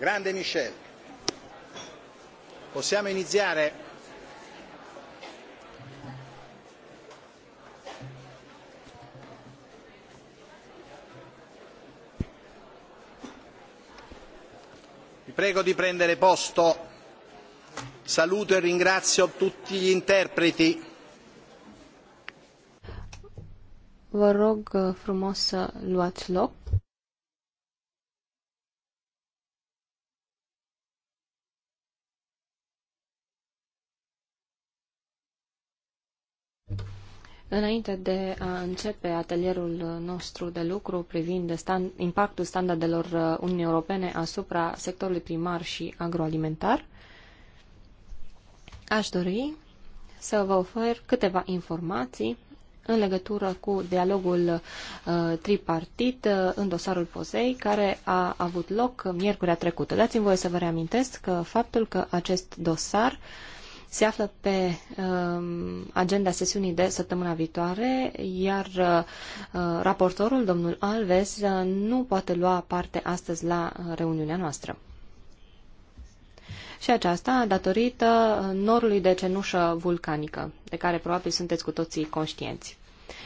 Grande Michel. Possiamo iniziare? Vi prego di prendere posto. Saluto e ringrazio tutti gli interpreti. Vă rog frumos să luați loc. Înainte de a începe atelierul nostru de lucru privind stand, impactul standardelor uh, Uniunii Europene asupra sectorului primar și agroalimentar, aș dori să vă ofer câteva informații în legătură cu dialogul uh, tripartit uh, în dosarul Posei care a avut loc miercurea trecută. Dați-mi voie să vă reamintesc că faptul că acest dosar uh, se află pe um, agenda sesiunii de săptămâna viitoare, iar uh, raportorul, domnul Alves, uh, nu poate lua parte astăzi la uh, reuniunea noastră. Și aceasta datorită norului de cenușă vulcanică, de care probabil sunteți cu toții conștienți.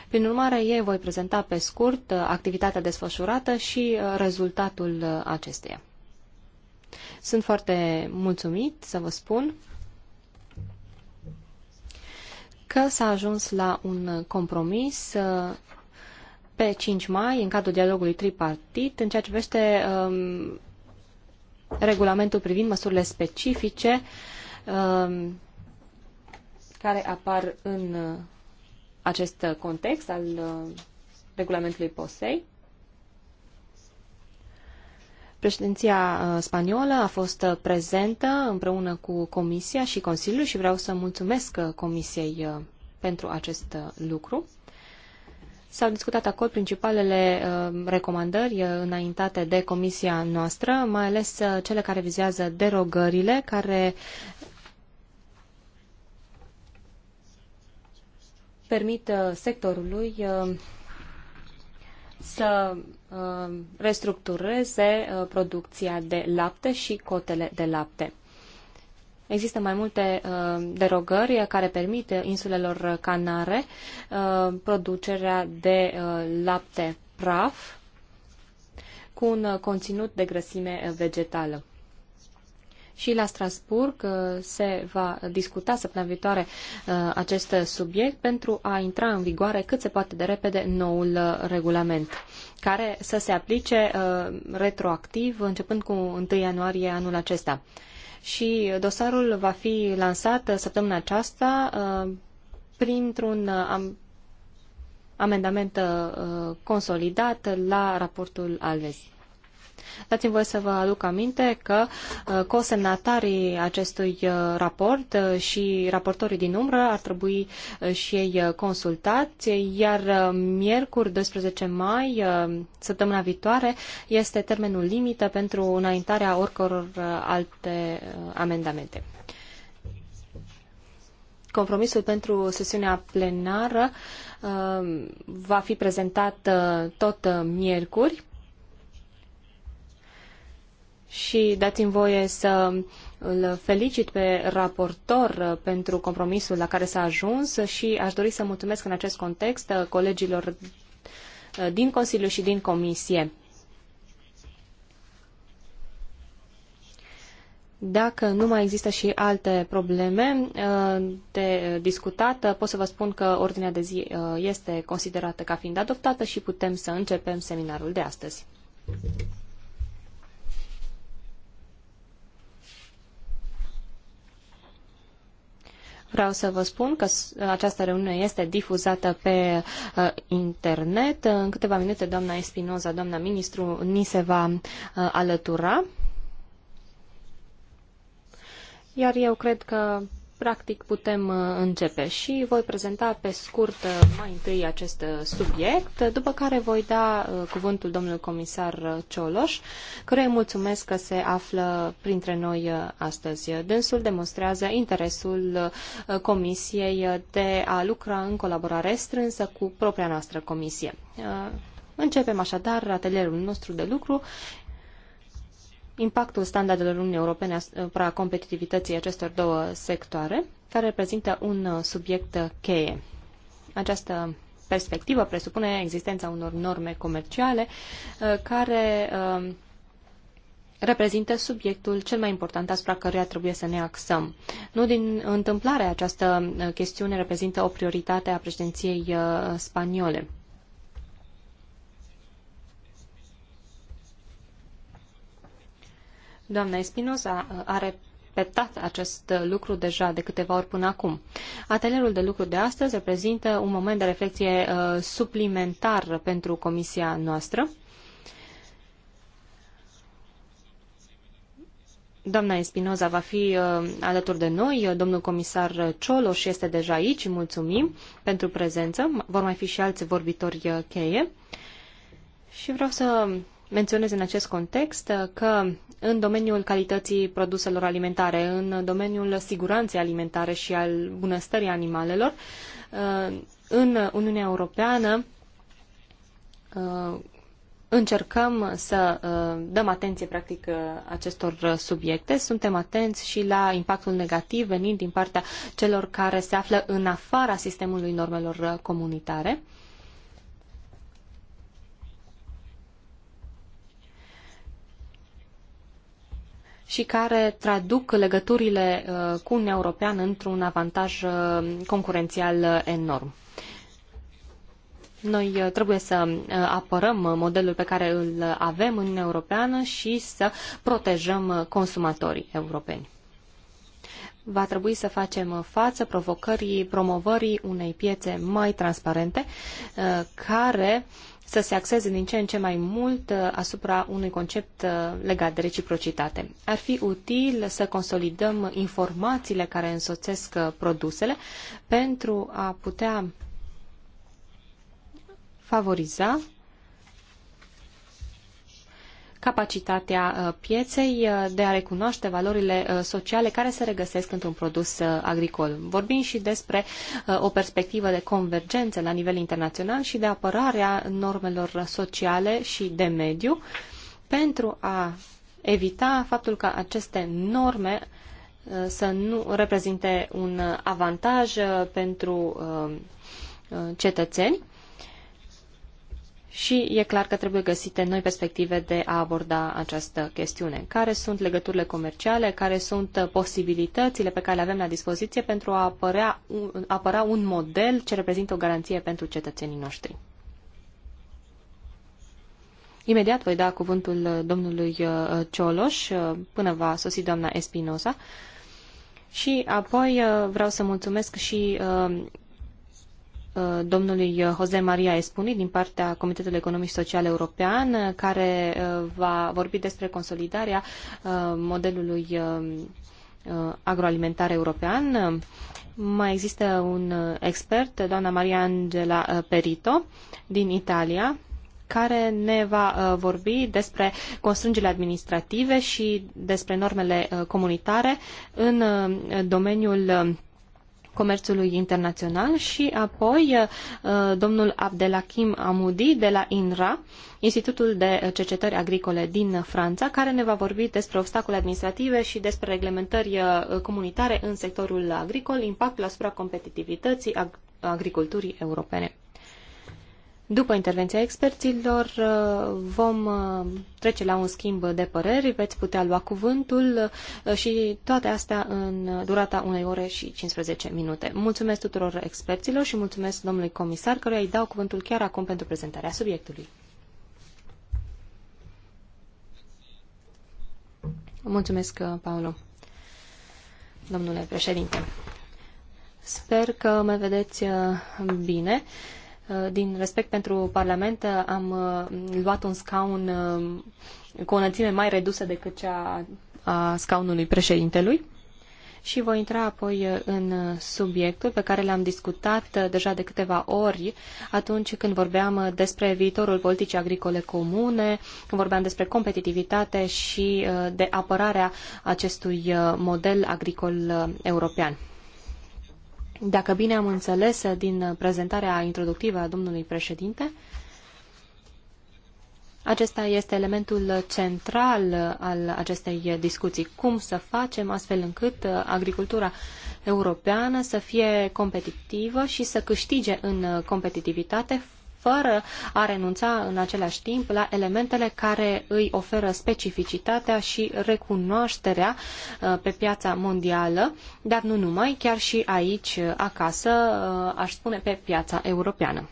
Prin urmare, ei voi prezenta pe scurt activitatea desfășurată și rezultatul acesteia. Sunt foarte mulțumit să vă spun că s-a ajuns la un compromis uh, pe 5 mai, în cadrul dialogului tripartit, în ceea ce privește um, regulamentul privind măsurile specifice um, care apar în uh, acest context al uh, regulamentului POSEI. Președinția uh, spaniolă a fost uh, prezentă împreună cu Comisia și Consiliul și vreau să mulțumesc uh, Comisiei pentru acest lucru. S-au discutat acolo principalele recomandări înaintate de comisia noastră, mai ales cele care vizează derogările, care permit sectorului să Uh, restructureze uh, producția de lapte și cotele de lapte. Există mai multe uh, derogări care permit insulelor Canare producerea de lapte praf cu un conținut de grăsime vegetală și la Strasburg uh, se va discuta săptămâna viitoare uh, acest subiect pentru a intra în vigoare cât se poate de repede noul uh, regulament care să se aplice retroactiv începând cu 1 ianuarie anul acesta. Și dosarul va fi lansat săptămâna aceasta printr-un amendament consolidat la raportul Alves. Dați-mi voie să vă aduc aminte că uh, cosemnatarii acestui uh, raport uh, și raportorii din umbră ar trebui și ei consultați, iar miercuri 12 mai, săptămâna viitoare, este termenul limită pentru înaintarea oricăror alte amendamente. Compromisul pentru sesiunea plenară va fi prezentat tot miercuri și dați-mi voie să îl felicit pe raportor uh, pentru compromisul la care s-a ajuns și aș dori să mulțumesc în acest context uh, colegilor uh, din Consiliu și din Comisie. Dacă nu mai există și alte probleme de discutat, pot să vă spun că ordinea de zi este considerată ca fiind adoptată și putem să începem seminarul de astăzi. Vreau să vă spun că această reuniune este difuzată pe uh, internet. În câteva minute, doamna Espinoza, doamna ministru, ni se va uh, alătura. Iar eu cred că practic putem uh, începe și voi prezenta pe scurt uh, mai întâi acest uh, subiect, după care voi da cuvântul domnului comisar Cioloș, căruia îi mulțumesc că se află printre noi astăzi. Dânsul demonstrează interesul comisiei de a lucra în colaborare strânsă cu propria noastră comisie. Începem așadar atelierul nostru de lucru impactul standardelor Uniunii Europene asupra competitivității acestor două sectoare, care reprezintă un uh, subiect uh, cheie. Această perspectivă presupune existența unor norme comerciale uh, care reprezintă subiectul cel mai important asupra căruia trebuie să ne axăm. Nu din întâmplare această chestiune reprezintă o prioritate a președinției spaniole. Doamna Espinoza a repetat acest lucru deja de câteva ori până acum. Atelierul de lucru de astăzi reprezintă un moment de reflexie uh, suplimentar pentru comisia noastră. Doamna Espinoza va fi uh, alături de noi, domnul comisar Cioloș este deja aici, mulțumim pentru prezență, vor mai fi și alți vorbitori uh, cheie. Și vreau să menționez în acest context că în domeniul calității produselor alimentare, în domeniul siguranței alimentare și al bunăstării animalelor, uh, în Uniunea Europeană uh, încercăm să uh, dăm atenție practic acestor subiecte. Suntem atenți și la impactul negativ venind din partea celor care se află în afara sistemului normelor comunitare. și care traduc legăturile uh, cu Uniunea Europeană într-un avantaj uh, concurențial enorm. Noi uh, trebuie să apărăm modelul pe care îl avem în Uniunea Europeană și să protejăm consumatorii europeni. Va trebui să facem față provocării promovării unei piețe mai transparente care uh, să se axeze din ce în ce mai mult uh, asupra unui concept uh, legat de reciprocitate. Ar fi util să consolidăm informațiile care însoțesc uh, produsele pentru a putea favoriza capacitatea uh, pieței uh, de a recunoaște valorile uh, sociale care se regăsesc într-un produs agricol. Vorbim și despre o perspectivă de convergență la nivel internațional și de apărarea normelor sociale și de mediu pentru a evita faptul că aceste norme să nu reprezinte un avantaj pentru cetățeni, și e clar că trebuie găsite noi perspective de a aborda această chestiune. Care sunt legăturile comerciale, care sunt uh, posibilitățile pe care le avem la dispoziție pentru a apărea, apăra un model ce reprezintă o garanție pentru cetățenii noștri? Imediat voi da cuvântul uh, domnului uh, Cioloș până va sosi doamna Espinosa. Și apoi vreau să mulțumesc și Uh, domnului Jose Maria Espuni din partea Comitetului Economic și Social European, uh, care uh, va vorbi despre consolidarea modelului agroalimentar european. Mai există un expert, doamna Maria Angela Perito, din Italia, care ne va vorbi despre constrângerile administrative și despre normele comunitare în domeniul Comerțului Internațional și apoi uh, domnul Abdelakim Amudi, de la INRA, Institutul de Cercetări Agricole din Franța, care ne va vorbi despre obstacole administrative și despre reglementări uh, comunitare în sectorul agricol, impactul asupra competitivității agriculturii europene. După intervenția experților, uh, vom uh, trece la un schimb de păreri, veți putea lua cuvântul uh, și toate astea în durata unei ore și 15 minute. Mulțumesc tuturor experților și mulțumesc domnului comisar, căruia îi dau cuvântul chiar acum pentru prezentarea subiectului. Mulțumesc, Paolo, domnule președinte. Sper că mă vedeți bine. Uh, din respect pentru Parlament, uh, am uh, luat un scaun cu o înălțime mai redusă decât cea a scaunului președintelui și voi intra apoi în subiectul pe care l-am discutat deja de câteva ori atunci când vorbeam despre viitorul politicii agricole comune, când vorbeam despre competitivitate și de apărarea acestui model agricol european. Dacă bine am înțeles din prezentarea introductivă a domnului președinte, acesta este elementul central al acestei discuții. Cum să facem astfel încât agricultura europeană să fie competitivă și să câștige în competitivitate fără a renunța în același timp la elementele care îi oferă specificitatea și recunoașterea uh, pe piața mondială, dar nu numai, chiar și aici uh, acasă, uh, aș spune, pe piața europeană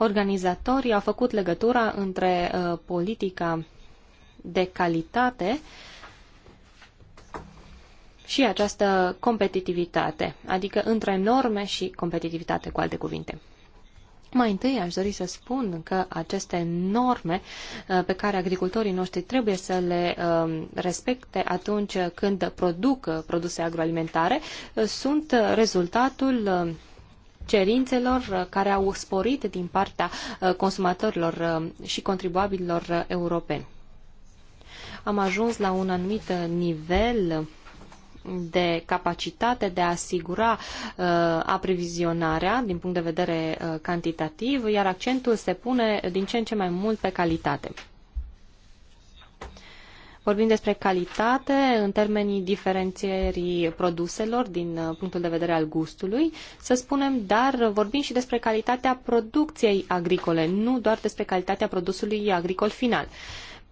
organizatorii au făcut legătura între politica de calitate și această competitivitate, adică între norme și competitivitate, cu alte cuvinte. Mai întâi aș dori să spun că aceste norme uh, pe care agricultorii noștri trebuie să le um, respecte atunci când produc uh, produse agroalimentare uh, sunt rezultatul cerințelor care au sporit din partea consumatorilor și contribuabililor europeni. Am ajuns la un anumit nivel de capacitate de a asigura uh, aprovizionarea din punct de vedere uh, cantitativ, iar accentul se pune din ce în ce mai mult pe calitate. Vorbim despre calitate în termenii diferențierii produselor din uh, punctul de vedere al gustului, să spunem, dar vorbim și despre calitatea producției agricole, nu doar despre calitatea produsului agricol final. Uh,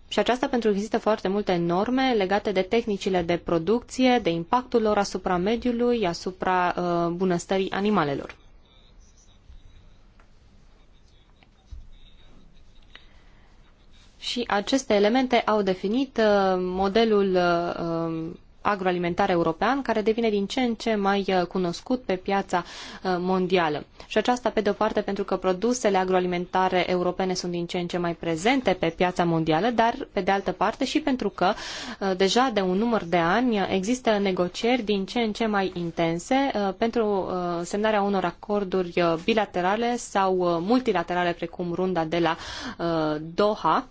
și aceasta pentru că există foarte multe norme legate de tehnicile de producție, de impactul lor asupra mediului, asupra uh, bunăstării animalelor. Și aceste elemente au definit uh, modelul uh, um, agroalimentar european, care devine din ce în ce mai uh, cunoscut pe piața uh, mondială. Și aceasta, pe de o parte, pentru că produsele agroalimentare europene sunt din ce în ce mai prezente pe piața mondială, dar, pe de altă parte, și pentru că uh, deja de un număr de ani există negocieri din ce în ce mai intense pentru semnarea unor acorduri bilaterale sau multilaterale, precum runda de la Doha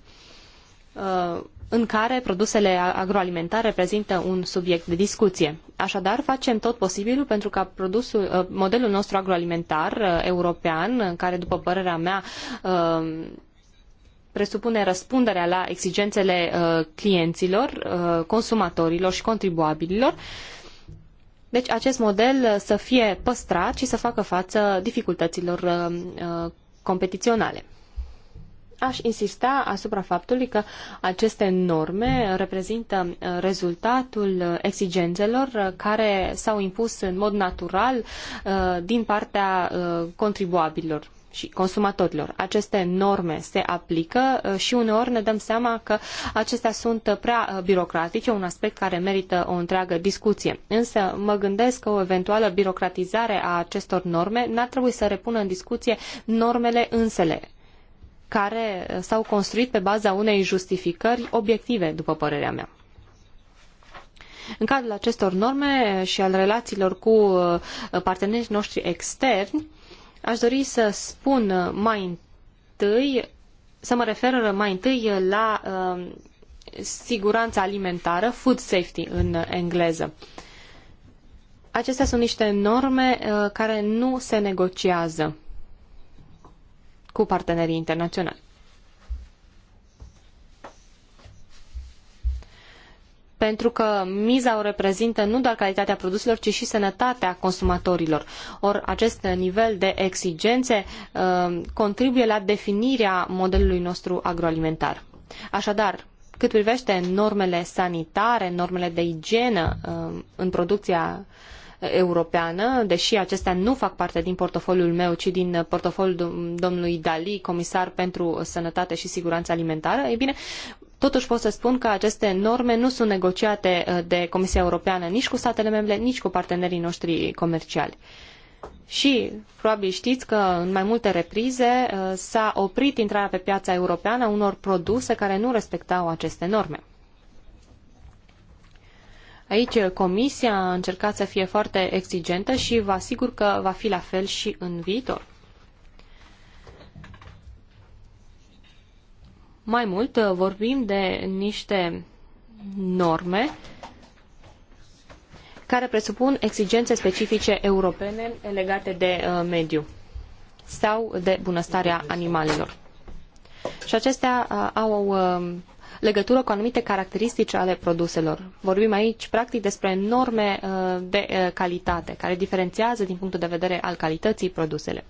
în care produsele agroalimentare reprezintă un subiect de discuție. Așadar, facem tot posibilul pentru ca produsul, uh, modelul nostru agroalimentar uh, european, care, după părerea mea, uh, presupune răspunderea la exigențele clienților, consumatorilor și contribuabililor, deci acest model să fie păstrat și să facă față dificultăților competiționale. Aș insista asupra faptului că aceste norme reprezintă uh, rezultatul uh, exigențelor uh, care s-au impus în mod natural din partea contribuabililor și consumatorilor. Aceste norme se aplică și uneori ne dăm seama că acestea sunt prea birocratice, un aspect care merită o întreagă discuție. Însă mă gândesc că o eventuală birocratizare a acestor norme n-ar trebui să repună în discuție normele însele care s-au construit pe baza unei justificări obiective, după părerea mea. În cadrul acestor norme și al relațiilor cu uh, partenerii noștri externi, aș dori să spun uh, mai întâi, să mă refer uh, mai întâi la siguranța alimentară, food safety în engleză. Acestea sunt niște norme care nu se negociază cu partenerii internaționali. pentru că miza o reprezintă nu doar calitatea produselor, ci și sănătatea consumatorilor. Or, acest nivel de exigențe uh, contribuie la definirea modelului nostru agroalimentar. Așadar, cât privește normele sanitare, normele de igienă uh, în producția uh, Europeană, deși acestea nu fac parte din portofoliul meu, ci din portofoliul domnului Dali, comisar pentru sănătate și siguranță alimentară, e bine, Totuși pot să spun că aceste norme nu sunt negociate uh, de Comisia Europeană nici cu statele membre, nici cu partenerii noștri comerciali. Și probabil știți că în mai multe reprize uh, s-a oprit intrarea pe piața europeană a unor produse care nu respectau aceste norme. Aici uh, Comisia a încercat să fie foarte exigentă și vă asigur că va fi la fel și în viitor. Mai mult uh, vorbim de niște norme care presupun exigențe specifice europene legate de uh, mediu sau de bunăstarea animalelor. Și acestea au legătură cu anumite caracteristici ale produselor. Vorbim aici, practic, despre norme uh, de uh, calitate, care diferențiază din punctul de vedere al calității produsele.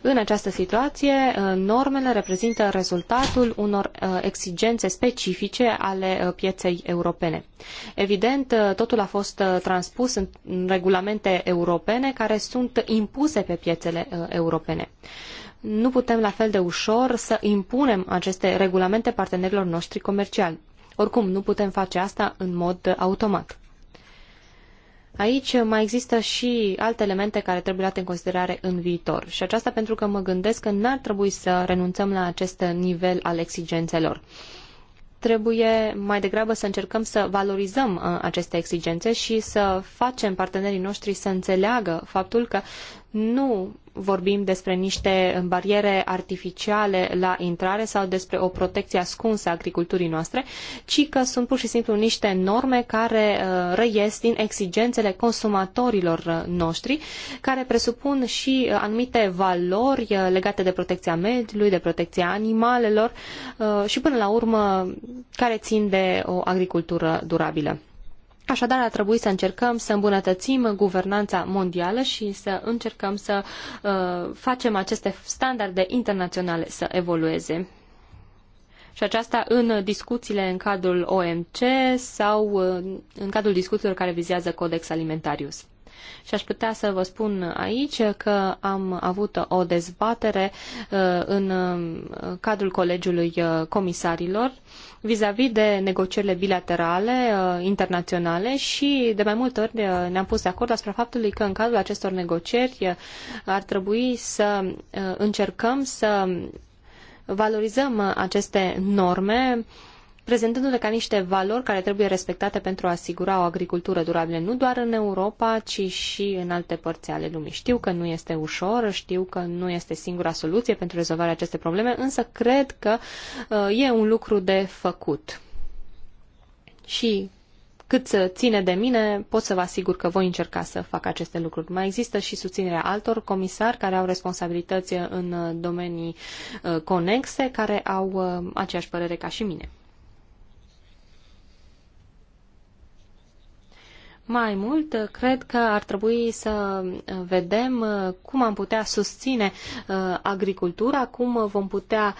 În această situație, uh, normele reprezintă rezultatul unor exigențe specifice ale pieței europene. Evident, totul a fost transpus în regulamente europene care sunt impuse pe piețele europene nu putem la fel de ușor să impunem aceste regulamente partenerilor noștri comerciali. Oricum, nu putem face asta în mod automat. Aici mai există și alte elemente care trebuie luate în considerare în viitor și aceasta pentru că mă gândesc că n-ar trebui să renunțăm la acest nivel al exigențelor. Trebuie mai degrabă să încercăm să valorizăm uh, aceste exigențe și să facem partenerii noștri să înțeleagă faptul că nu vorbim despre niște bariere artificiale la intrare sau despre o protecție ascunsă a agriculturii noastre, ci că sunt pur și simplu niște norme care uh, răies din exigențele consumatorilor uh, noștri, care presupun și uh, anumite valori legate de protecția mediului, de protecția animalelor și până la urmă care țin de o agricultură durabilă. Așadar, ar trebui să încercăm să îmbunătățim guvernanța mondială și să încercăm să uh, facem aceste standarde internaționale să evolueze. Și aceasta în discuțiile în cadrul OMC sau uh, în cadrul discuțiilor care vizează Codex Alimentarius. Și aș putea să vă spun aici că am avut o dezbatere uh, în uh, cadrul Colegiului uh, Comisarilor vis-a-vis de negocierile bilaterale internaționale și de mai multe ori ne-am pus de acord asupra faptului că în cadrul acestor negocieri ar trebui să încercăm să valorizăm aceste norme uh, prezentându-le ca niște valori care trebuie respectate pentru a asigura o agricultură durabilă nu doar în Europa, ci și în alte părți ale lumii. Știu că nu este ușor, știu că nu este singura soluție pentru rezolvarea acestei probleme, însă cred că uh, e un lucru de făcut. Și cât ține de mine, pot să vă asigur că voi încerca să fac aceste lucruri. Mai există și susținerea altor comisari care au responsabilități în uh, domenii uh, conexe, care au aceeași părere ca și mine. Mai mult, cred că ar trebui să uh, vedem uh, cum am putea susține uh, agricultura, cum vom putea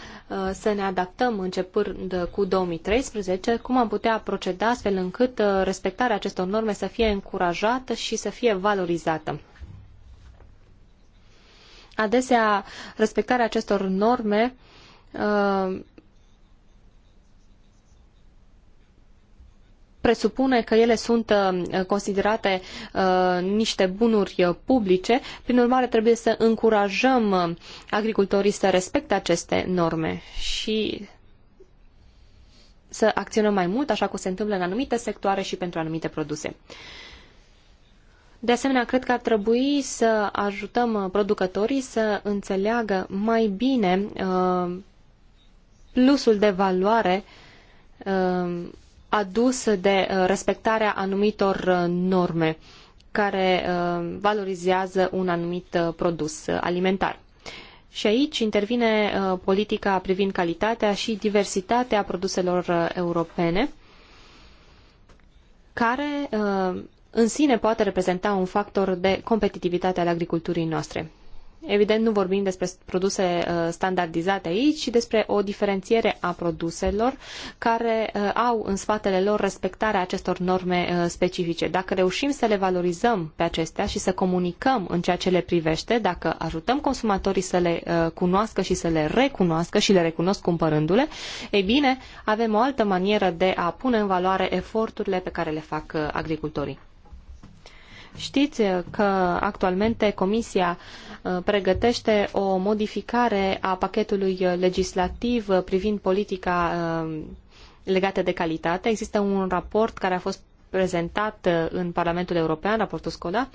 să ne adaptăm începând cu 2013, cum am putea proceda astfel încât respectarea acestor norme să fie încurajată și să fie valorizată. Adesea, respectarea acestor norme presupune că ele sunt uh, considerate uh, niște bunuri uh, publice, prin urmare trebuie să încurajăm agricultorii să respecte aceste norme și să acționăm mai mult, așa cum se întâmplă în anumite sectoare și pentru anumite produse. De asemenea, cred că ar trebui să ajutăm producătorii să înțeleagă mai bine plusul de valoare adus de uh, respectarea anumitor uh, norme care uh, valorizează un anumit produs alimentar. Și aici intervine politica privind calitatea și diversitatea produselor europene, care în sine poate reprezenta un factor de competitivitate al agriculturii noastre. Evident, nu vorbim despre produse uh, standardizate aici, ci despre o diferențiere a produselor care uh, au în spatele lor respectarea acestor norme uh, specifice. Dacă reușim să le valorizăm pe acestea și să comunicăm în ceea ce le privește, dacă ajutăm consumatorii să le cunoască și să le recunoască și le recunosc cumpărându-le, ei bine, avem o altă manieră de a pune în valoare eforturile pe care le fac agricultorii. Știți că actualmente Comisia uh, pregătește o modificare a pachetului legislativ uh, privind politica uh, legată de calitate. Există un raport care a fost prezentat în Parlamentul European, raportul Scola,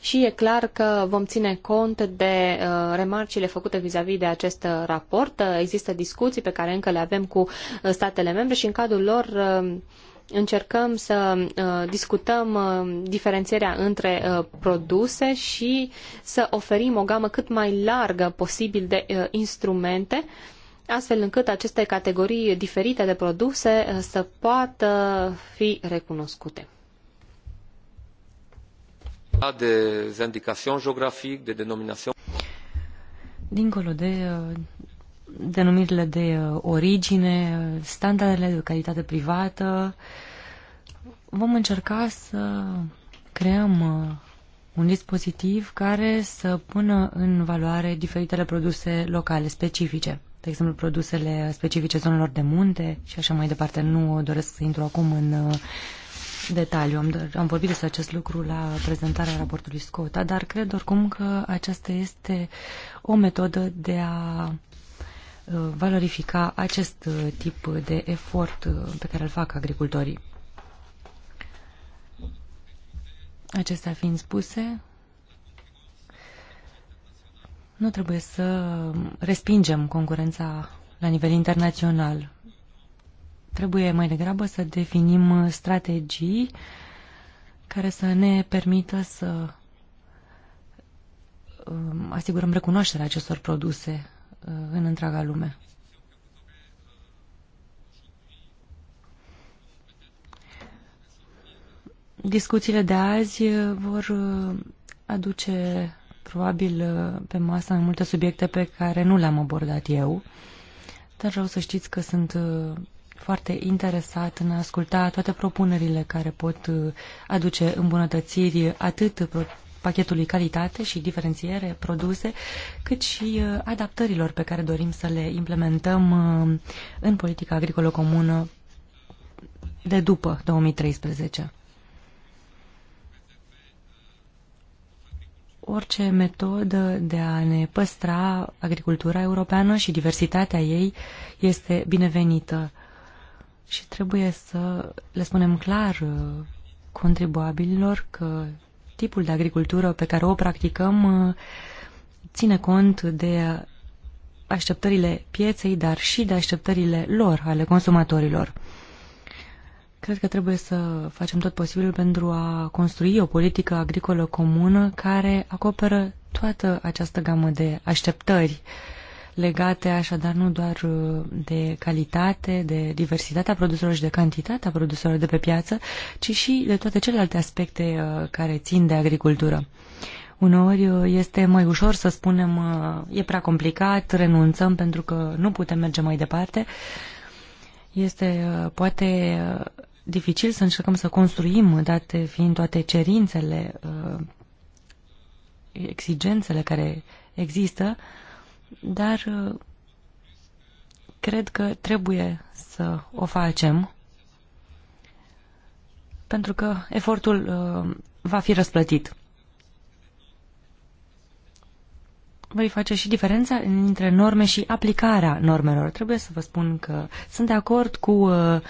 și e clar că vom ține cont de remarcile făcute vis a -vis de acest raport. Există discuții pe care încă le avem cu statele membre și în cadrul lor încercăm să uh, discutăm uh, diferențierea între uh, produse și să oferim o gamă cât mai largă posibil de instrumente astfel încât aceste categorii diferite de produse să poată fi recunoscute. De indicațiuni geografice, de denominațiuni. Dincolo de denumirile de uh, origine, standardele de calitate privată. Vom încerca să creăm uh, un dispozitiv care să pună în valoare diferitele produse locale specifice. De exemplu, produsele specifice zonelor de munte și așa mai departe. Nu doresc să intru acum în uh, detaliu. Am, am vorbit despre acest lucru la prezentarea raportului Scota, dar cred oricum că aceasta este o metodă de a Uh, valorifica acest uh, tip de efort uh, pe care îl fac agricultorii. Acestea fiind spuse, nu trebuie să respingem concurența la nivel internațional. Trebuie mai degrabă să definim strategii care să ne permită să um, asigurăm recunoașterea acestor produse Uh, în întreaga lume. Discuțiile de azi uh, vor uh, aduce probabil pe masă mai multe subiecte pe care nu le-am abordat eu, dar vreau să știți că sunt foarte interesat în a asculta toate propunerile care pot aduce îmbunătățiri atât pachetului calitate și diferențiere produse, cât și uh, adaptărilor pe care dorim să le implementăm uh, în politica agricolă comună de după 2013. Orice metodă de a ne păstra agricultura europeană și diversitatea ei este binevenită și trebuie să le spunem clar uh, contribuabililor că tipul de agricultură pe care o practicăm uh, ține cont de așteptările pieței, dar și de așteptările lor, ale consumatorilor. Cred că trebuie să facem tot posibilul pentru a construi o politică agricolă comună care acoperă toată această gamă de așteptări uh, legate așadar nu doar uh, de calitate, de diversitatea produselor și de cantitatea produselor de pe piață, ci și de toate celelalte aspecte uh, care țin de agricultură. Uneori uh, este mai ușor să spunem e prea complicat, renunțăm pentru că nu putem merge mai departe. Este poate dificil să încercăm să construim, date fiind toate cerințele, exigențele care există, dar uh, cred că trebuie să o facem pentru că efortul uh, va fi răsplătit. Voi face și diferența între norme și aplicarea normelor. Trebuie să vă spun că sunt de acord cu uh,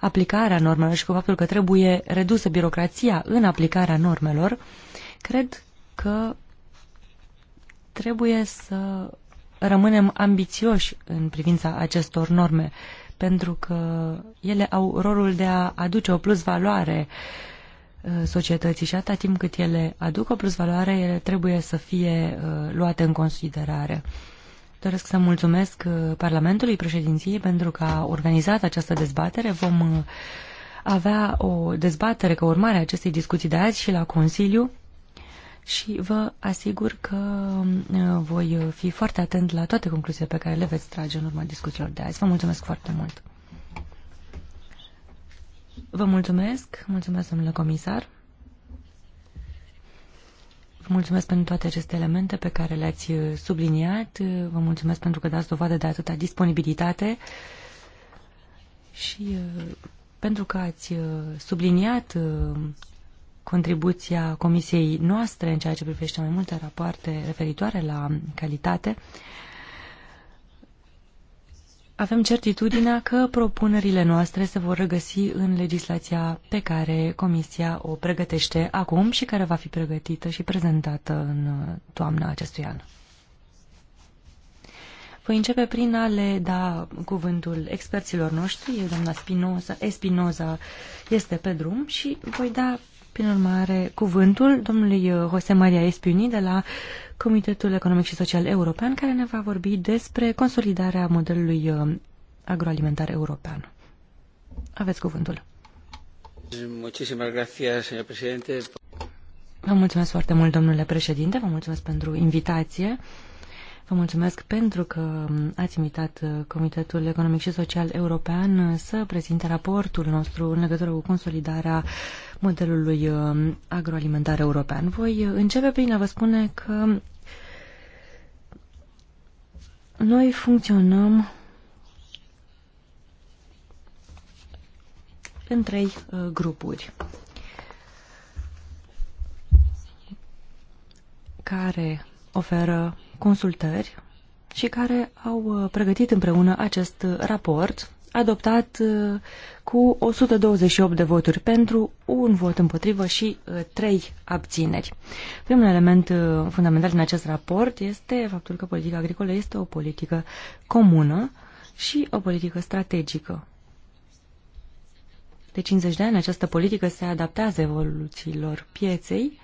aplicarea normelor și cu faptul că trebuie redusă birocrația în aplicarea normelor. Cred că trebuie să rămânem ambițioși în privința acestor norme, pentru că ele au rolul de a aduce o plus valoare uh, societății și atâta timp cât ele aduc o plus valoare, ele trebuie să fie uh, luate în considerare. Doresc să mulțumesc uh, Parlamentului Președinției pentru că a organizat această dezbatere. Vom avea o dezbatere ca urmare a acestei discuții de azi și la Consiliu și vă asigur că uh, voi fi foarte atent la toate concluziile pe care le veți trage în urma discuțiilor de azi. Vă mulțumesc foarte mult! Vă mulțumesc, mulțumesc domnule comisar. Vă mulțumesc pentru toate aceste elemente pe care le-ați uh, subliniat. Vă mulțumesc pentru că dați dovadă de atâta disponibilitate și uh, pentru că ați subliniat contribuția comisiei noastre în ceea ce privește mai multe rapoarte referitoare la calitate, avem certitudinea că propunerile noastre se vor regăsi în legislația pe care Comisia o pregătește acum și care va fi pregătită și prezentată în toamna acestui an. Voi începe prin a le da cuvântul experților noștri. Eu, doamna Spinoza, Espinoza este pe drum și voi da prin urmare, cuvântul domnului uh, José Maria Espiuni de la Comitetul Economic și Social European, care ne va vorbi despre consolidarea modelului uh, agroalimentar european. Aveți cuvântul. Vă mulțumesc foarte mult, domnule președinte, vă mulțumesc pentru invitație. Vă mulțumesc pentru că ați invitat uh, Comitetul Economic și Social European uh, să prezinte raportul nostru în legătură cu consolidarea modelului uh, agroalimentar european. Voi începe prin a vă spune că noi funcționăm în trei grupuri care oferă consultări și care au uh, pregătit împreună acest uh, raport adoptat uh, cu 128 de voturi pentru, un vot împotrivă și trei abțineri. Primul element fundamental din acest raport este faptul că politica agricolă este o politică comună și o politică strategică. De 50 de ani această politică se adaptează evoluțiilor pieței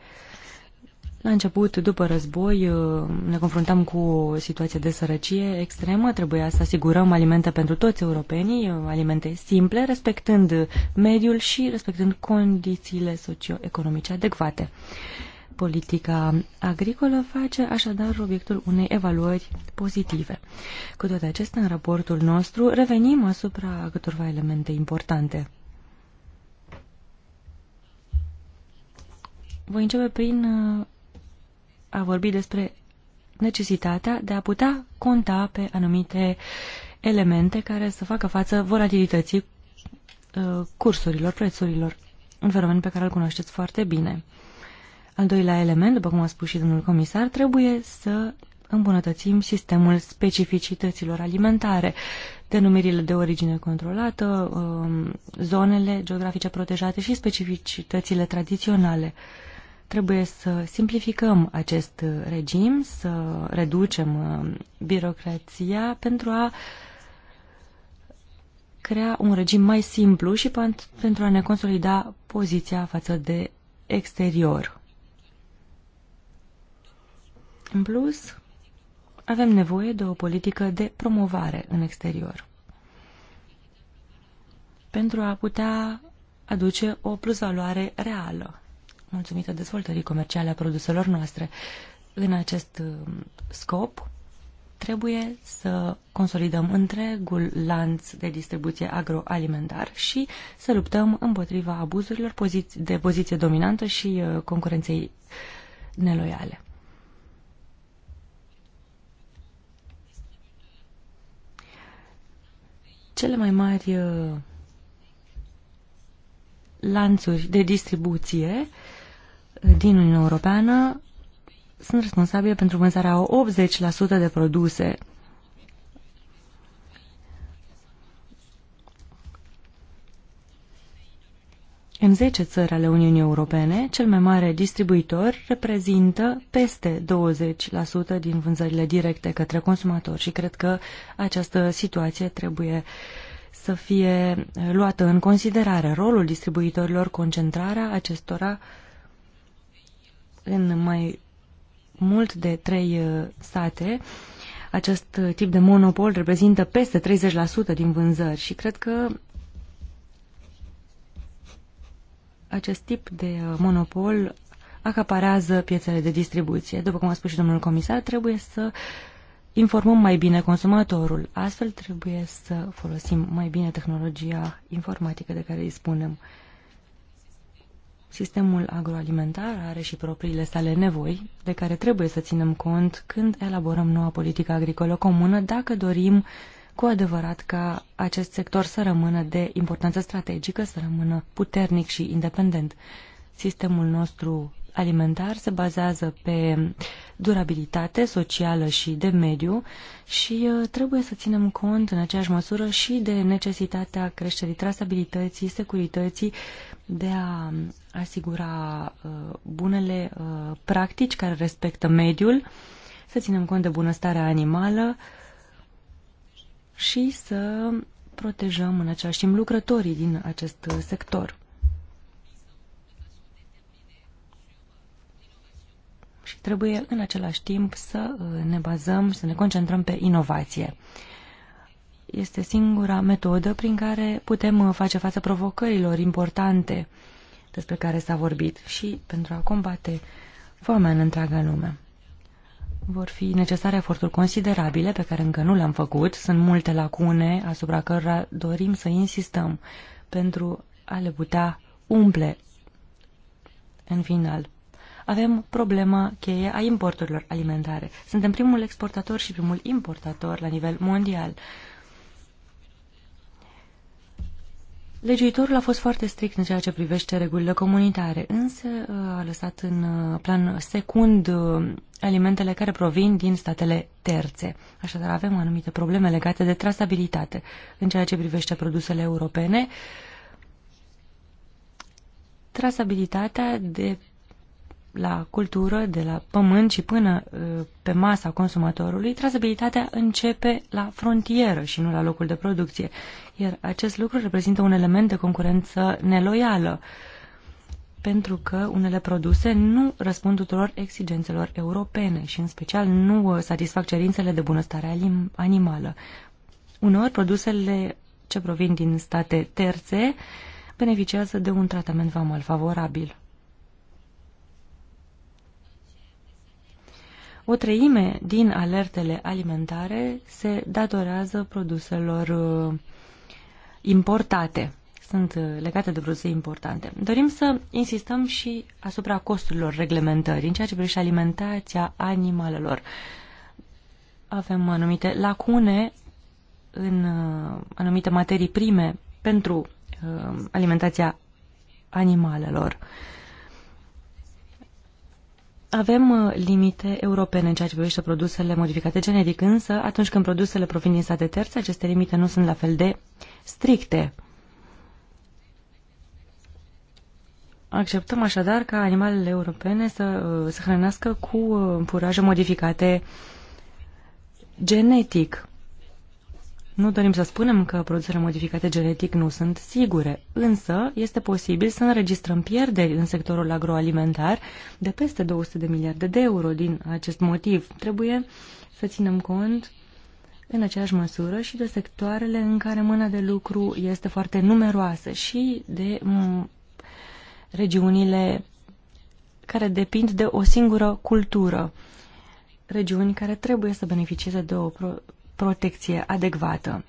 la început, după război, uh, ne confruntam cu o situație de sărăcie extremă. Trebuia să asigurăm alimente pentru toți europenii, uh, alimente simple, respectând mediul și respectând condițiile socioeconomice adecvate. Politica agricolă face așadar obiectul unei evaluări pozitive. Cu toate acestea, în raportul nostru revenim asupra câtorva elemente importante. Voi începe prin uh, a vorbit despre necesitatea de a putea conta pe anumite elemente care să facă față volatilității uh, cursurilor, prețurilor, un fenomen pe care îl cunoașteți foarte bine. Al doilea element, după cum a spus și domnul comisar, trebuie să îmbunătățim sistemul specificităților alimentare, denumirile de origine controlată, um, zonele geografice protejate și specificitățile tradiționale. Trebuie să simplificăm acest regim, să reducem uh, birocrația pentru a crea un regim mai simplu și pentru a ne consolida poziția față de exterior. În plus, avem nevoie de o politică de promovare în exterior pentru a putea aduce o plusvaloare reală mulțumită dezvoltării comerciale a produselor noastre. În acest um, scop, trebuie să consolidăm întregul lanț de distribuție agroalimentar și să luptăm împotriva abuzurilor de poziție dominantă și uh, concurenței neloiale. Cele mai mari uh, lanțuri de distribuție uh, din Uniunea Europeană sunt responsabile pentru vânzarea 80% de produse În 10 țări ale Uniunii Europene, cel mai mare distribuitor reprezintă peste 20% din vânzările directe către consumatori și cred că această situație trebuie să fie luată în considerare rolul distribuitorilor, concentrarea acestora în mai mult de trei uh, state, acest uh, tip de monopol reprezintă peste 30% din vânzări și cred că acest tip de uh, monopol acaparează piețele de distribuție. După cum a spus și domnul comisar, trebuie să informăm mai bine consumatorul. Astfel trebuie să folosim mai bine tehnologia informatică de care dispunem. Sistemul agroalimentar are și propriile sale nevoi, de care trebuie să ținem cont când elaborăm noua politică agricolă comună, dacă dorim cu adevărat ca acest sector să rămână de importanță strategică, să rămână puternic și independent. Sistemul nostru alimentar se bazează pe durabilitate socială și de mediu și uh, trebuie să ținem cont în aceeași măsură și de necesitatea creșterii trasabilității, securității de a asigura uh, bunele uh, practici care respectă mediul, să ținem cont de bunăstarea animală și să protejăm în același timp lucrătorii din acest sector. Și trebuie în același timp să uh, ne bazăm, să ne concentrăm pe inovație este singura metodă prin care putem uh, face față provocărilor importante despre care s-a vorbit și pentru a combate foamea în întreaga lume. Vor fi necesare eforturi considerabile pe care încă nu le-am făcut. Sunt multe lacune asupra cărora dorim să insistăm pentru a le putea umple în final. Avem problema cheie a importurilor alimentare. Suntem primul exportator și primul importator la nivel mondial. Legiuitorul a fost foarte strict în ceea ce privește regulile comunitare, însă uh, a lăsat în uh, plan secund uh, alimentele care provin din statele terțe. Așadar, avem anumite probleme legate de trasabilitate în ceea ce privește produsele europene. Trasabilitatea de la cultură, de la pământ și până uh, pe masa consumatorului, trasabilitatea începe la frontieră și nu la locul de producție. Iar acest lucru reprezintă un element de concurență neloială, pentru că unele produse nu răspund tuturor exigențelor europene și în special nu uh, satisfac cerințele de bunăstare animală. Uneori produsele ce provin din state terțe beneficiază de un tratament vamal favorabil. O treime din alertele alimentare se datorează produselor uh, importate. Sunt uh, legate de produse importante. Dorim să insistăm și asupra costurilor reglementării în ceea ce privește alimentația animalelor. Avem anumite lacune în uh, anumite materii prime pentru alimentația animalelor. Avem uh, limite europene în ceea ce privește produsele modificate genetic, însă atunci când produsele provin din state terțe, aceste limite nu sunt la fel de stricte. Acceptăm așadar ca animalele europene să uh, se hrănească cu puraje uh, modificate genetic. Nu dorim să spunem că produsele modificate genetic nu sunt sigure, însă este posibil să înregistrăm pierderi în sectorul agroalimentar de peste 200 de miliarde de euro din acest motiv. Trebuie să ținem cont în aceeași măsură și de sectoarele în care mâna de lucru este foarte numeroasă și de mm, regiunile care depind de o singură cultură, regiuni care trebuie să beneficieze de o protecție adecvată.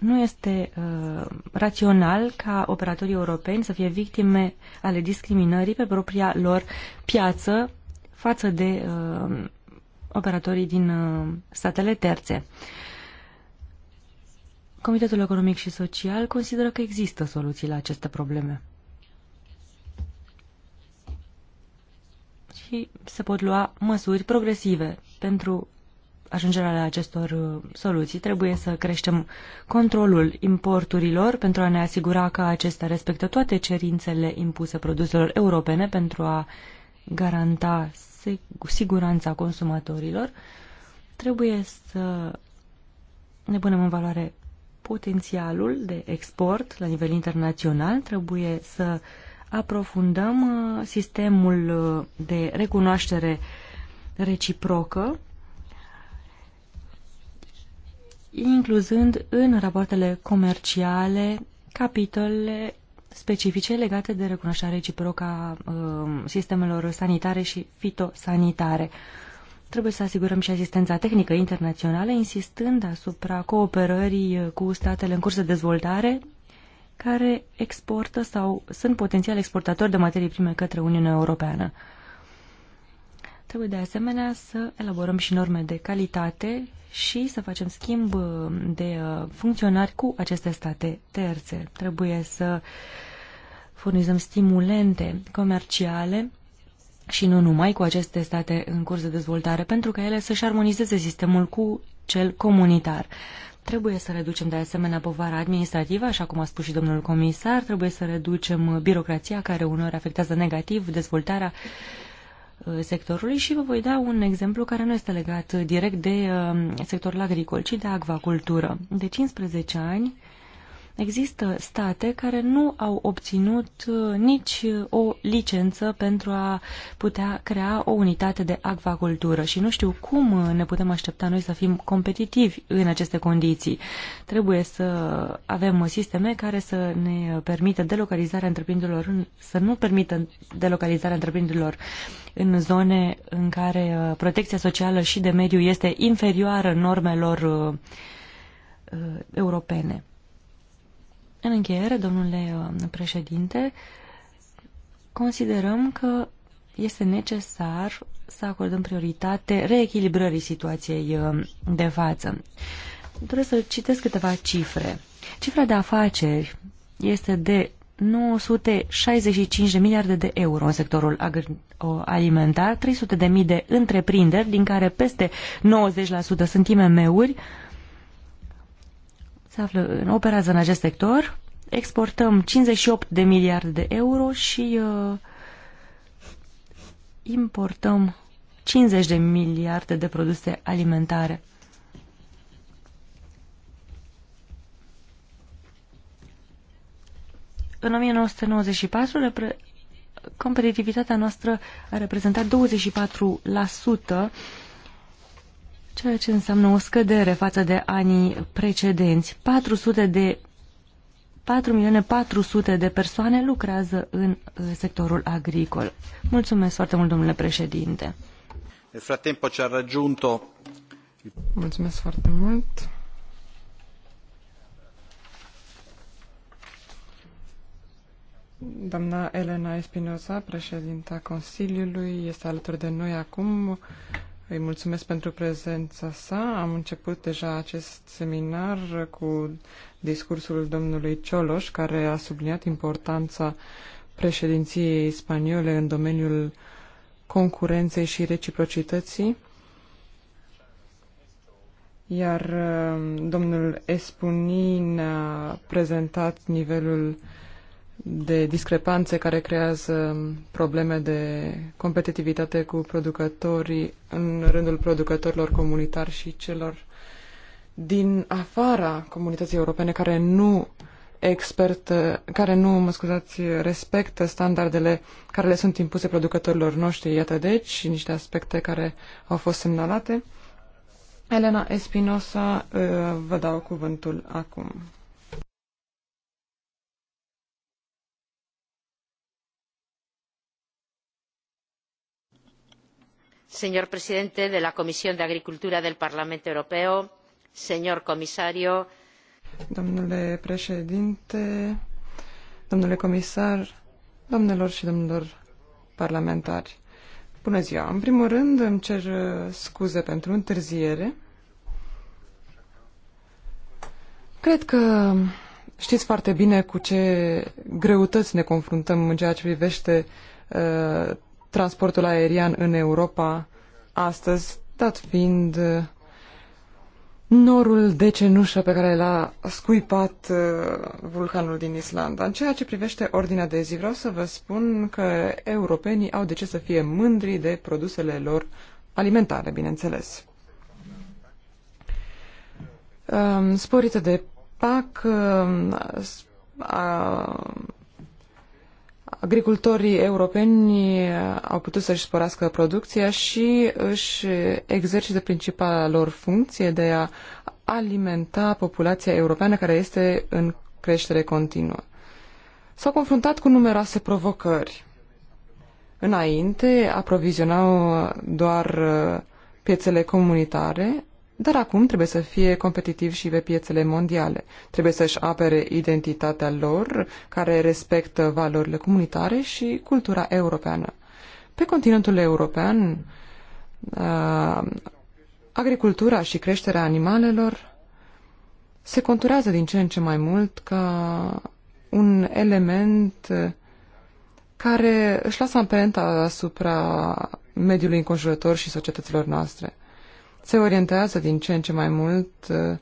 Nu este uh, rațional ca operatorii europeni să fie victime ale discriminării pe propria lor piață față de uh, operatorii din uh, statele terțe. Comitetul Economic și Social consideră că există soluții la aceste probleme. Și se pot lua măsuri progresive pentru ajungerea la acestor uh, soluții, trebuie să creștem controlul importurilor pentru a ne asigura că acestea respectă toate cerințele impuse produselor europene pentru a garanta siguranța consumatorilor. Trebuie să ne punem în valoare potențialul de export la nivel internațional, trebuie să aprofundăm uh, sistemul uh, de recunoaștere reciprocă incluzând în rapoartele comerciale capitole specifice legate de recunoașterea reciprocă a um, sistemelor sanitare și fitosanitare. Trebuie să asigurăm și asistența tehnică internațională, insistând asupra cooperării cu statele în curs de dezvoltare care exportă sau sunt potențial exportatori de materii prime către Uniunea Europeană. Trebuie de asemenea să elaborăm și norme de calitate și să facem schimb uh, de uh, funcționari cu aceste state terțe. Trebuie să furnizăm stimulente comerciale și nu numai cu aceste state în curs de dezvoltare, pentru că ele să-și armonizeze sistemul cu cel comunitar. Trebuie să reducem de asemenea povara administrativă, așa cum a spus și domnul comisar, trebuie să reducem uh, birocrația care uneori afectează negativ dezvoltarea uh, Uh, sectorului și vă voi da un exemplu care nu este legat direct de um, sectorul agricol, ci de acvacultură. De 15 ani există state care nu au obținut uh, nici uh, o licență pentru a putea crea o unitate de acvacultură și nu știu cum ne putem aștepta noi să fim competitivi în aceste condiții. Trebuie să avem sisteme care să ne permită delocalizarea întreprinderilor, să nu permită delocalizarea întreprinderilor uh, în zone în care uh, protecția socială și de mediu este inferioară normelor uh, uh, europene. În încheiere, domnule președinte, considerăm că este necesar să acordăm prioritate reechilibrării situației de față. Doresc să citesc câteva cifre. Cifra de afaceri este de 965 de miliarde de euro în sectorul alimentar, 300 de mii de întreprinderi, din care peste 90% sunt IMM-uri, se află, operează în acest sector. Exportăm 58 de miliarde de euro și uh, importăm 50 de miliarde de produse alimentare. în 1994 competitivitatea noastră a reprezentat 24%, ceea ce înseamnă o scădere față de anii precedenți. 400 de 4.400.000 de persoane lucrează în sectorul agricol. Mulțumesc foarte mult, domnule președinte. Mulțumesc foarte mult. Doamna Elena Espinoza, președinta Consiliului, este alături de noi acum. Îi mulțumesc pentru prezența sa. Am început deja acest seminar cu discursul domnului Cioloș, care a subliniat importanța președinției spaniole în domeniul concurenței și reciprocității. Iar uh, domnul Espuni ne-a prezentat nivelul uh, de discrepanțe care creează probleme de competitivitate cu producătorii în rândul producătorilor comunitari și celor din afara comunității europene care nu expert, care nu, mă scuzați, respectă standardele care le sunt impuse producătorilor noștri. Iată deci niște aspecte care au fost semnalate. Elena Espinosa, uh, vă dau cuvântul acum. señor presidente de la comisión de agricultura del parlamento europeo señor comisario domnule președinte domnule comisar doamnelor și domnilor parlamentari bună ziua în primul rând îmi cer scuze pentru întârziere cred că știți foarte bine cu ce greutăți ne confruntăm în ceea ce privește uh, transportul aerian în Europa astăzi, dat fiind uh, norul de cenușă pe care l-a scuipat uh, vulcanul din Islanda. În ceea ce privește ordinea de zi, vreau să vă spun că europenii au de ce să fie mândri de produsele lor alimentare, bineînțeles. Um, sporită de PAC, um, a agricultorii europeni uh, au putut să-și sporească producția și își exercită principala lor funcție de a alimenta populația europeană care este în creștere continuă. S-au confruntat cu numeroase provocări. Înainte aprovizionau doar uh, piețele comunitare, dar acum trebuie să fie competitivi și pe piețele mondiale. Trebuie să-și apere identitatea lor, care respectă valorile comunitare și cultura europeană. Pe continentul european, uh, agricultura și creșterea animalelor se conturează din ce în ce mai mult ca un element care își lasă amprenta asupra mediului înconjurător și societăților noastre se orientează din ce în ce mai mult uh,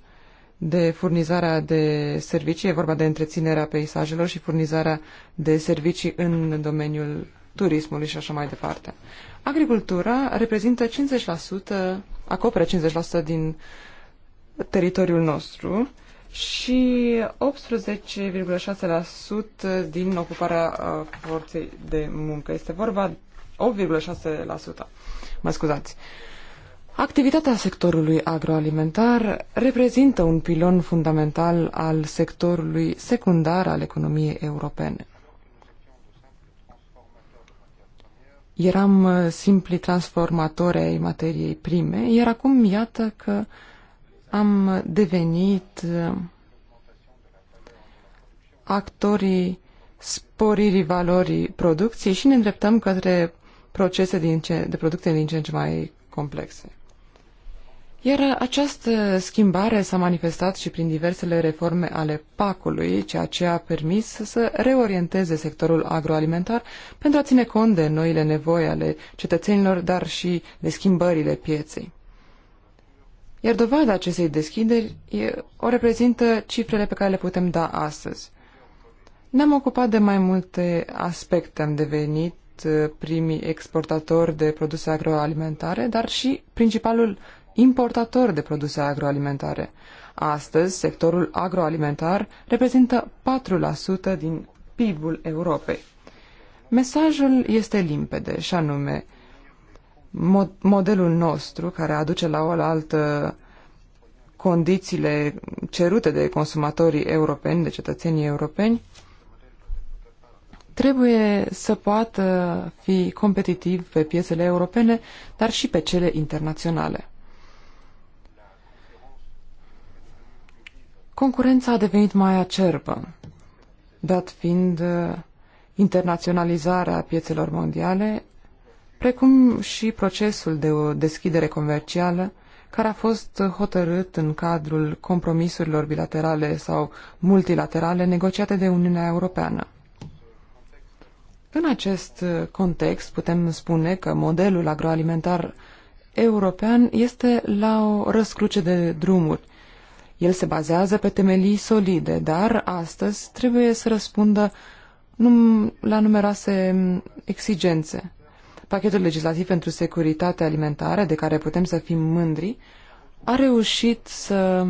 de furnizarea de servicii, e vorba de întreținerea peisajelor și furnizarea de servicii în domeniul turismului și așa mai departe. Agricultura reprezintă 50%, acoperă 50% din teritoriul nostru și 18,6% din ocuparea uh, forței de muncă. Este vorba 8,6%. Mă scuzați. Uh, Activitatea sectorului agroalimentar reprezintă un pilon fundamental al sectorului secundar al economiei europene. Eram uh, simpli transformatori ai materiei prime, iar acum iată că am devenit uh, actorii sporirii valorii producției și ne îndreptăm către procese din ce, de producție din ce în ce mai complexe. Iar această schimbare s-a manifestat și prin diversele reforme ale PAC-ului, ceea ce a permis să reorienteze sectorul agroalimentar pentru a ține cont de noile nevoi ale cetățenilor, dar și de schimbările pieței. Iar dovada acestei deschideri o reprezintă cifrele pe care le putem da astăzi. Ne-am ocupat de mai multe aspecte, am devenit uh, primii exportatori de produse agroalimentare, dar și principalul importator de produse agroalimentare. Astăzi, sectorul agroalimentar reprezintă 4% din PIB-ul Europei. Mesajul este limpede și anume mod modelul nostru care aduce la oaltă condițiile cerute de consumatorii europeni, de cetățenii europeni, trebuie să poată fi competitiv pe piețele europene, dar și pe cele internaționale. Concurența a devenit mai acerbă, dat fiind uh, internaționalizarea piețelor mondiale, precum și procesul de o deschidere comercială care a fost uh, hotărât în cadrul compromisurilor bilaterale sau multilaterale negociate de Uniunea Europeană. În acest uh, context putem spune că modelul agroalimentar european este la o răscruce de drumuri el se bazează pe temelii solide, dar astăzi trebuie să răspundă num- la numeroase mm, exigențe. Pachetul legislativ pentru securitate alimentară, de care putem să fim mândri, a reușit să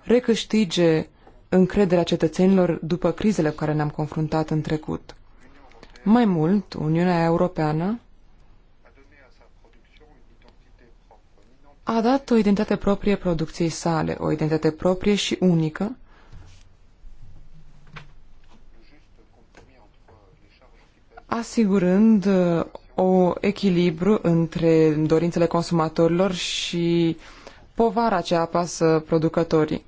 recâștige încrederea cetățenilor după crizele cu care ne-am confruntat în trecut. Mai mult, Uniunea Europeană a dat o identitate proprie producției sale, o identitate proprie și unică, asigurând uh, o echilibru între dorințele consumatorilor și povara ce apasă producătorii.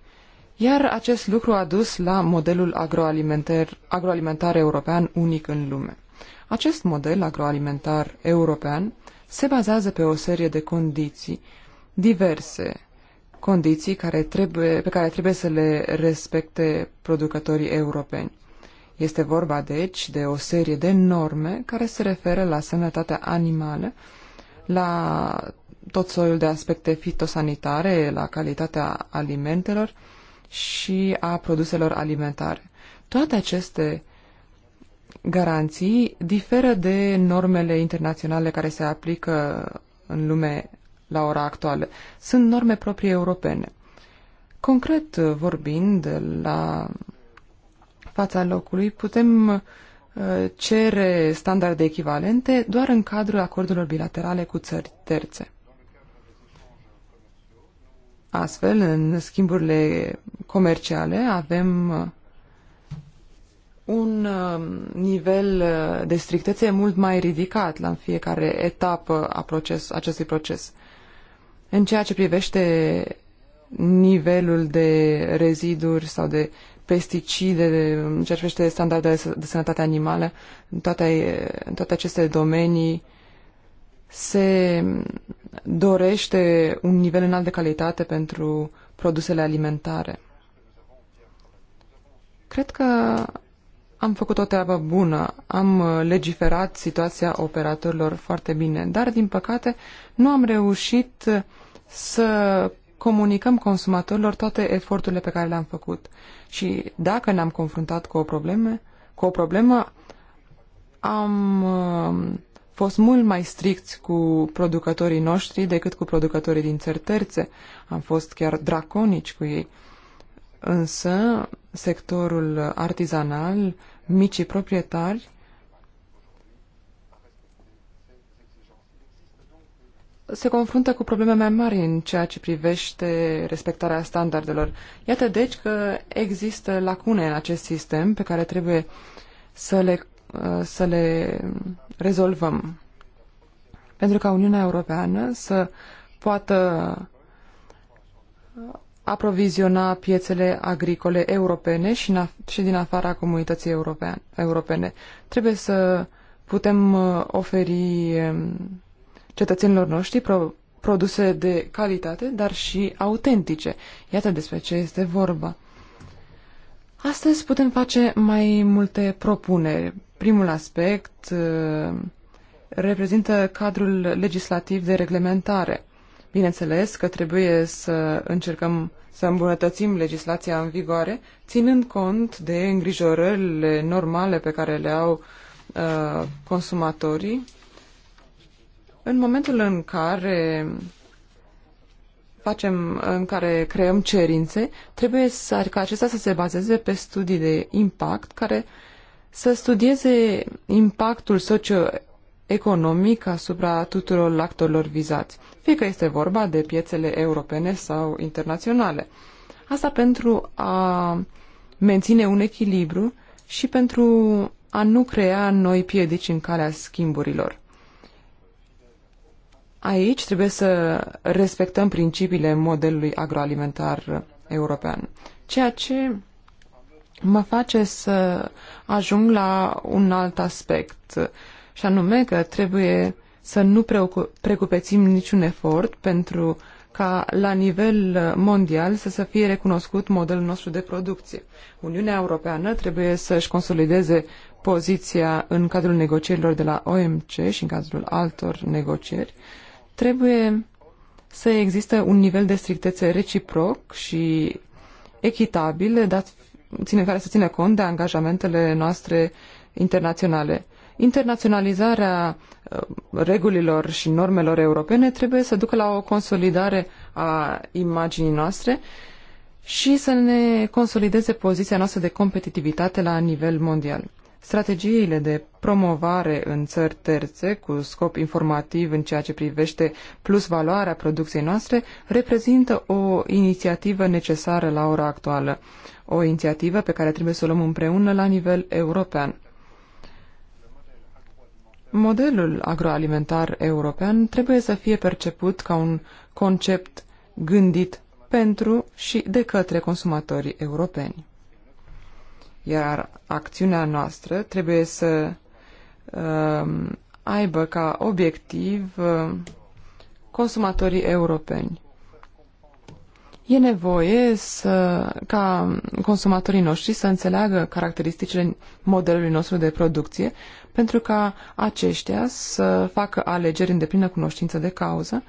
Iar acest lucru a dus la modelul agroalimentar, agroalimentar european unic în lume. Acest model agroalimentar european se bazează pe o serie de condiții diverse, condiții care trebuie, pe care trebuie să le respecte producătorii europeni. Este vorba, deci, de o serie de norme care se referă la sănătatea animală, la tot soiul de aspecte fitosanitare, la calitatea alimentelor și a produselor alimentare. Toate aceste garanții diferă de normele internaționale care se aplică în lume la ora actuală. Sunt norme proprii europene. Concret vorbind, la fața locului putem uh, cere standarde echivalente doar în cadrul acordurilor bilaterale cu țări terțe. Astfel, în schimburile comerciale avem uh, un uh, nivel de strictețe mult mai ridicat la fiecare etapă a proces, acestui proces. În ceea ce privește nivelul de reziduri sau de pesticide, în ceea ce privește standardele de sănătate animală, în toate, în toate aceste domenii se dorește un nivel înalt de calitate pentru produsele alimentare. Cred că am făcut o treabă bună, am uh, legiferat situația operatorilor foarte bine, dar, din păcate, nu am reușit uh, să comunicăm consumatorilor toate eforturile pe care le-am făcut. Și dacă ne-am confruntat cu o, probleme, cu o problemă, am uh, fost mult mai stricți cu producătorii noștri decât cu producătorii din țări terțe. Am fost chiar draconici cu ei. Însă, sectorul artizanal, micii proprietari, se confruntă cu probleme mai mari în ceea ce privește respectarea standardelor. Iată deci că există lacune în acest sistem pe care trebuie să le, să le rezolvăm. Pentru ca Uniunea Europeană să poată aproviziona piețele agricole europene și, și din afara comunității european, europene. Trebuie să putem uh, oferi um, cetățenilor noștri pro, produse de calitate, dar și autentice. Iată despre ce este vorba. Astăzi putem face mai multe propuneri. Primul aspect uh, reprezintă cadrul legislativ de reglementare. Bineînțeles că trebuie să încercăm să îmbunătățim legislația în vigoare, ținând cont de îngrijorările normale pe care le au uh, consumatorii, în momentul în care facem, în care creăm cerințe, trebuie să, ca acestea să se bazeze pe studii de impact care să studieze impactul socio economic asupra tuturor actorilor vizați, fie că este vorba de piețele europene sau internaționale. Asta pentru a menține un echilibru și pentru a nu crea noi piedici în calea schimburilor. Aici trebuie să respectăm principiile modelului agroalimentar european, ceea ce mă face să ajung la un alt aspect și anume că trebuie să nu precupețim niciun efort pentru ca la nivel mondial să, se fie recunoscut modelul nostru de producție. Uniunea Europeană trebuie să-și consolideze poziția în cadrul negocierilor de la OMC și în cadrul altor negocieri. Trebuie să existe un nivel de strictețe reciproc și echitabil, dat, ține, care să țină cont de angajamentele noastre internaționale. Internaționalizarea uh, regulilor și normelor europene trebuie să ducă la o consolidare a imaginii noastre și să ne consolideze poziția noastră de competitivitate la nivel mondial. Strategiile de promovare în țări terțe cu scop informativ în ceea ce privește plus valoarea producției noastre reprezintă o inițiativă necesară la ora actuală, o inițiativă pe care trebuie să o luăm împreună la nivel european. Modelul agroalimentar european trebuie să fie perceput ca un concept gândit pentru și de către consumatorii europeni. Iar acțiunea noastră trebuie să uh, aibă ca obiectiv uh, consumatorii europeni. E nevoie să, ca consumatorii noștri să înțeleagă caracteristicile modelului nostru de producție pentru ca aceștia să facă alegeri în deplină cunoștință de cauză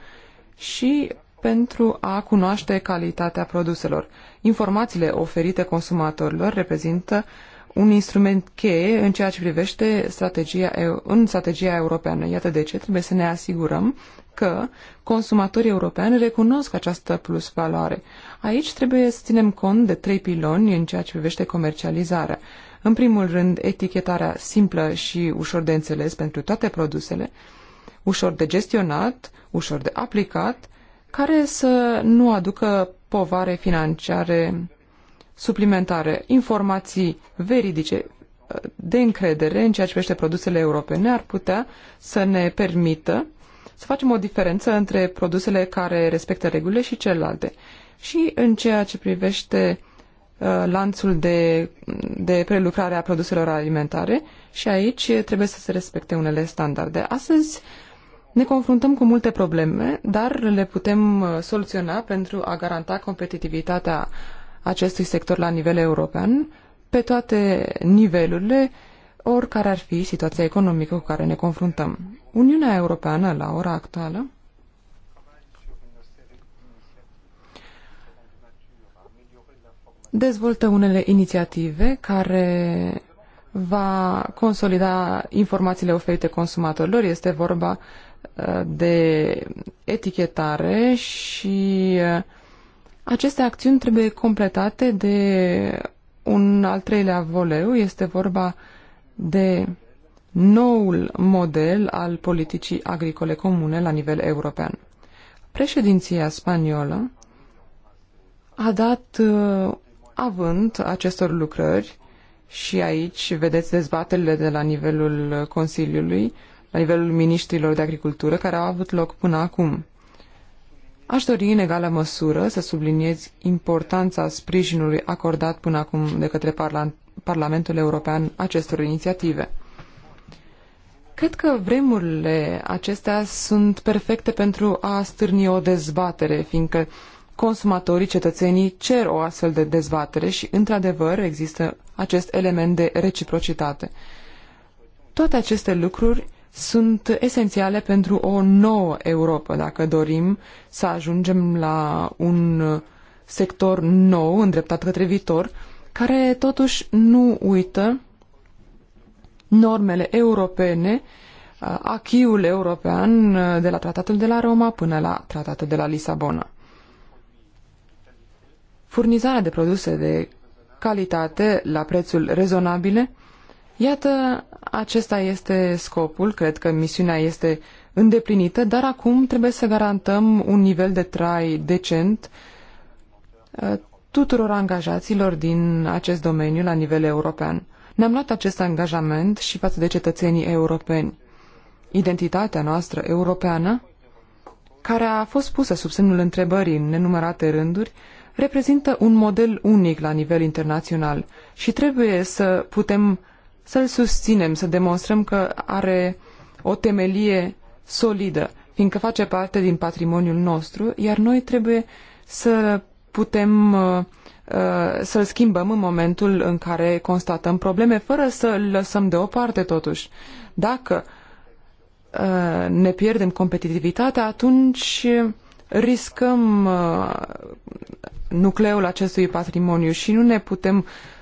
și pentru a cunoaște calitatea produselor. Informațiile oferite consumatorilor reprezintă un instrument cheie în ceea ce privește strategia, în strategia europeană. Iată de ce trebuie să ne asigurăm că consumatorii europeni recunosc această plus valoare. Aici trebuie să ținem cont de trei piloni în ceea ce privește comercializarea. În primul rând, etichetarea simplă și ușor de înțeles pentru toate produsele, ușor de gestionat, ușor de aplicat, care să nu aducă povare financiare suplimentare, informații veridice uh, de încredere în ceea ce privește produsele europene ar putea să ne permită să facem o diferență între produsele care respectă regulile și celelalte. Și în ceea ce privește Uh, lanțul de, de prelucrare a produselor alimentare și aici trebuie să se respecte unele standarde. Astăzi ne confruntăm cu multe probleme, dar le putem uh, soluționa pentru a garanta competitivitatea acestui sector la nivel european pe toate nivelurile, oricare ar fi situația economică cu care ne confruntăm. Uniunea Europeană, la ora actuală, dezvoltă unele inițiative care va consolida informațiile oferite consumatorilor. Este vorba uh, de etichetare și uh, aceste acțiuni trebuie completate de un al treilea voleu. Este vorba de noul model al politicii agricole comune la nivel european. Președinția spaniolă a dat uh, având acestor lucrări și aici vedeți dezbaterile de la nivelul Consiliului, la nivelul ministrilor de agricultură care au avut loc până acum. Aș dori în egală măsură să subliniez importanța sprijinului acordat până acum de către Parla Parlamentul European acestor inițiative. Cred că vremurile acestea sunt perfecte pentru a stârni o dezbatere, fiindcă consumatorii, cetățenii cer o astfel de dezbatere și, într-adevăr, există acest element de reciprocitate. Toate aceste lucruri sunt esențiale pentru o nouă Europa, dacă dorim să ajungem la un sector nou, îndreptat către viitor, care totuși nu uită normele europene, achiul european de la Tratatul de la Roma până la Tratatul de la Lisabona furnizarea de produse de calitate la prețul rezonabile, iată, acesta este scopul, cred că misiunea este îndeplinită, dar acum trebuie să garantăm un nivel de trai decent uh, tuturor angajaților din acest domeniu la nivel european. Ne-am luat acest angajament și față de cetățenii europeni. Identitatea noastră europeană, care a fost pusă sub semnul întrebării în nenumărate rânduri, reprezintă un model unic la nivel internațional și trebuie să putem să-l susținem, să demonstrăm că are o temelie solidă, fiindcă face parte din patrimoniul nostru, iar noi trebuie să putem uh, uh să-l schimbăm în momentul în care constatăm probleme, fără să-l lăsăm deoparte totuși. Dacă uh, ne pierdem competitivitatea, atunci riscăm uh, nucleul acestui patrimoniu și nu ne putem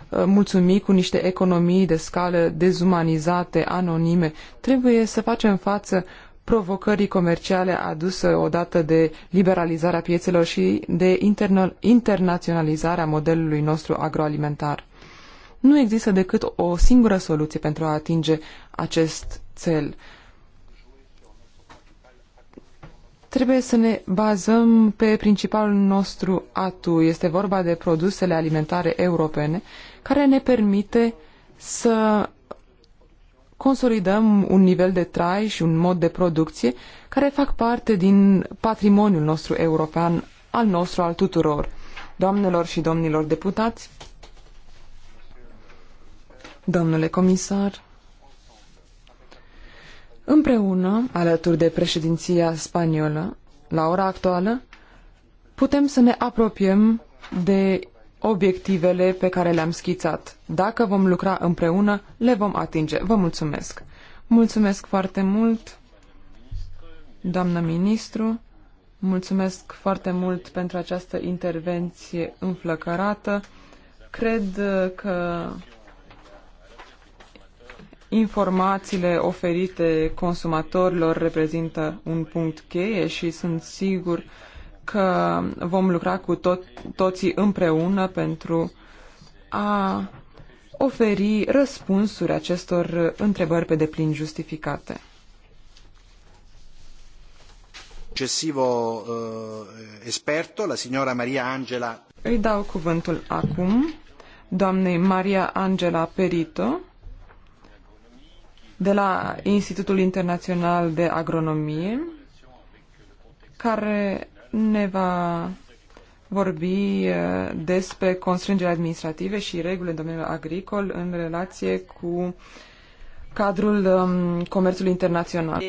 uh, mulțumi cu niște economii de scală dezumanizate, anonime. Trebuie să facem față provocării comerciale aduse odată de liberalizarea piețelor și de interna- internaționalizarea modelului nostru agroalimentar. Nu există decât o singură soluție pentru a atinge acest cel. Trebuie să ne bazăm pe principalul nostru atu. Este vorba de produsele alimentare europene care ne permite să consolidăm un nivel de trai și un mod de producție care fac parte din patrimoniul nostru european, al nostru, al tuturor. Doamnelor și domnilor deputați, domnule comisar, Împreună, alături de președinția spaniolă, la ora actuală, putem să ne apropiem de obiectivele pe care le-am schițat. Dacă vom lucra împreună, le vom atinge. Vă mulțumesc! Mulțumesc foarte mult, doamnă ministru! Mulțumesc foarte mult pentru această intervenție înflăcărată. Cred că Informațiile oferite consumatorilor reprezintă un punct cheie și sunt sigur că vom lucra cu tot, toții împreună pentru a oferi răspunsuri acestor întrebări pe deplin justificate. Succesivo eh, esperto, la signora Maria Angela. Îi dau cuvântul acum doamnei Maria Angela Perito, de la Institutul Internațional de Agronomie, care ne va vorbi eh, despre constrângeri administrative și reguli în domeniul agricol în relație cu cadrul ehm, comerțului internațional.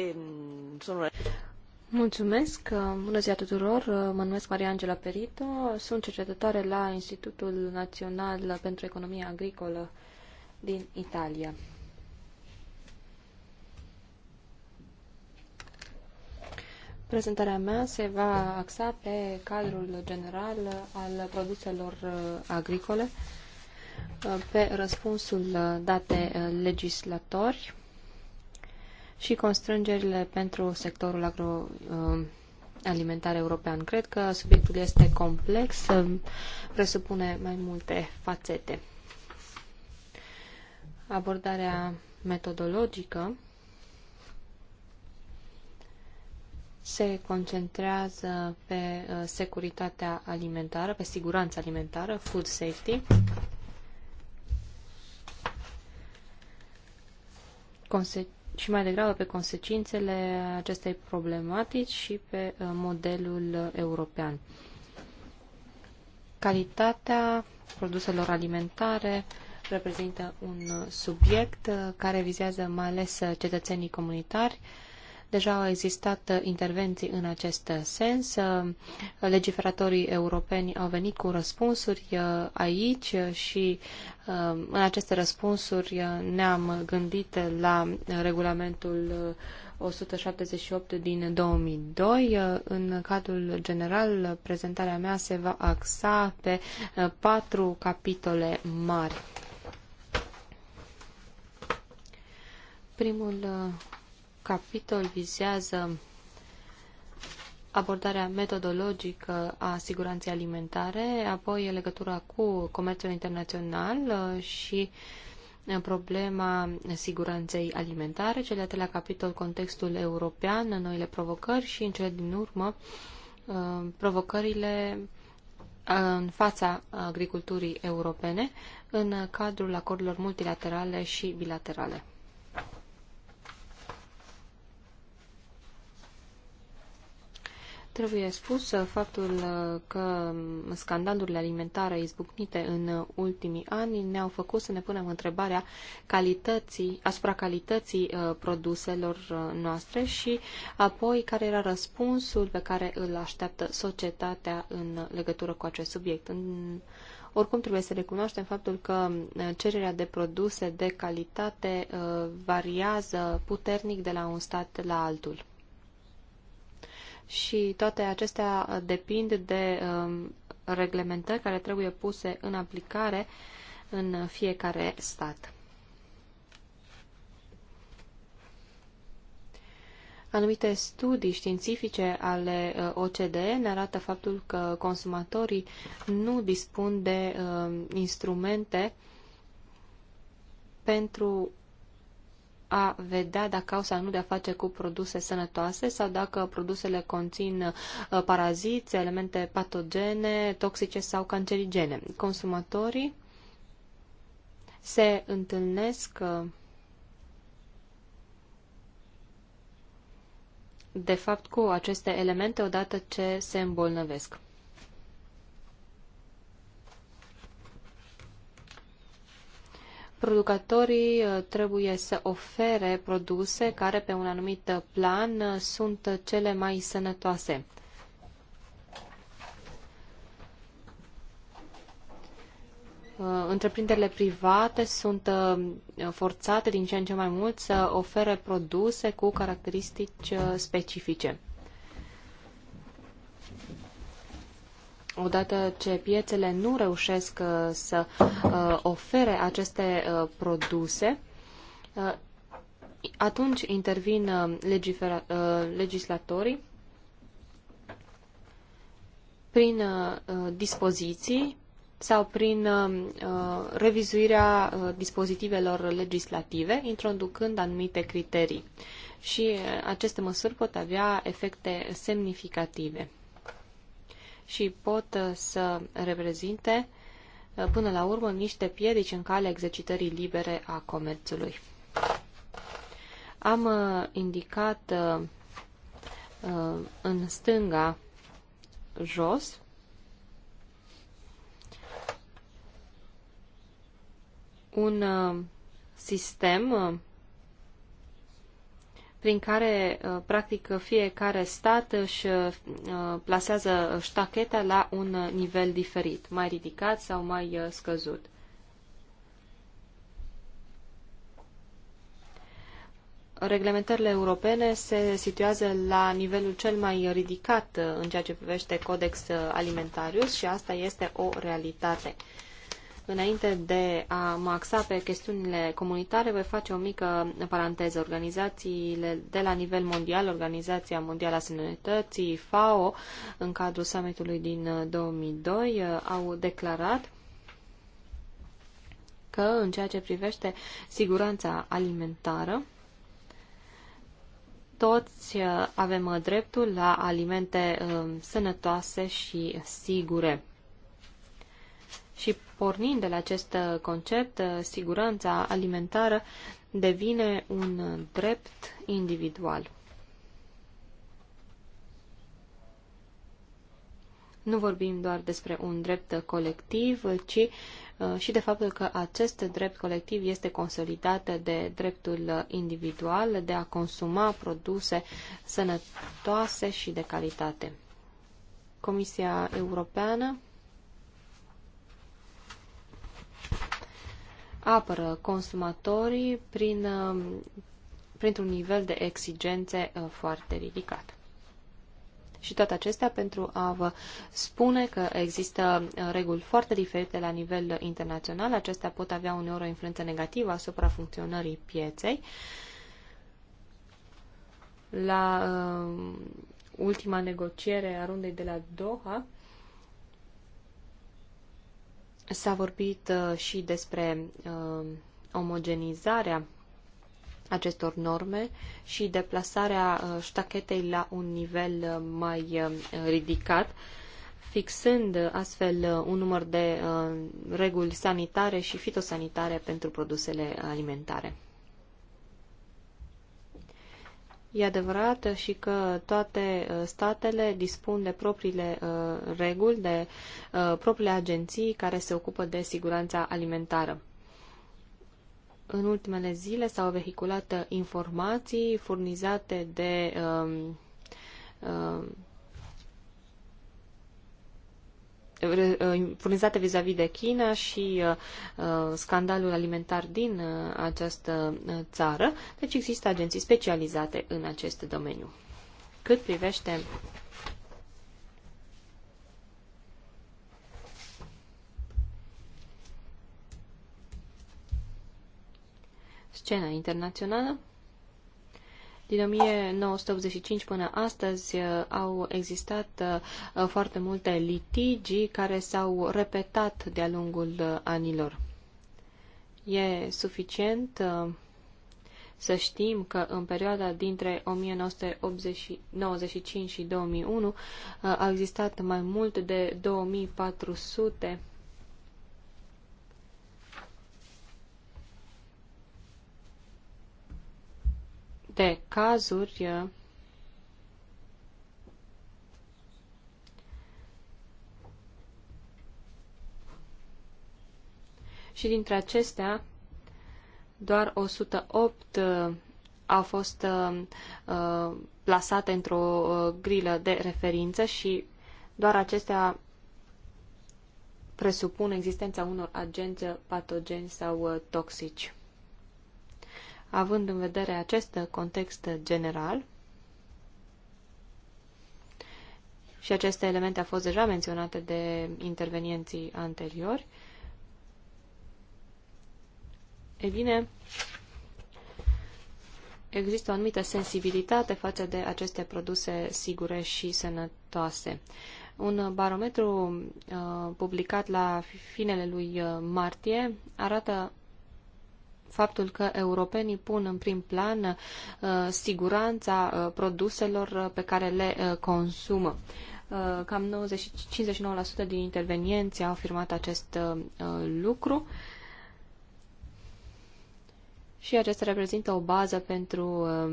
Mulțumesc! Eh, bună ziua tuturor! Eh, mă numesc Maria Angela Perito, sunt cercetătoare la Institutul Național pentru Economia Agricolă din Italia. Prezentarea mea se va axa pe cadrul general al produselor uh, agricole, uh, pe răspunsul uh, date legislatori și constrângerile pentru sectorul agroalimentar european. Cred că subiectul este complex, presupune mai multe fațete. Abordarea metodologică se concentrează pe uh, securitatea alimentară, pe siguranța alimentară, food safety. Conse și mai degrabă pe consecințele acestei problematici și pe uh, modelul european. Calitatea produselor alimentare reprezintă un subiect uh, care vizează mai ales cetățenii comunitari, Deja au existat intervenții în acest sens. Legiferatorii europeni au venit cu răspunsuri aici și uh, în aceste răspunsuri ne-am gândit la regulamentul 178 din 2002. În cadrul general, prezentarea mea se va axa pe uh, patru capitole mari. Primul uh, capitol vizează abordarea metodologică a siguranței alimentare, apoi legătura cu comerțul internațional uh, și uh, problema siguranței alimentare, cele de la capitol contextul european, noile provocări și în cele din urmă uh, provocările în fața agriculturii europene în cadrul acordurilor multilaterale și bilaterale. trebuie spus uh, faptul uh, că um, scandalurile alimentare izbucnite în uh, ultimii ani ne-au făcut să ne punem întrebarea calității, asupra calității produselor noastre și apoi care era răspunsul pe care îl așteaptă societatea în legătură cu acest subiect. oricum trebuie să recunoaștem faptul că um, cererea de produse de calitate variază puternic de la un stat la altul și toate acestea uh, depind de um, reglementări care trebuie puse în aplicare în fiecare stat. Anumite studii științifice ale uh, OCDE ne arată faptul că consumatorii nu dispun de uh, instrumente pentru a vedea dacă au sau nu de a face cu produse sănătoase sau dacă produsele conțin uh, paraziți, elemente patogene, toxice sau cancerigene. Consumatorii se întâlnesc uh, de fapt cu aceste elemente odată ce se îmbolnăvesc. producătorii uh, trebuie să ofere produse care pe un anumit uh, plan uh, sunt cele mai sănătoase. Întreprinderile private sunt forțate din ce în ce mai mult să ofere produse cu caracteristici specifice. Odată ce piețele nu reușesc uh, să uh, ofere aceste uh, produse, atunci intervin legislatorii prin dispoziții sau prin revizuirea dispozitivelor legislative, introducând anumite criterii. Și aceste măsuri pot avea efecte semnificative și pot uh, să reprezinte uh, până la urmă niște piedici în calea exercitării libere a comerțului. Am uh, indicat în stânga jos un sistem prin care, uh, practic, fiecare stat își uh, plasează ștacheta la un nivel diferit, mai ridicat sau mai uh, scăzut. reglementările europene se situează la nivelul cel mai ridicat în ceea ce privește codex alimentarius și asta este o realitate. Înainte de a mă axa pe chestiunile comunitare, voi face o mică paranteză. Organizațiile de la nivel mondial, Organizația Mondială a Sănătății, FAO, în cadrul summitului din 2002, uh, uh, au declarat că în ceea ce privește siguranța alimentară, toți uh, avem dreptul la alimente sănătoase și sigure. Și pornind de la acest uh, concept, uh, siguranța alimentară devine un drept individual. Nu vorbim doar despre un drept colectiv, ci uh, și de faptul că acest drept colectiv este consolidat de dreptul individual de a consuma produse sănătoase și de calitate. Comisia Europeană apără consumatorii prin, um, printr-un nivel de exigențe uh, foarte ridicat. Și toate acestea pentru a vă spune că există uh, reguli foarte diferite la nivel internațional. Acestea pot avea uneori o influență negativă asupra funcționării pieței. La uh, ultima negociere a rundei de la Doha, S-a vorbit uh, și despre uh, omogenizarea acestor norme și deplasarea uh, ștachetei la un nivel mai ridicat, fixând astfel un număr de reguli sanitare și fitosanitare pentru produsele alimentare. E adevărat și că toate uh, statele dispun de propriile uh, reguli, de uh, propriile agenții care se ocupă de siguranța alimentară. În ultimele zile s-au vehiculat informații furnizate de uh, Uh, furnizate vis-a-vis de China și uh, uh, scandalul alimentar din această țară. Deci există agenții specializate în acest domeniu. Cât privește scena internațională, din 1985 până astăzi uh, au existat uh, uh, foarte multe litigii care s-au repetat de-a lungul anilor. E suficient să știm că în perioada dintre 1995 și 2001 au existat mai mult de 2400 de cazuri uh, și dintre acestea doar 108 uh, au fost uh, uh plasate într-o grilă de referință și doar acestea presupun existența unor agenți patogeni sau toxici având în vedere acest context general, și aceste elemente au fost deja menționate de intervenienții anteriori, e bine, există o anumită sensibilitate față de aceste produse sigure și sănătoase. Un barometru uh, publicat la finele lui uh, martie arată faptul că europenii pun în prim plan uh, siguranța uh, produselor uh, pe care le consumă. Cam 90, 59% din intervenienți au afirmat acest lucru și acesta reprezintă o bază pentru um,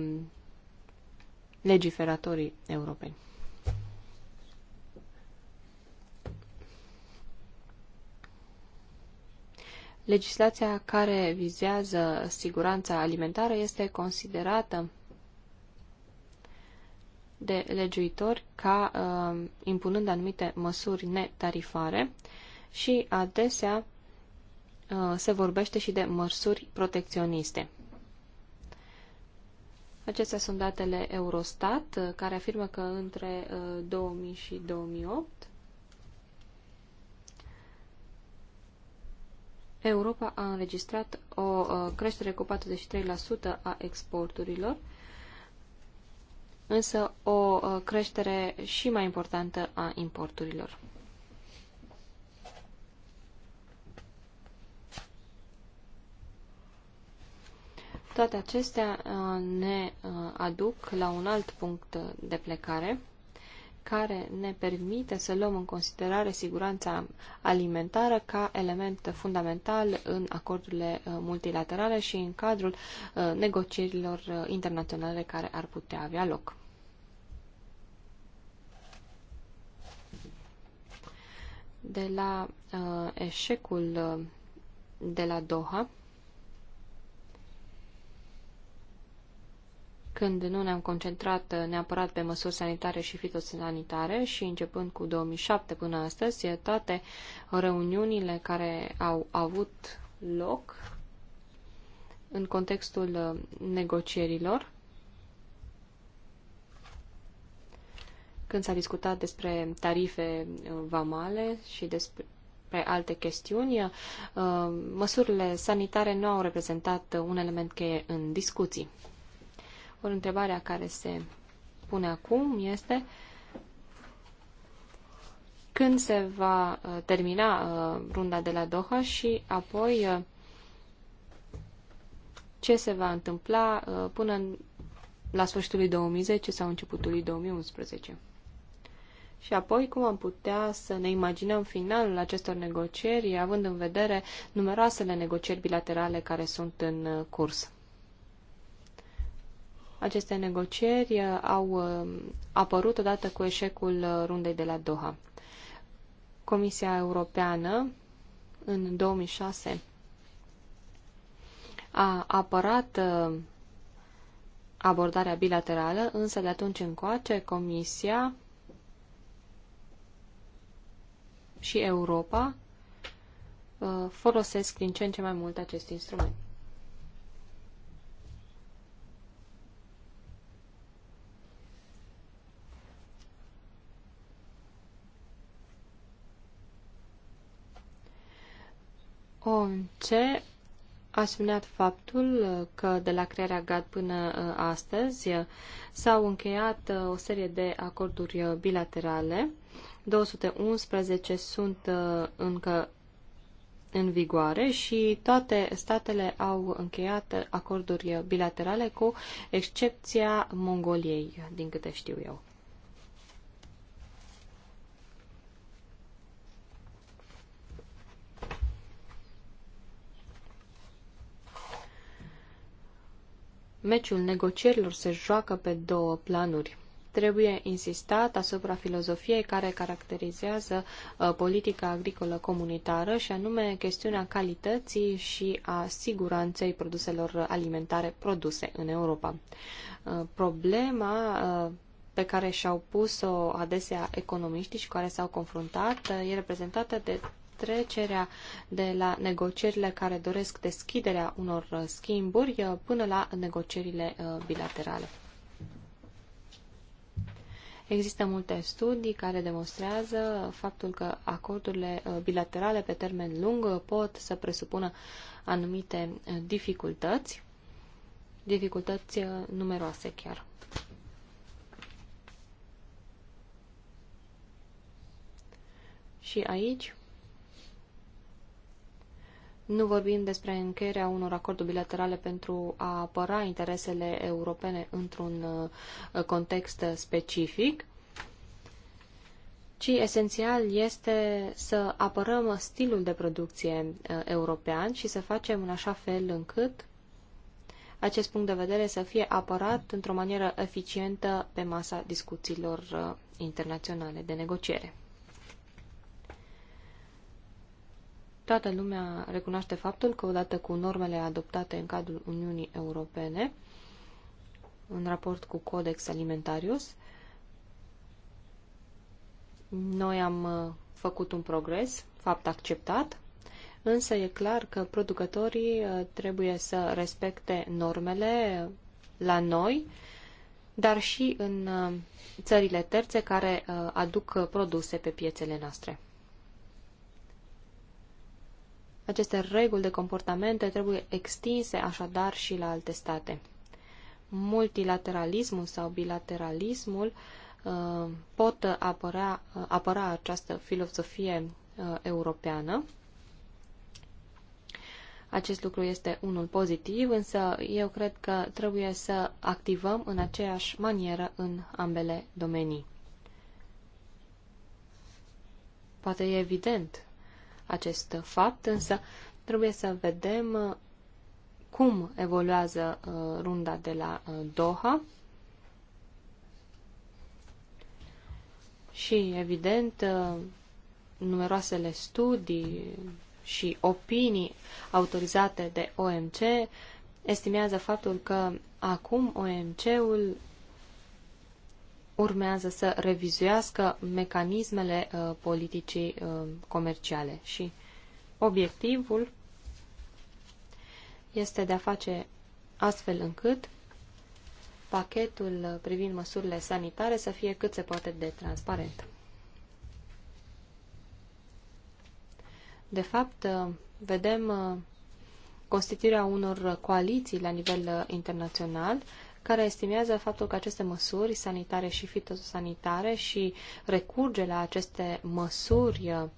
legiferatorii europeni. Legislația care vizează siguranța alimentară este considerată de legiuitori ca uh, impunând anumite măsuri netarifare și adesea uh, se vorbește și de măsuri protecționiste. Acestea sunt datele Eurostat, uh, care afirmă că între uh, 2000 și 2008 Europa a înregistrat o uh, creștere cu 43% a exporturilor, însă o uh, creștere și mai importantă a importurilor. Toate acestea uh, ne aduc la un alt punct de plecare – care ne permite să luăm în considerare siguranța alimentară ca element fundamental în acordurile uh, multilaterale și în cadrul uh, negocierilor uh, internaționale care ar putea avea loc. De la eșecul de la Doha, când nu ne-am concentrat neapărat pe măsuri sanitare și fitosanitare și începând cu 2007 până astăzi, toate reuniunile care au avut loc în contextul uh, negocierilor, când s-a discutat despre tarife uh, vamale și despre alte chestiuni, uh, măsurile sanitare nu au reprezentat un element cheie în discuții. Ori întrebarea care se pune acum este când se va uh, termina uh, runda de la Doha și apoi uh, ce se va întâmpla până la sfârșitul lui 2010 sau începutul lui 2011. Și apoi cum am putea să ne imaginăm finalul acestor negocieri, având în vedere numeroasele negocieri bilaterale care sunt în curs. Aceste negocieri uh, au uh, apărut odată cu eșecul uh, rundei de la Doha. Comisia Europeană în 2006 a apărat abordarea bilaterală, însă de atunci încoace Comisia și Europa folosesc din ce în ce mai mult acest instrument. OMC a semnat faptul că de la crearea GAD până ă, astăzi s-au încheiat ă, o serie de acorduri ă, bilaterale. 211 sunt încă în vigoare și toate statele au încheiat acorduri bilaterale cu excepția Mongoliei, din câte știu eu. Meciul negocierilor se joacă pe două planuri. Trebuie insistat asupra filozofiei care caracterizează uh, politica agricolă comunitară și anume chestiunea calității și a siguranței produselor alimentare produse în Europa. Uh, problema uh, pe care și-au pus-o adesea economiștii și care s-au confruntat e reprezentată de trecerea de la negocierile care doresc deschiderea unor uh, schimburi uh, până la negocierile uh, bilaterale. Există multe studii care demonstrează faptul că acordurile bilaterale pe termen lung pot să presupună anumite dificultăți, dificultăți numeroase chiar. Și aici nu vorbim despre încheierea unor acorduri bilaterale pentru a apăra interesele europene într-un uh, context specific, ci esențial este să apărăm stilul de producție uh, european și să facem în așa fel încât acest punct de vedere să fie apărat într-o manieră eficientă pe masa discuțiilor uh, internaționale de negociere. Toată lumea recunoaște faptul că odată cu normele adoptate în cadrul Uniunii Europene, în raport cu Codex Alimentarius, noi am uh, făcut un progres, fapt acceptat, însă e clar că producătorii uh, trebuie să respecte normele la noi, dar și în uh, țările terțe care aduc produse pe piețele noastre. Aceste reguli de comportamente trebuie extinse așadar și la alte state. Multilateralismul sau bilateralismul uh, pot apăra, uh, apăra această filozofie uh, europeană. Acest lucru este unul pozitiv, însă eu cred că trebuie să activăm în aceeași manieră în ambele domenii. Poate e evident acest fapt, însă trebuie să vedem uh, cum evoluează uh, runda de la uh, Doha și, evident, numeroasele studii și opinii autorizate de OMC estimează faptul că acum OMC-ul urmează să revizuiască mecanismele uh, politicii uh, comerciale și obiectivul este de a face astfel încât pachetul uh, privind măsurile sanitare să fie cât se poate de transparent. De fapt, uh, vedem uh, constituirea unor coaliții la nivel internațional care estimează faptul că aceste măsuri sanitare și fitosanitare și recurge la aceste măsuri uh,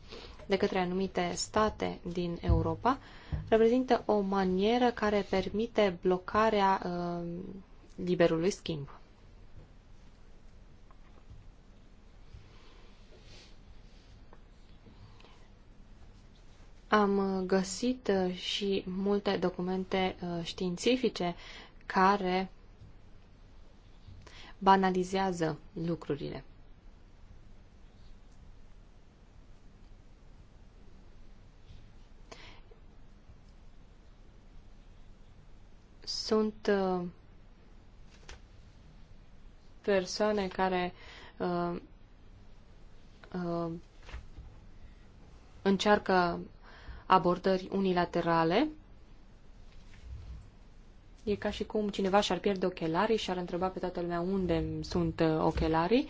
de către anumite state din Europa reprezintă o manieră care permite blocarea uh, liberului schimb. Am uh, găsit uh, și multe documente științifice care banalizează lucrurile. Sunt uh, persoane care uh, uh, încearcă abordări unilaterale E ca și cum cineva și-ar pierde ochelarii și ar întreba pe toată lumea unde sunt uh, ochelarii.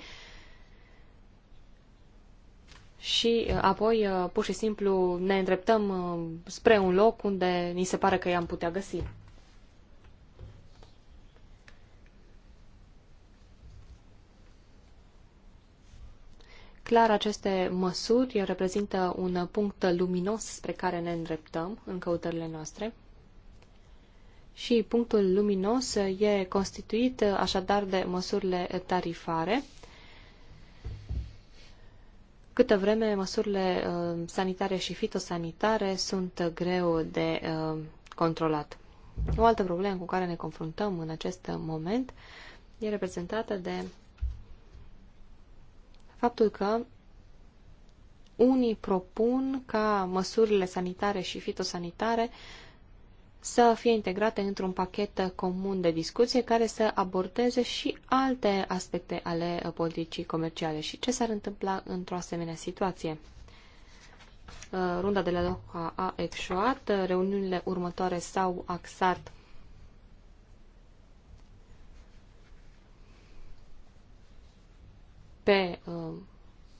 Și uh, apoi, uh, pur și simplu, ne îndreptăm spre un loc unde ni se pare că i-am putea găsi. Clar, aceste măsuri reprezintă un punct luminos spre care ne îndreptăm în căutările noastre și punctul luminos e constituit așadar de măsurile tarifare. Câtă vreme măsurile uh, sanitare și fitosanitare sunt greu de uh, controlat. O altă problemă cu care ne confruntăm în acest moment e reprezentată de faptul că unii propun ca măsurile sanitare și fitosanitare uh, să fie integrate într-un pachet comun de discuție care să abordeze și alte aspecte ale politicii comerciale și ce s-ar întâmpla într-o asemenea situație. Uh, runda de la Doha a exșoat, uh, reuniunile următoare s-au axat pe uh,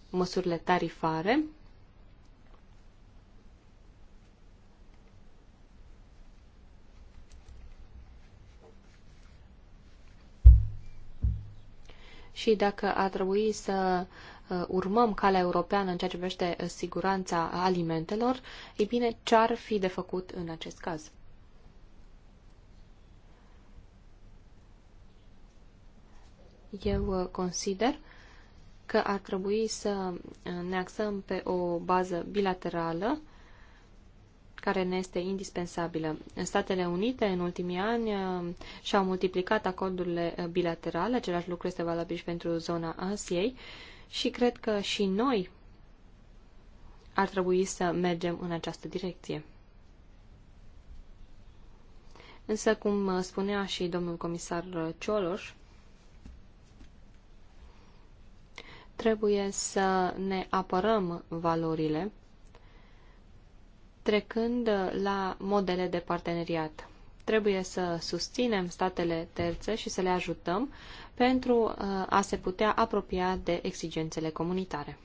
măsurile tarifare și dacă ar trebui să uh, urmăm calea europeană în ceea ce privește uh, siguranța alimentelor, ei bine, ce ar fi de făcut în acest caz? Eu uh, consider că ar trebui să ne axăm pe o bază bilaterală care ne este indispensabilă. În Statele Unite, în ultimii ani, uh, și-au multiplicat acordurile uh, bilaterale, același lucru este valabil și pentru zona Asiei, și cred că și noi ar trebui să mergem în această direcție. Însă, cum uh, spunea și domnul comisar Cioloș, trebuie să ne apărăm valorile trecând uh, la modele de parteneriat. Trebuie să susținem statele terțe și să le ajutăm pentru uh, a se putea apropia de exigențele comunitare.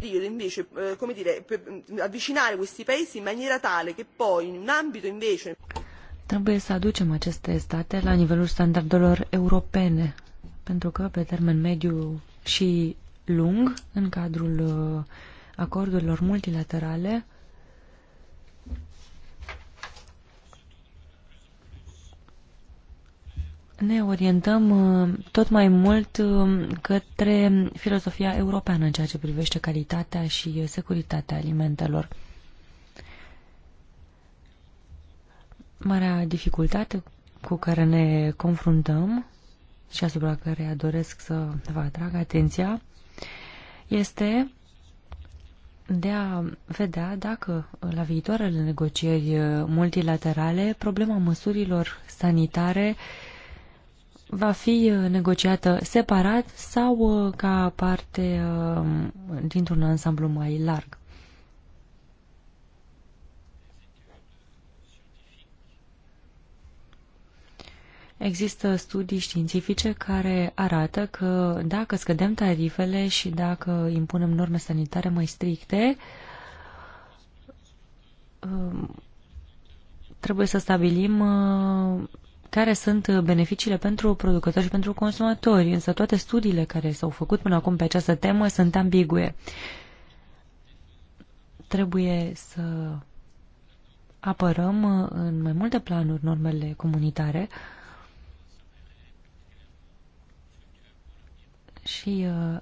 dire invece eh, come dire, mm, avvicinare questi paesi in maniera tale che poi in un ambito invece Trebuie să aducem aceste state la nivelul standardelor europene, pentru că pe termen mediu și lung în cadrul uh, acordurilor multilaterale. Ne orientăm uh, tot mai mult uh, către filozofia europeană în ceea ce privește calitatea și securitatea alimentelor. Marea dificultate cu care ne confruntăm și asupra căreia doresc să vă atrag atenția este de a vedea dacă la viitoarele negocieri multilaterale problema măsurilor sanitare va fi negociată separat sau ca parte uh, dintr-un ansamblu mai larg. Există studii științifice care arată că dacă scădem tarifele și dacă impunem norme sanitare mai stricte, um, trebuie să stabilim uh, care sunt beneficiile pentru producători și pentru consumatori, însă toate studiile care s-au făcut până acum pe această temă sunt ambigue. Trebuie să apărăm uh, în mai multe planuri normele comunitare, Și uh,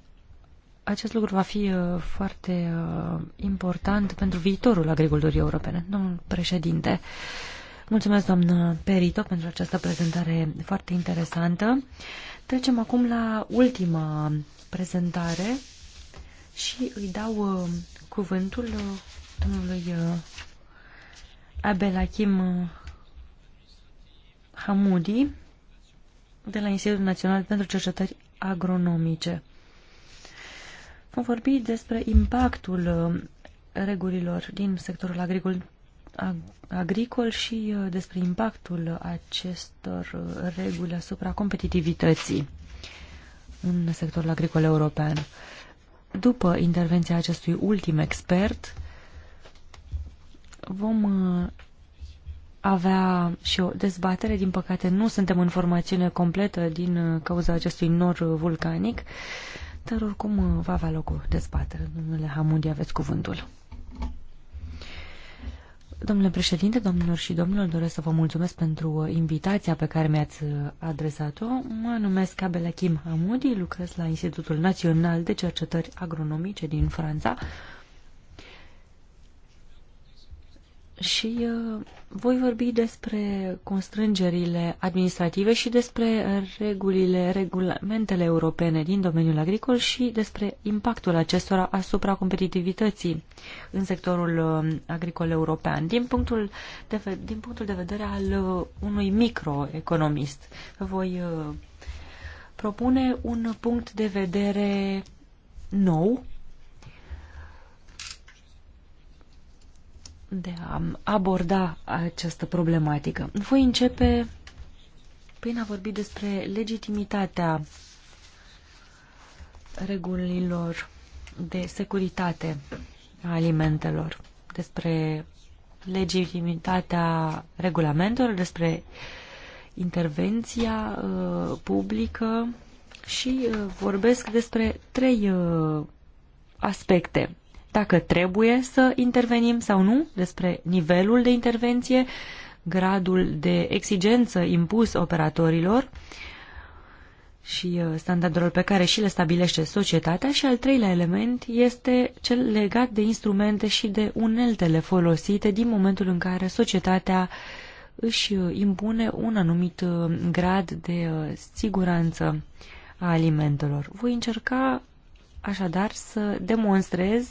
acest lucru va fi uh, foarte uh, important pentru viitorul agriculturii europene. Domnul președinte, mulțumesc doamnă Perito pentru această prezentare foarte interesantă. Trecem acum la ultima prezentare și îi dau uh, cuvântul uh, domnului uh, Abelachim uh, Hamudi de la Institutul Național pentru Cercetări agronomice. Vom vorbi despre impactul uh, regulilor din sectorul agricol, agricol și uh, despre impactul acestor uh, reguli asupra competitivității în sectorul agricol european. După intervenția acestui ultim expert, vom avea și o dezbatere. Din păcate, nu suntem în formațiune completă din uh, cauza acestui nor vulcanic, dar oricum uh, va avea loc o dezbatere. Domnule Hamundi, aveți cuvântul. Domnule președinte, domnilor și domnilor, doresc să vă mulțumesc pentru uh, invitația pe care mi-ați adresat-o. Mă numesc Abela Kim Hamudi, lucrez la Institutul Național de Cercetări Agronomice din Franța, și uh, voi vorbi despre constrângerile administrative și despre regulile, regulamentele europene din domeniul agricol și despre impactul acestora asupra competitivității în sectorul uh, agricol european din punctul, de, din punctul de vedere al uh, unui microeconomist. Voi uh, propune un punct de vedere nou de a aborda această problematică. Voi începe prin a vorbi despre legitimitatea regulilor de securitate a alimentelor, despre legitimitatea regulamentelor, despre intervenția uh, publică și uh, vorbesc despre trei uh, aspecte dacă trebuie să intervenim sau nu, despre nivelul de intervenție, gradul de exigență impus operatorilor și uh, standardul pe care și le stabilește societatea și al treilea element este cel legat de instrumente și de uneltele folosite din momentul în care societatea își uh, impune un anumit uh, grad de siguranță a alimentelor. Voi încerca așadar să demonstrez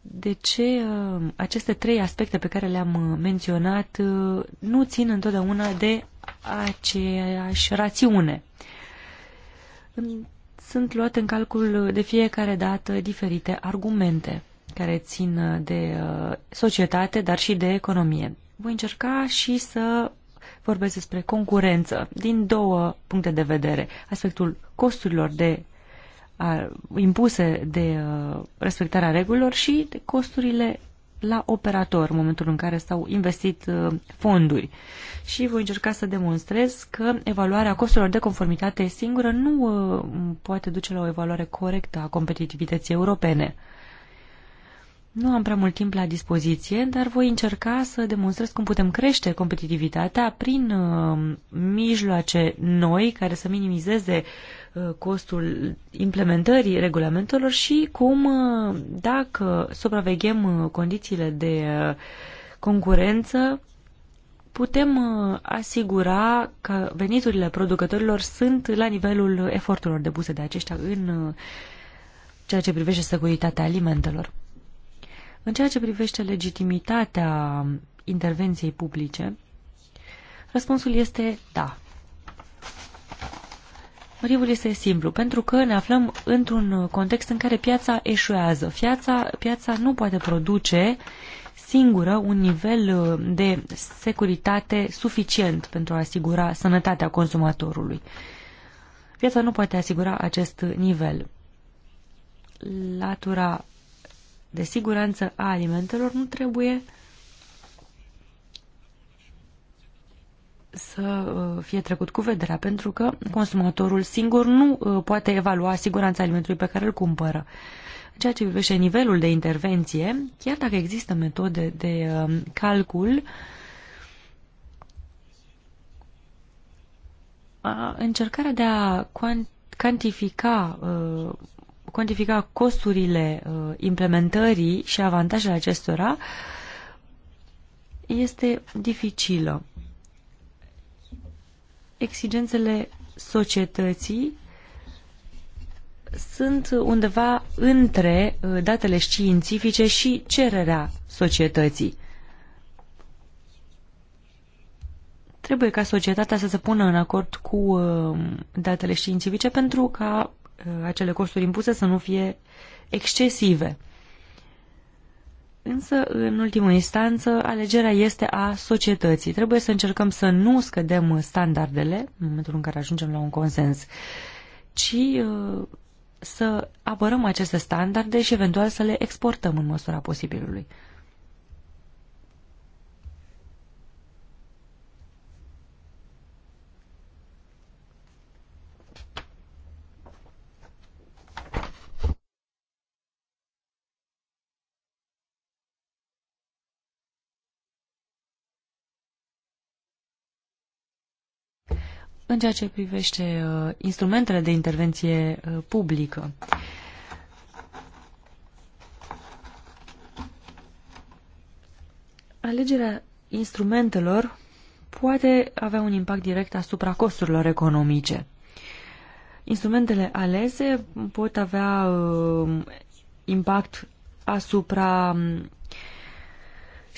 de ce uh, aceste trei aspecte pe care le-am uh, menționat uh, nu țin întotdeauna de aceeași rațiune. Sunt luate în calcul de fiecare dată diferite argumente care țin de societate, dar și de economie. Voi încerca și să vorbesc despre concurență din două puncte de vedere. Aspectul costurilor de a, impuse de uh, respectarea regulilor și de costurile la operator în momentul în care s-au investit uh, fonduri. Și voi încerca să demonstrez că evaluarea costurilor de conformitate singură nu uh, poate duce la o evaluare corectă a competitivității europene. Uh, nu am prea mult timp la dispoziție, dar voi încerca să demonstrez cum putem crește competitivitatea prin uh, mijloace noi care să minimizeze uh, costul implementării regulamentelor și cum, uh, dacă supraveghem uh, condițiile de concurență, putem asigura că veniturile producătorilor sunt la nivelul eforturilor depuse de aceștia în ceea ce privește securitatea alimentelor. În ceea ce privește legitimitatea intervenției publice, răspunsul este da. Motivul este simplu, pentru că ne aflăm într-un context în care piața eșuează. Piața, piața nu poate produce singură un nivel de securitate suficient pentru a asigura sănătatea consumatorului. Piața nu poate asigura acest nivel. Latura de siguranță a alimentelor nu trebuie să uh, fie trecut cu vederea, pentru că consumatorul singur nu uh, poate evalua siguranța alimentului pe care îl cumpără. În ceea ce privește nivelul de intervenție, chiar dacă există metode de uh, calcul, încercarea de a cantifica cuantifica costurile uh, implementării și avantajele acestora este dificilă. Exigențele societății sunt undeva între uh, datele științifice și cererea societății. Trebuie ca societatea să se pună în acord cu uh, datele științifice pentru ca Uh, acele costuri impuse să nu fie excesive. Însă, în ultimă instanță, alegerea este a societății. Trebuie să încercăm să nu scădem standardele, în momentul în care ajungem la un consens, ci uh, să apărăm aceste standarde și eventual să le exportăm în măsura posibilului. în ceea ce privește uh, instrumentele de intervenție uh, publică. Alegerea instrumentelor poate avea un impact direct asupra costurilor economice. Instrumentele alese pot avea uh, impact asupra um,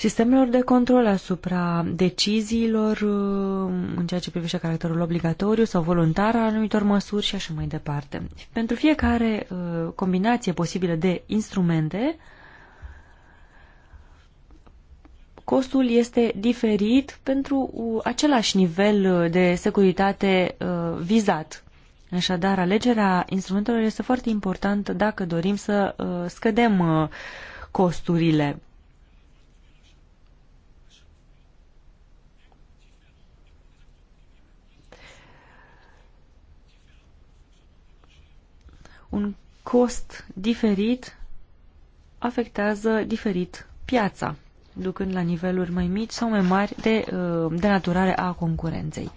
sistemelor de control asupra deciziilor uh, în ceea ce privește caracterul obligatoriu sau voluntar al anumitor măsuri și așa mai departe. Pentru fiecare uh, combinație posibilă de instrumente, costul este diferit pentru uh, același nivel de securitate vizat. Așadar, alegerea instrumentelor este foarte importantă dacă dorim să scădem costurile un cost diferit afectează diferit piața, ducând la niveluri mai mici sau mai mari de uh, denaturare a concurenței.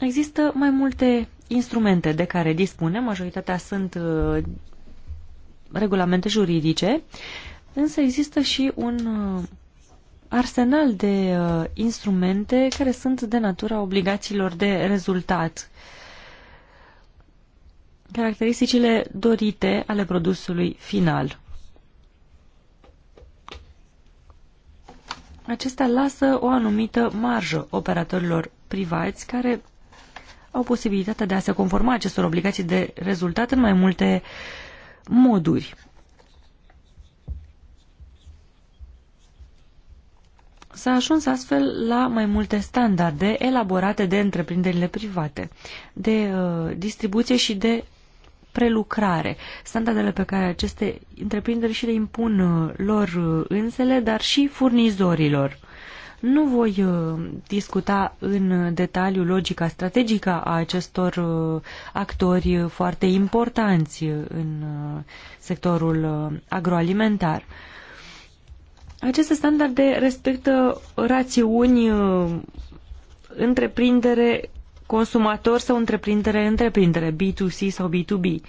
Există mai multe instrumente de care dispune, majoritatea sunt uh, regulamente juridice, însă există și un uh, arsenal de uh, instrumente care sunt de natura obligațiilor de rezultat. Caracteristicile dorite ale produsului final. Acestea lasă o anumită marjă operatorilor privați care au posibilitatea de a se conforma acestor obligații de rezultat în mai multe moduri. S-a ajuns astfel la mai multe standarde elaborate de întreprinderile private, de uh, distribuție și de prelucrare. Standardele pe care aceste întreprinderi și le impun uh, lor uh, însele, dar și furnizorilor. Nu voi uh, discuta în detaliu logica strategică a acestor uh, actori uh, foarte importanți uh, în uh, sectorul uh, agroalimentar. Uh, aceste standarde respectă rațiuni uh, întreprindere consumator sau întreprindere întreprindere, B2C sau B2B.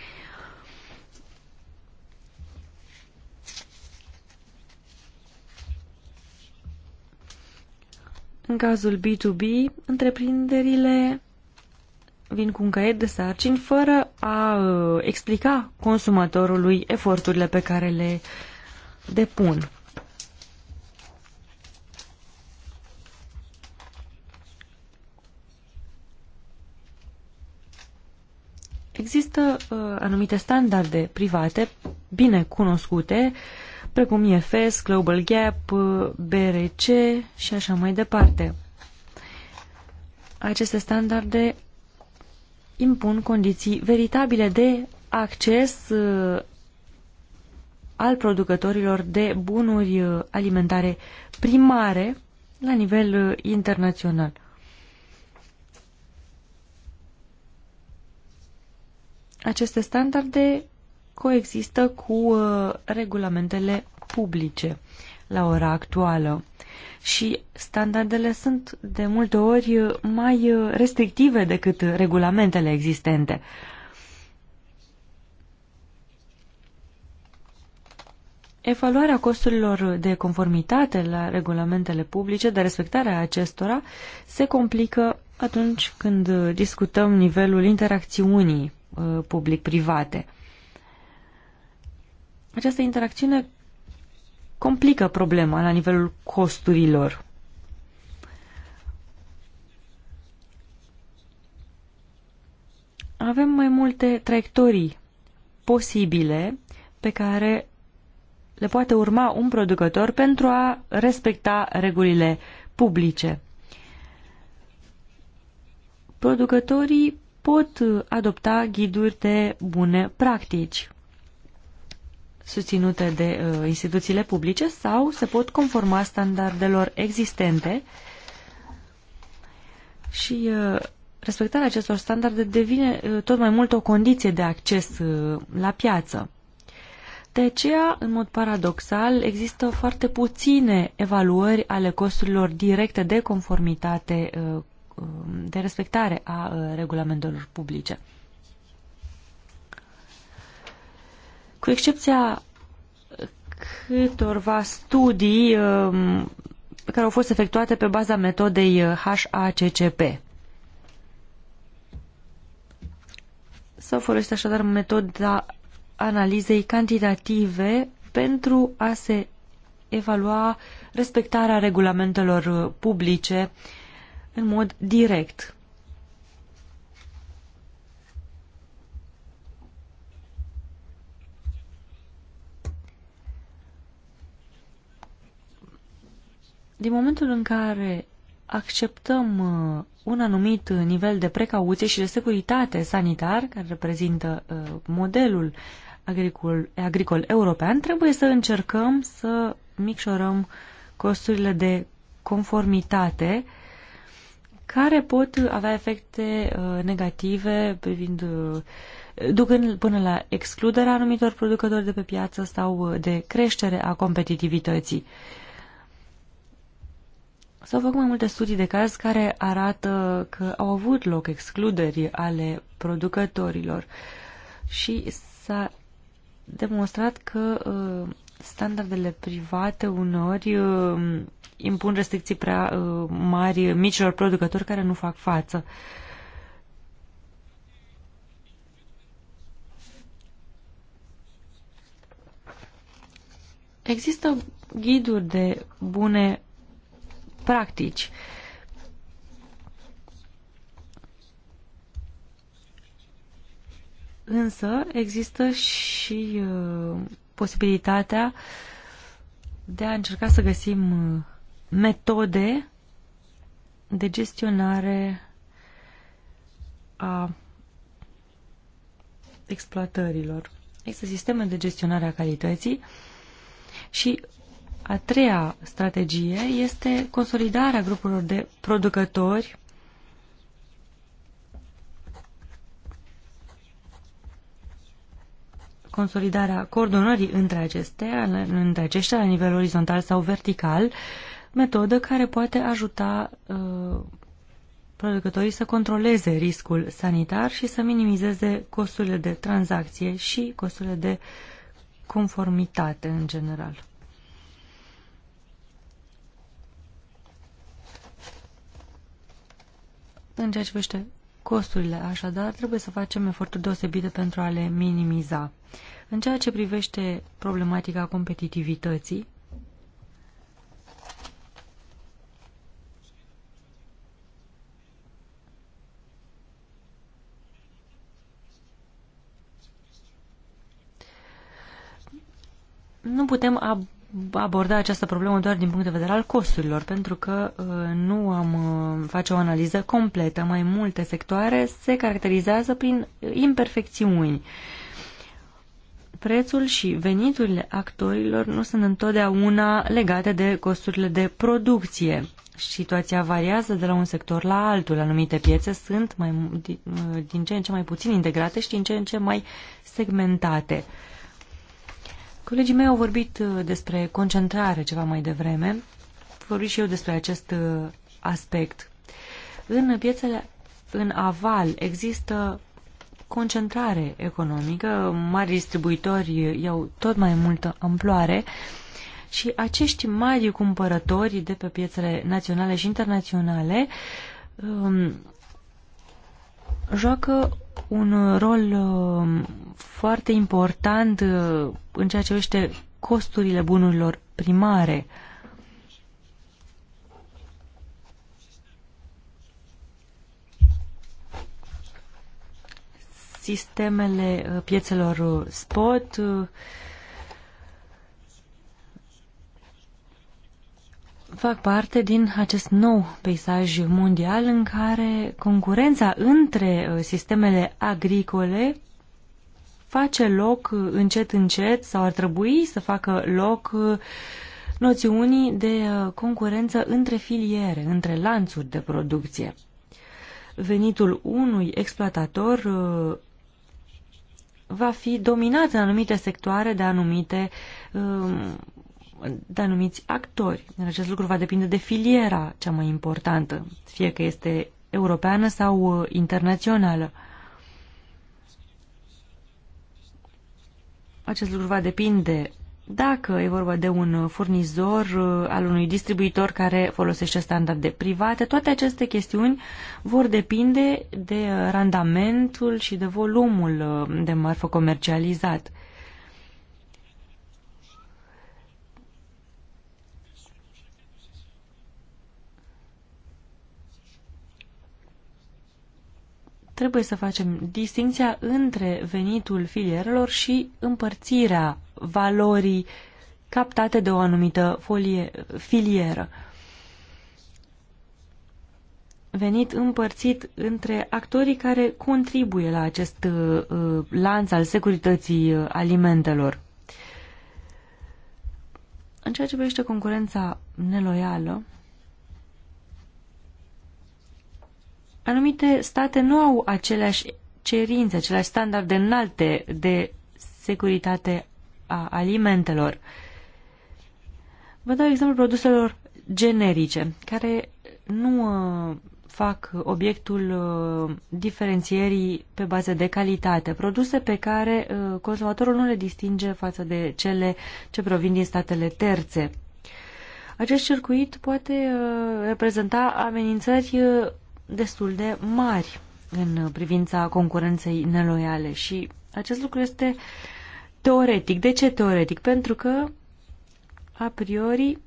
În cazul B2B, întreprinderile vin cu un caiet de sarcini fără a uh, explica consumatorului eforturile pe care le depun. Există uh, anumite standarde private bine cunoscute, precum IFS, Global Gap, uh, BRC și așa mai departe. Aceste standarde impun condiții veritabile de acces uh, al producătorilor de bunuri uh, alimentare primare la nivel uh, internațional. Aceste standarde coexistă cu uh, regulamentele publice la ora actuală și standardele sunt de multe ori uh, mai uh, restrictive decât regulamentele existente. Evaluarea costurilor de conformitate la regulamentele publice, de respectarea acestora, se complică atunci când discutăm nivelul interacțiunii Uh, public-private. Această interacțiune complică problema la nivelul costurilor. Avem mai multe traiectorii posibile pe care le poate urma un producător pentru a respecta regulile publice. Producătorii pot adopta ghiduri de bune practici susținute de uh, instituțiile publice sau se pot conforma standardelor existente și uh, respectarea acestor standarde devine uh, tot mai mult o condiție de acces uh, la piață. De aceea, în mod paradoxal, există foarte puține evaluări ale costurilor directe de conformitate uh, Um, de respectare a uh, regulamentelor publice. Cu excepția câtorva studii um, care au fost efectuate pe baza metodei HACCP. Uh, S-au folosit așadar metoda analizei cantitative pentru a se evalua respectarea regulamentelor uh, publice uh, în mod direct. Din momentul în care acceptăm uh, un anumit uh, nivel de precauție și de securitate sanitar, care reprezintă uh, modelul agricol, agricol european, trebuie să încercăm să micșorăm costurile de conformitate uh, care pot avea efecte uh, negative privind uh, ducând până la excluderea anumitor producători de pe piață sau uh, de creștere a competitivității. S-au făcut mai multe studii de caz care arată că au avut loc excluderi ale producătorilor și s-a demonstrat că standardele private uh, impun restricții prea uh, mari micilor producători care nu fac față. Există ghiduri de bune practici. Însă există și uh, posibilitatea de a încerca să găsim uh, metode de gestionare a exploatărilor. Există sisteme de gestionare a calității și a treia strategie este consolidarea grupurilor de producători consolidarea coordonării între acestea, între aceștia la nivel orizontal sau vertical metodă care poate ajuta uh, producătorii să controleze riscul sanitar și să minimizeze costurile de tranzacție și costurile de conformitate în general. În ceea ce privește costurile, așadar, trebuie să facem eforturi deosebite pentru a le minimiza. În ceea ce privește problematica competitivității, nu putem ab aborda această problemă doar din punct de vedere al costurilor, pentru că uh, nu am uh, face o analiză completă. Mai multe sectoare se caracterizează prin imperfecțiuni. Prețul și veniturile actorilor nu sunt întotdeauna legate de costurile de producție. Situația variază de la un sector la altul. Anumite piețe sunt mai, uh, din ce în ce mai puțin integrate și din ce în ce mai segmentate. Uh, Colegii mei au vorbit uh, despre concentrare ceva mai devreme. Vorbit și eu despre acest uh, aspect. În piețele în aval există concentrare economică, mari distribuitori iau tot mai multă amploare și acești mari cumpărători de pe piețele naționale și internaționale um, joacă un rol uh, foarte important uh, în ceea ce vește costurile bunurilor primare. Sistemele uh, piețelor spot fac parte din acest nou peisaj mondial în care concurența între uh, sistemele agricole face loc uh, încet încet sau ar trebui să facă loc uh, noțiunii de concurență între filiere, între lanțuri de producție. Venitul unui exploatator va fi dominat în anumite sectoare de anumite um, de anumiți actori. Acest lucru va depinde de filiera cea mai importantă, fie că este europeană sau uh, internațională. Acest lucru va depinde dacă e vorba de un furnizor, uh, al unui distribuitor care folosește standarde private, toate aceste chestiuni vor depinde de uh, randamentul și de volumul de marfă comercializat. trebuie să facem distinția între venitul filierelor și împărțirea valorii captate de o anumită folie, filieră. Venit împărțit între actorii care contribuie la acest uh, lanț al securității uh, alimentelor. În ceea ce privește concurența neloială, Anumite state nu au aceleași cerințe, aceleași standarde înalte de securitate a alimentelor. Vă dau exemplu produselor generice, care nu uh, fac obiectul uh, diferențierii pe bază de calitate, produse pe care uh, consumatorul nu le distinge față de cele ce provin din statele terțe. Acest circuit poate uh, reprezenta amenințări uh, destul de mari în privința concurenței neloiale și acest lucru este teoretic. De ce teoretic? Pentru că a priori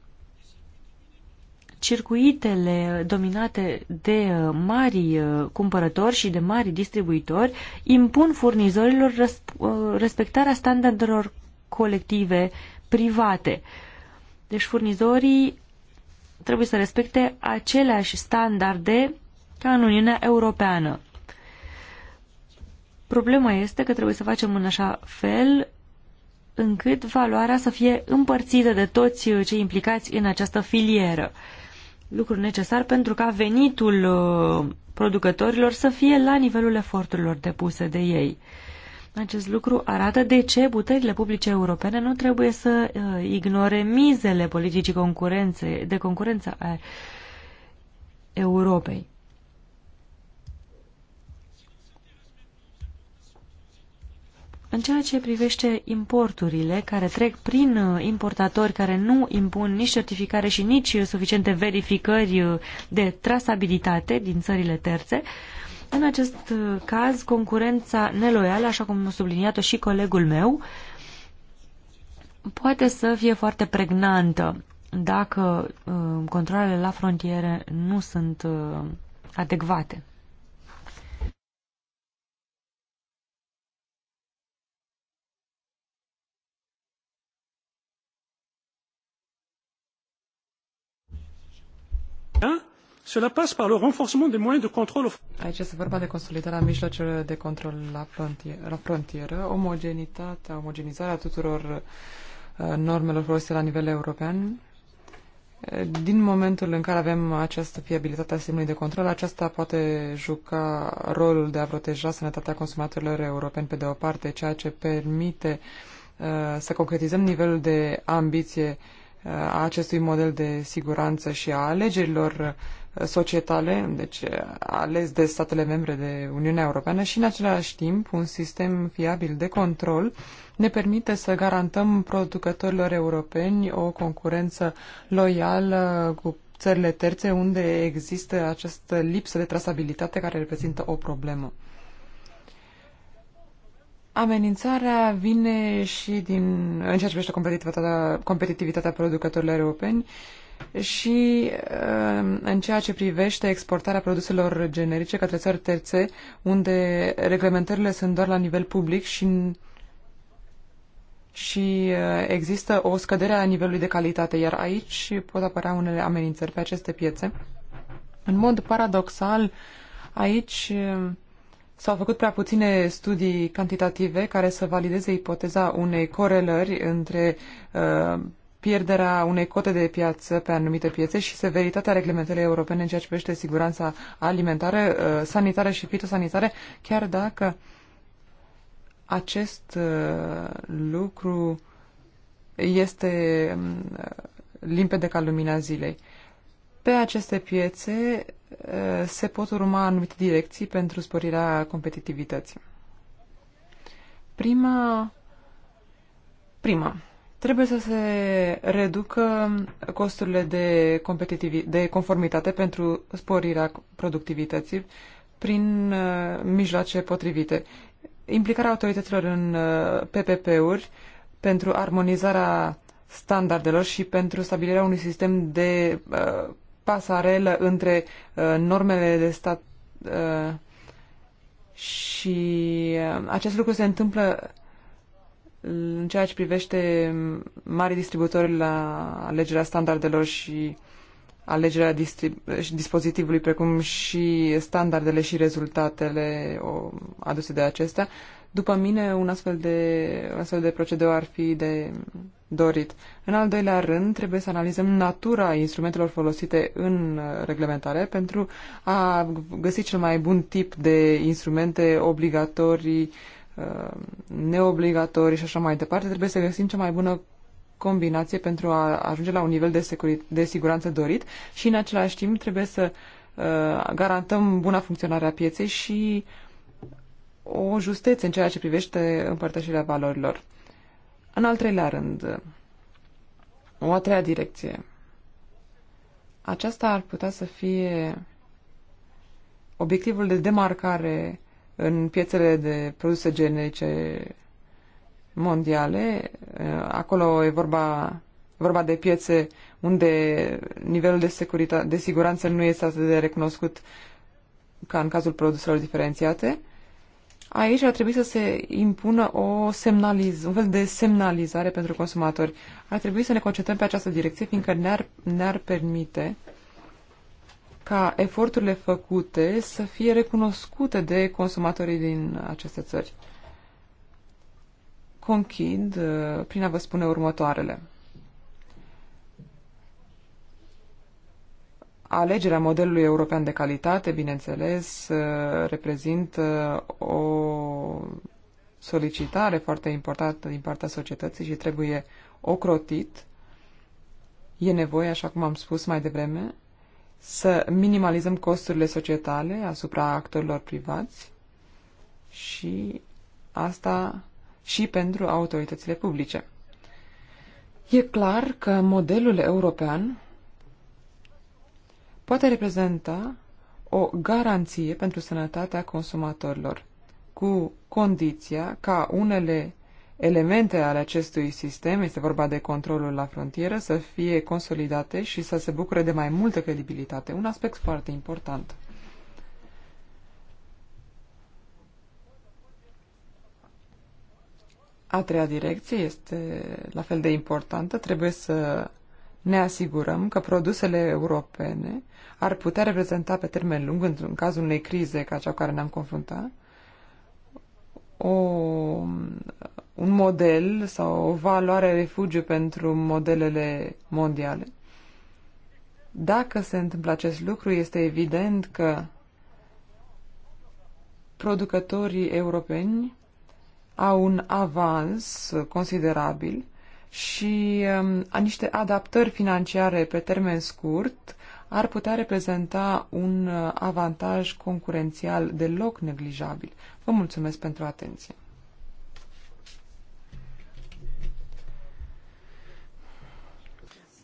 circuitele dominate de uh, mari uh, cumpărători și de mari distribuitori impun furnizorilor uh, respectarea standardelor colective private. Deci furnizorii trebuie să respecte aceleași standarde ca în Uniunea Europeană. Problema este că trebuie să facem în așa fel încât valoarea să fie împărțită de toți cei implicați în această filieră. Lucru necesar pentru ca venitul uh, producătorilor să fie la nivelul eforturilor depuse de ei. Acest lucru arată de ce puterile publice europene nu trebuie să uh, ignore mizele politicii concurențe, de concurență a Europei. În ceea ce privește importurile care trec prin uh, importatori care nu impun nici certificare și nici uh, suficiente verificări uh, de trasabilitate din țările terțe, în acest caz, concurența neloială, așa cum a subliniat-o și colegul meu, poate să fie foarte pregnantă dacă controlele la frontiere nu sunt adecvate. Aici este vorba de consolidarea mijloacelor de control la, frontier, la frontieră, omogenitatea, omogenizarea tuturor uh, normelor folosite la nivel european. Din momentul în care avem această fiabilitate a sistemului de control, aceasta poate juca rolul de a proteja sănătatea consumatorilor europeni pe de o parte, ceea ce permite uh, să concretizăm nivelul de ambiție uh, a acestui model de siguranță și a alegerilor societale, deci ales de statele membre de Uniunea Europeană și în același timp un sistem fiabil de control ne permite să garantăm producătorilor europeni o concurență loială cu țările terțe unde există această lipsă de trasabilitate care reprezintă o problemă. Amenințarea vine și din, în ceea ce privește competitivitatea, competitivitatea producătorilor europeni și um, în ceea ce privește exportarea produselor generice către țări terțe, unde reglementările sunt doar la nivel public și, și uh, există o scădere a nivelului de calitate, iar aici pot apărea unele amenințări pe aceste piețe. În mod paradoxal, aici um, S-au făcut prea puține studii cantitative care să valideze ipoteza unei corelări între uh, pierderea unei cote de piață pe anumite piețe și severitatea reglementării europene în ceea ce privește siguranța alimentară, uh, sanitară și fitosanitară, chiar dacă acest uh, lucru este um, limpede ca lumina zilei. Pe aceste piețe uh, se pot urma anumite direcții pentru sporirea competitivității. Prima, prima trebuie să se reducă costurile de, competitivi- de conformitate pentru sporirea productivității prin uh, mijloace potrivite. Implicarea autorităților în uh, PPP-uri pentru armonizarea standardelor și pentru stabilirea unui sistem de uh, pasarelă între uh, normele de stat uh, și uh, acest lucru se întâmplă în ceea ce privește mari distributori la alegerea standardelor și alegerea și dispozitivului, precum și standardele și rezultatele aduse de acestea. Uh, după mine, un astfel de, astfel de procedeu ar fi de dorit. În al doilea rând, trebuie să analizăm natura instrumentelor folosite în uh, reglementare pentru a găsi cel mai bun tip de instrumente obligatorii, uh, neobligatorii și așa mai departe. Trebuie să găsim cea mai bună combinație pentru a ajunge la un nivel de, securi- de siguranță dorit și în același timp trebuie să uh, garantăm buna funcționare a pieței și o justețe în ceea ce privește împărtășirea valorilor. În al treilea rând, o a treia direcție. Aceasta ar putea să fie obiectivul de demarcare în piețele de produse generice mondiale. Acolo e vorba, vorba de piețe unde nivelul de, securita- de siguranță nu este atât de recunoscut ca în cazul produselor diferențiate. Aici ar trebui să se impună o semnaliz, un fel de semnalizare pentru consumatori. Ar trebui să ne concentrăm pe această direcție, fiindcă ne-ar, ne-ar permite ca eforturile făcute să fie recunoscute de consumatorii din aceste țări. Conchid uh, prin a vă spune următoarele. Alegerea modelului european de calitate, bineînțeles, uh, reprezintă uh, o solicitare foarte importantă din partea societății și trebuie ocrotit. E nevoie, așa cum am spus mai devreme, să minimalizăm costurile societale asupra actorilor privați și asta și pentru autoritățile publice. E clar că modelul european poate reprezenta o garanție pentru sănătatea consumatorilor, cu condiția ca unele elemente ale acestui sistem, este vorba de controlul la frontieră, să fie consolidate și să se bucure de mai multă credibilitate, un aspect foarte important. A treia direcție este la fel de importantă. Trebuie să ne asigurăm că produsele europene ar putea reprezenta pe termen lung, în cazul unei crize ca cea cu care ne-am confruntat, o, un model sau o valoare refugiu pentru modelele mondiale. Dacă se întâmplă acest lucru, este evident că producătorii europeni au un avans considerabil și um, a niște adaptări financiare pe termen scurt ar putea reprezenta un uh, avantaj concurențial deloc neglijabil. Vă mulțumesc pentru atenție.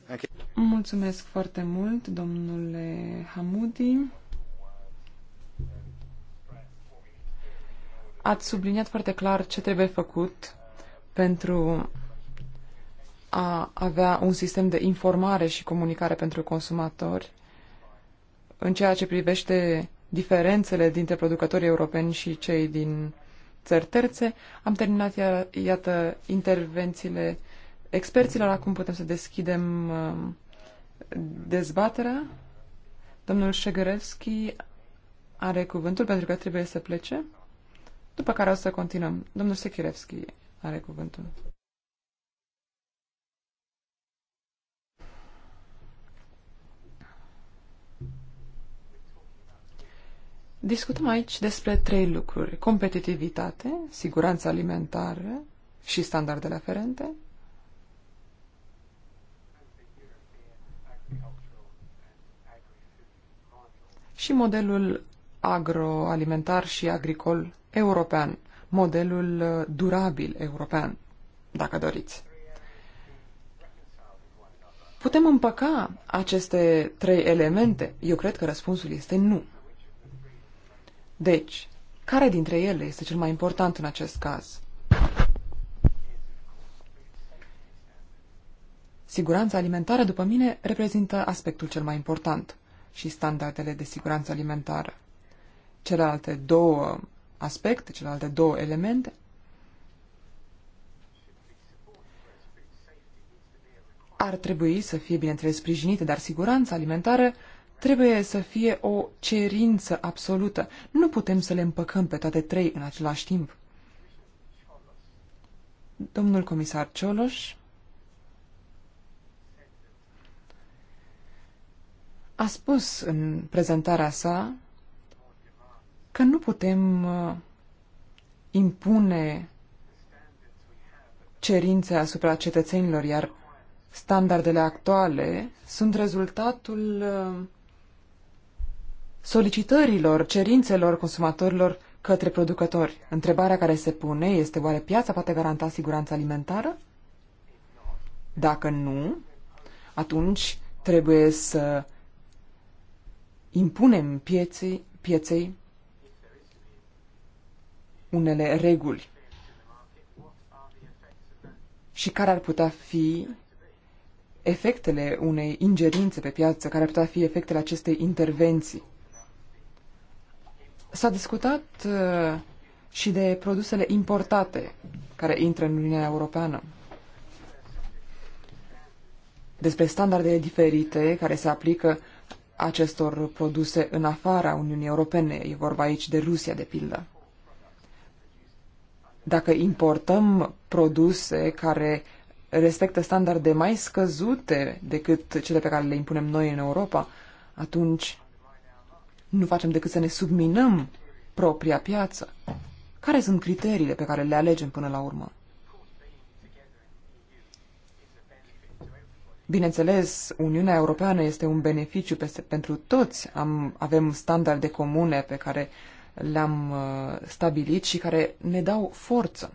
Okay. Mulțumesc foarte mult, domnule Hamudi. Ați subliniat foarte clar ce trebuie făcut pentru a avea un sistem de informare și comunicare pentru consumatori în ceea ce privește diferențele dintre producătorii europeni și cei din țări terțe. Am terminat, iată, intervențiile experților. Acum putem să deschidem um, dezbaterea. Domnul Șegărevski are cuvântul pentru că trebuie să plece. După care o să continuăm. Domnul Sechirevski are cuvântul. Discutăm aici despre trei lucruri. Competitivitate, siguranța alimentară și standardele aferente. Și modelul agroalimentar și agricol european, modelul uh, durabil european, dacă doriți. Putem împăca aceste trei elemente? Eu cred că răspunsul este nu. Deci, care dintre ele este cel mai important în acest caz? Siguranța alimentară, după mine, reprezintă aspectul cel mai important și standardele de siguranță alimentară. Celelalte două aspecte, celelalte două elemente, ar trebui să fie, bineînțeles, sprijinite, dar siguranța alimentară trebuie să fie o cerință absolută. Nu putem să le împăcăm pe toate trei în același timp. Domnul comisar Cioloș a spus în prezentarea sa că nu putem uh, impune cerințe asupra cetățenilor, iar standardele actuale sunt rezultatul uh, solicitărilor, cerințelor consumatorilor către producători. Întrebarea care se pune este oare piața poate garanta siguranța alimentară? Dacă nu, atunci trebuie să impunem pieței, pieței unele reguli. Și care ar putea fi efectele unei ingerințe pe piață, care ar putea fi efectele acestei intervenții? S-a discutat uh, și de produsele importate care intră în Uniunea Europeană. Despre standardele diferite care se aplică acestor produse în afara Uniunii Europene. E vorba aici de Rusia, de pildă. Dacă importăm produse care respectă standarde mai scăzute decât cele pe care le impunem noi în Europa, atunci nu facem decât să ne subminăm propria piață. Care sunt criteriile pe care le alegem până la urmă? Bineînțeles, Uniunea Europeană este un beneficiu peste, pentru toți. Am, avem standarde comune pe care le-am uh, stabilit și care ne dau forță.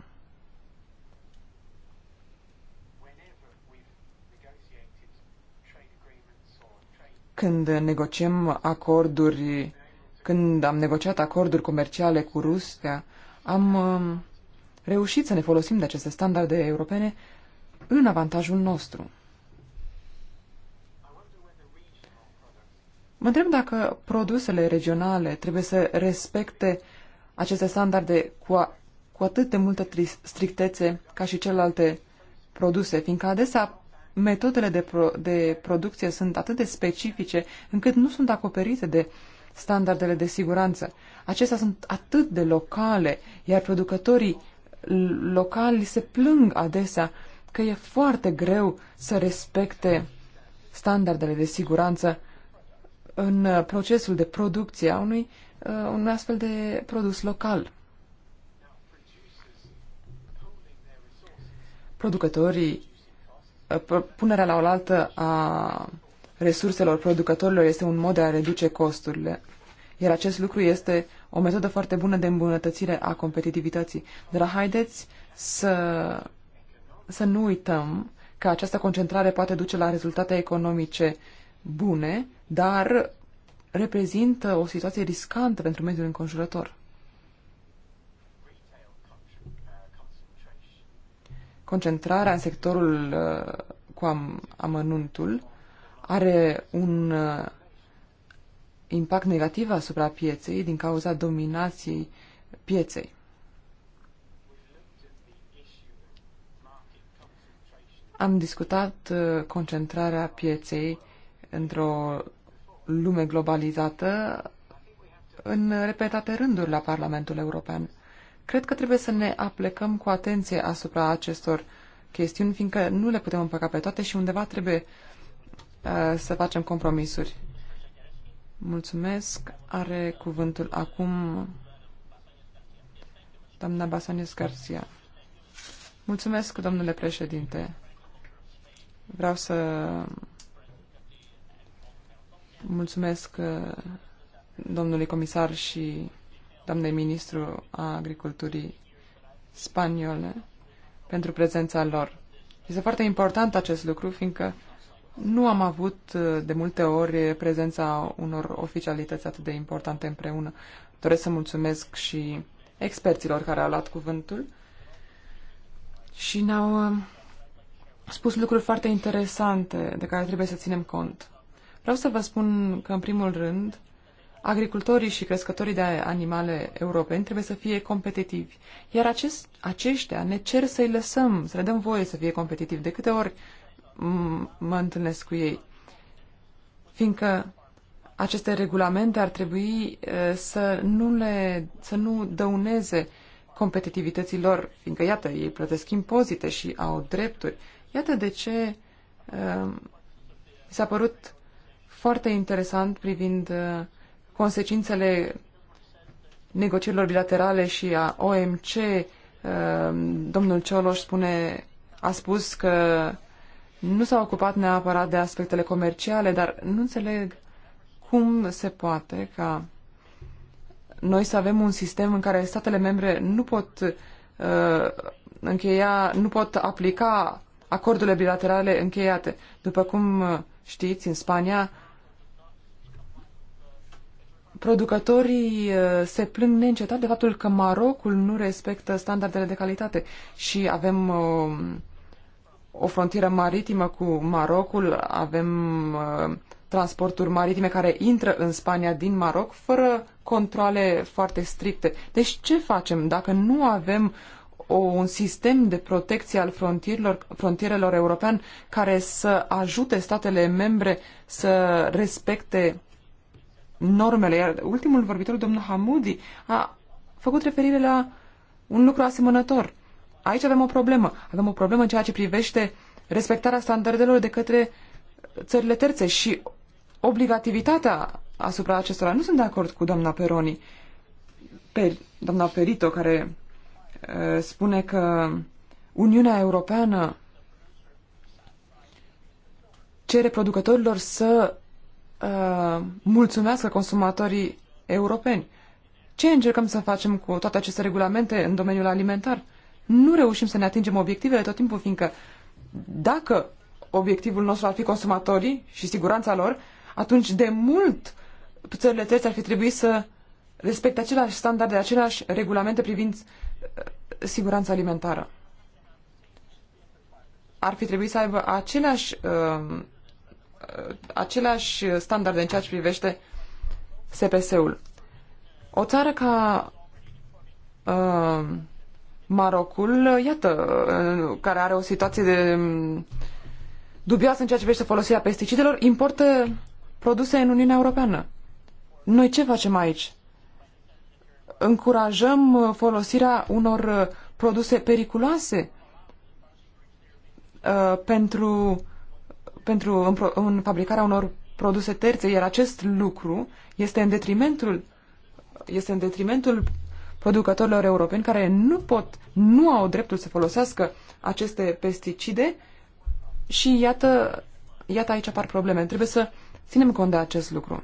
Când negociem acorduri, când am negociat acorduri comerciale cu Rusia, am um, reușit să ne folosim de aceste standarde europene în avantajul nostru. Mă întreb dacă produsele regionale trebuie să respecte aceste standarde cu, a, cu atât de multă strictețe ca și celelalte produse, fiindcă adesea metodele de, pro, de producție sunt atât de specifice încât nu sunt acoperite de standardele de siguranță. Acestea sunt atât de locale, iar producătorii locali se plâng adesea că e foarte greu să respecte standardele de siguranță în procesul de producție a unui uh, un astfel de produs local. Producătorii punerea la oaltă a resurselor producătorilor este un mod de a reduce costurile. Iar acest lucru este o metodă foarte bună de îmbunătățire a competitivității. Dar haideți să, să nu uităm că această concentrare poate duce la rezultate economice bune, dar reprezintă o situație riscantă pentru mediul înconjurător. concentrarea în sectorul uh, cu am, amănuntul are un uh, impact negativ asupra pieței din cauza dominației pieței. Am discutat uh, concentrarea pieței într-o lume globalizată în repetate rânduri la Parlamentul European. Cred că trebuie să ne aplecăm cu atenție asupra acestor chestiuni, fiindcă nu le putem împăca pe toate și undeva trebuie uh, să facem compromisuri. Mulțumesc. Are cuvântul acum doamna Basanes Garcia. Mulțumesc, domnule președinte. Vreau să mulțumesc uh, domnului comisar și doamnei ministru a agriculturii spaniole pentru prezența lor. Este foarte important acest lucru, fiindcă nu am avut uh, de multe ori prezența unor oficialități atât de importante împreună. Doresc să mulțumesc și experților care au luat cuvântul și ne-au uh, spus lucruri foarte interesante de care trebuie să ținem cont. Vreau să vă spun că, în primul rând, agricultorii și crescătorii de animale europeni trebuie să fie competitivi, iar acest, aceștia ne cer să-i lăsăm, să le dăm voie să fie competitivi. De câte ori mă întâlnesc cu ei? Fiindcă aceste regulamente ar trebui să nu, le, să nu dăuneze competitivității lor, fiindcă, iată, ei plătesc impozite și au drepturi. Iată de ce mi s-a părut foarte interesant privind uh, consecințele negocierilor bilaterale și a OMC, um, domnul Cioloș spune, a spus că nu s-a ocupat neapărat de aspectele comerciale, dar nu înțeleg cum se poate ca noi să avem un sistem în care statele membre nu pot uh, încheia, nu pot aplica acordurile bilaterale încheiate. După cum uh, știți, în Spania producătorii uh, se plâng neîncetat de faptul că Marocul nu respectă standardele de calitate și avem uh, o, frontieră maritimă cu Marocul, avem uh, transporturi maritime care intră în Spania din Maroc fără controle foarte stricte. Deci ce facem dacă nu avem o, un sistem de protecție al frontierelor, frontierelor european care să ajute statele membre să respecte normele. Iar ultimul vorbitor, domnul Hamudi, a făcut referire la un lucru asemănător. Aici avem o problemă. Avem o problemă în ceea ce privește respectarea standardelor de către țările terțe și obligativitatea asupra acestora. Nu sunt de acord cu doamna Peroni, per, doamna Perito, care uh, spune că Uniunea Europeană cere producătorilor să Uh, mulțumească consumatorii europeni. Ce încercăm să facem cu toate aceste regulamente în domeniul alimentar? Nu reușim să ne atingem obiectivele tot timpul, fiindcă dacă obiectivul nostru ar fi consumatorii și siguranța lor, atunci de mult țările terțe ar fi trebuit să respecte aceleași standarde, aceleași regulamente privind uh, siguranța alimentară. Ar fi trebuit să aibă aceleași uh, aceleași standarde în ceea ce privește SPS-ul. O țară ca uh, Marocul, iată, uh, care are o situație de um, dubioasă în ceea ce privește folosirea pesticidelor, importă produse în Uniunea Europeană. Noi ce facem aici? Încurajăm uh, folosirea unor uh, produse periculoase uh, pentru pentru în, în fabricarea unor produse terțe, iar acest lucru este în detrimentul este în detrimentul producătorilor europeni care nu pot, nu au dreptul să folosească aceste pesticide și iată, iată aici apar probleme. Trebuie să ținem cont de acest lucru.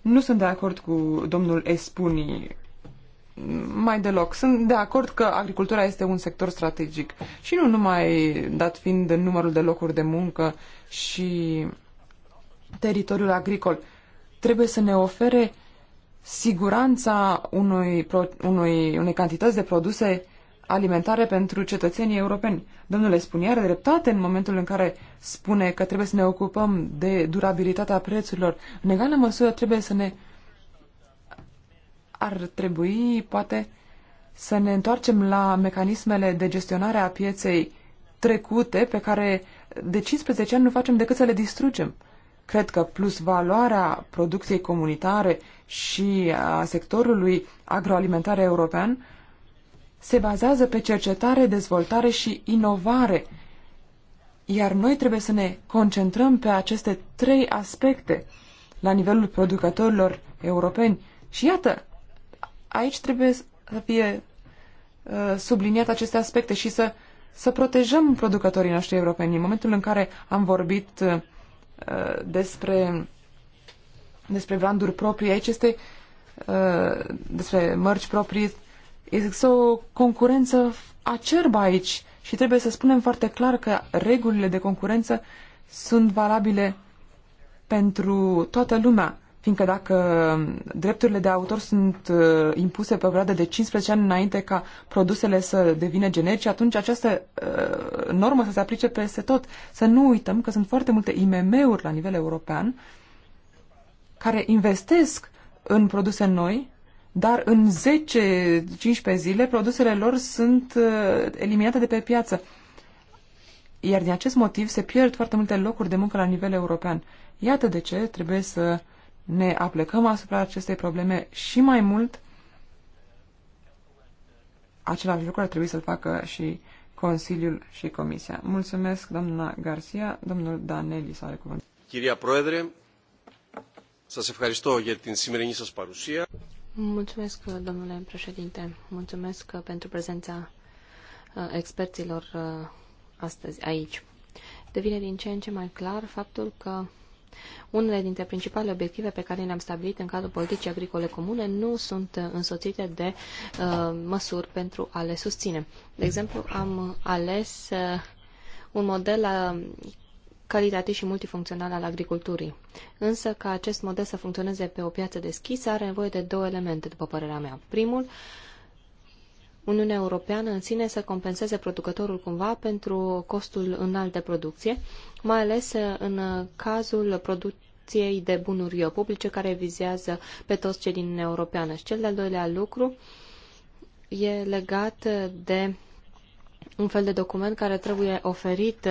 Nu sunt de acord cu domnul Espuni mai deloc. Sunt de acord că agricultura este un sector strategic și nu numai dat fiind numărul de locuri de muncă și teritoriul agricol. Trebuie să ne ofere siguranța unui, unui, unei cantități de produse alimentare pentru cetățenii europeni. Domnule spune, are dreptate în momentul în care spune că trebuie să ne ocupăm de durabilitatea prețurilor. În egală măsură trebuie să ne ar trebui poate să ne întoarcem la mecanismele de gestionare a pieței trecute pe care de 15 ani nu facem decât să le distrugem. Cred că plus valoarea producției comunitare și a sectorului agroalimentar european se bazează pe cercetare, dezvoltare și inovare, iar noi trebuie să ne concentrăm pe aceste trei aspecte la nivelul producătorilor europeni. Și iată, aici trebuie să fie uh, subliniat aceste aspecte și să, să protejăm producătorii noștri europeni. În momentul în care am vorbit uh, despre, despre branduri proprii, aici este uh, despre mărci proprii, este o concurență acerbă aici și trebuie să spunem foarte clar că regulile de concurență sunt valabile pentru toată lumea fiindcă dacă drepturile de autor sunt uh, impuse pe o perioadă de 15 ani înainte ca produsele să devină generice, atunci această uh, normă să se aplice peste tot. Să nu uităm că sunt foarte multe IMM-uri la nivel european care investesc în produse noi, dar în 10-15 zile produsele lor sunt uh, eliminate de pe piață. Iar din acest motiv se pierd foarte multe locuri de muncă la nivel european. Iată de ce trebuie să uh, ne aplecăm asupra acestei probleme și mai mult, același lucru ar trebui să-l facă și Consiliul și Comisia. Mulțumesc, doamna Garcia. Domnul Daneli să are cuvântul. Chiria Proedre, Σας ευχαριστώ o din simerenii să παρουσία. Mulțumesc, domnule președinte. Mulțumesc pentru prezența uh, experților uh, astăzi aici. Devine din ce în ce mai clar faptul că unele dintre principalele obiective pe care le-am stabilit în cadrul politicii agricole comune nu sunt uh, însoțite de uh, măsuri pentru a le susține. De exemplu, am ales uh, un model uh, calitativ și multifuncțional al agriculturii. Însă, ca acest model să funcționeze pe o piață deschisă, are nevoie de două elemente, după părerea mea. Primul, uh, Uniunea Europeană în sine să compenseze producătorul cumva pentru costul înalt de producție, mai ales în cazul producției de bunuri publice care vizează pe toți cei din Uniunea Europeană. Și cel de-al doilea lucru e legat de un fel de document care trebuie oferit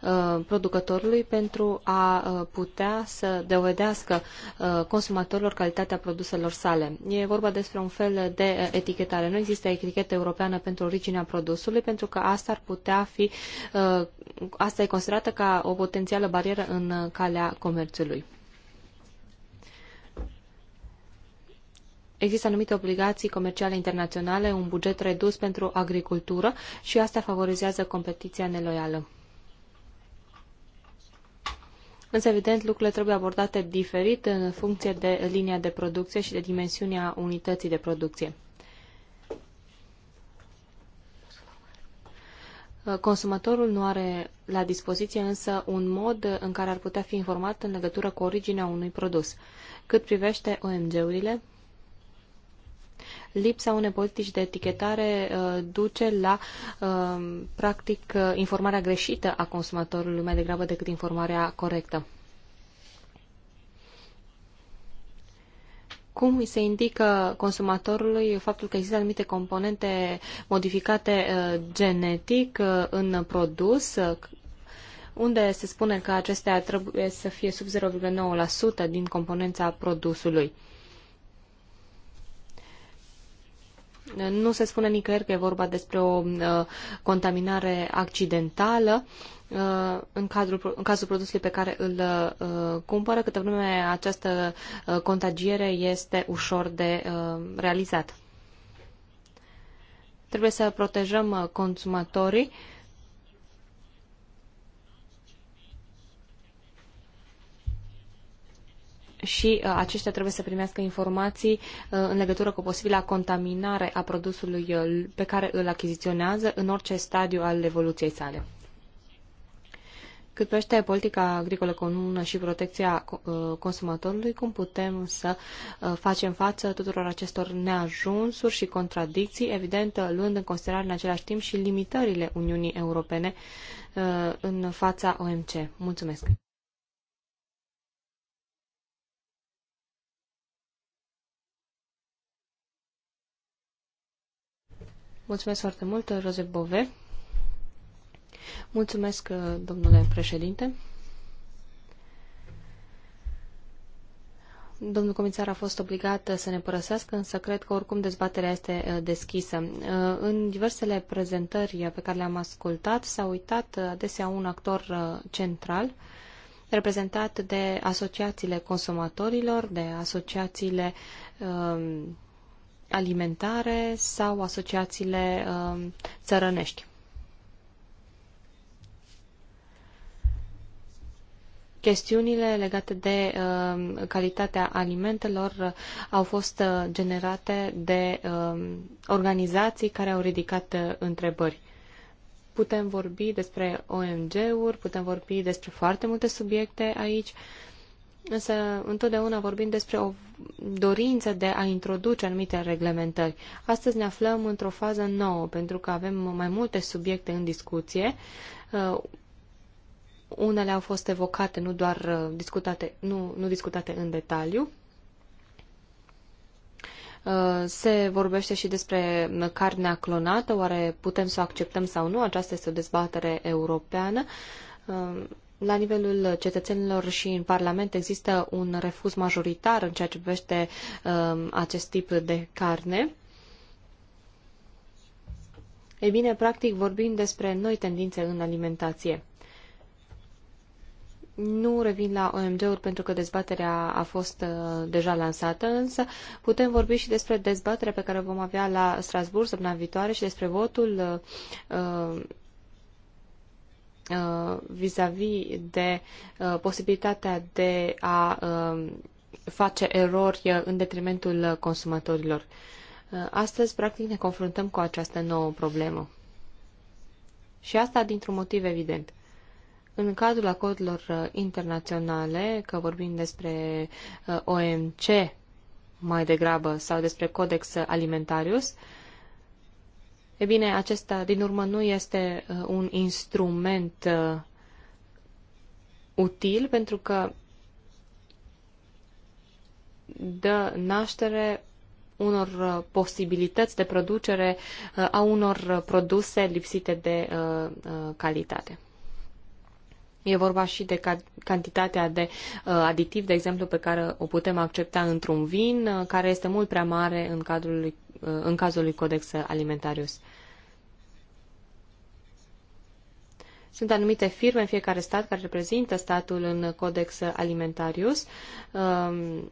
uh, producătorului pentru a uh, putea să dovedească uh, consumatorilor calitatea produselor sale. E vorba despre un fel de uh, etichetare. Nu există etichetă europeană pentru originea produsului, pentru că asta ar putea fi, uh, asta e considerată ca o potențială barieră în uh, calea comerțului. Există anumite obligații comerciale internaționale, un buget redus pentru agricultură și asta favorizează competiția neloială. Însă, evident, lucrurile trebuie abordate diferit în funcție de linia de producție și de dimensiunea unității de producție. Consumatorul nu are la dispoziție însă un mod în care ar putea fi informat în legătură cu originea unui produs. Cât privește OMG-urile, lipsa unei politici de etichetare uh, duce la, uh, practic, uh, informarea greșită a consumatorului mai degrabă decât informarea corectă. cum îi se indică consumatorului faptul că există anumite componente modificate genetic în produs, unde se spune că acestea trebuie să fie sub 0,9% din componența produsului. Nu se spune nicăieri că e vorba despre o uh, contaminare accidentală uh, în, cadrul, în cazul produsului pe care îl uh, cumpără, câtă vreme această contagiere este ușor de realizat. Trebuie să protejăm consumatorii uh, și uh, aceștia trebuie să primească informații uh, în legătură cu posibila contaminare a produsului uh, pe care îl achiziționează în orice stadiu al evoluției sale. Cât privește politica agricolă comună și protecția consumatorului, cum putem să facem față tuturor acestor neajunsuri și contradicții, evident luând în considerare în același timp și limitările Uniunii Europene în fața OMC. Mulțumesc! Mulțumesc foarte mult, Rozet Bove. Mulțumesc, uh, domnule președinte. Domnul comisar a fost obligat uh, să ne părăsească, însă cred că oricum dezbaterea este uh, deschisă. În diversele prezentări pe care le-am ascultat s-a uitat adesea un actor central reprezentat de asociațiile consumatorilor, de asociațiile um, alimentare sau asociațiile um, țărănești. chestiunile legate de uh, calitatea alimentelor uh, au fost uh, generate de um, organizații care au ridicat uh, întrebări. Putem vorbi despre OMG-uri, putem vorbi despre foarte multe subiecte aici. Uh, Însă, întotdeauna vorbim despre o dorință de a introduce anumite reglementări. Astăzi ne aflăm într-o fază nouă, pentru că avem mai multe subiecte în discuție. Uh, unele au fost evocate, nu doar uh, discutate, nu, nu discutate în detaliu. Uh, se vorbește și despre carnea clonată, oare putem să o acceptăm sau nu? Aceasta este o dezbatere europeană la nivelul cetățenilor și în Parlament există un refuz majoritar în ceea ce privește uh, acest tip de carne. Ei bine, practic vorbim despre noi tendințe în alimentație. Nu revin la OMG-uri pentru că dezbaterea a fost uh, deja lansată, însă putem vorbi și despre dezbaterea pe care o vom avea la Strasbourg săptămâna viitoare și despre votul uh, uh Uh, vis-a-vis de uh, posibilitatea de a um, face erori în detrimentul consumatorilor. Uh, astăzi, practic, ne confruntăm cu această nouă problemă. Și asta dintr-un motiv evident. În cadrul acordurilor internaționale, că vorbim despre OMC mai degrabă sau despre Codex Alimentarius, uh, E bine, acesta din urmă nu este uh, un instrument uh, util pentru că dă naștere unor uh, posibilități de producere a unor produse lipsite de calitate. E vorba și de ca- cantitatea de uh, aditiv, de exemplu, pe care o putem accepta într-un vin, uh, care este mult prea mare în cadrul Uh, în cazul lui Codex Alimentarius. Sunt anumite firme în fiecare stat care reprezintă statul în Codex Alimentarius. Um,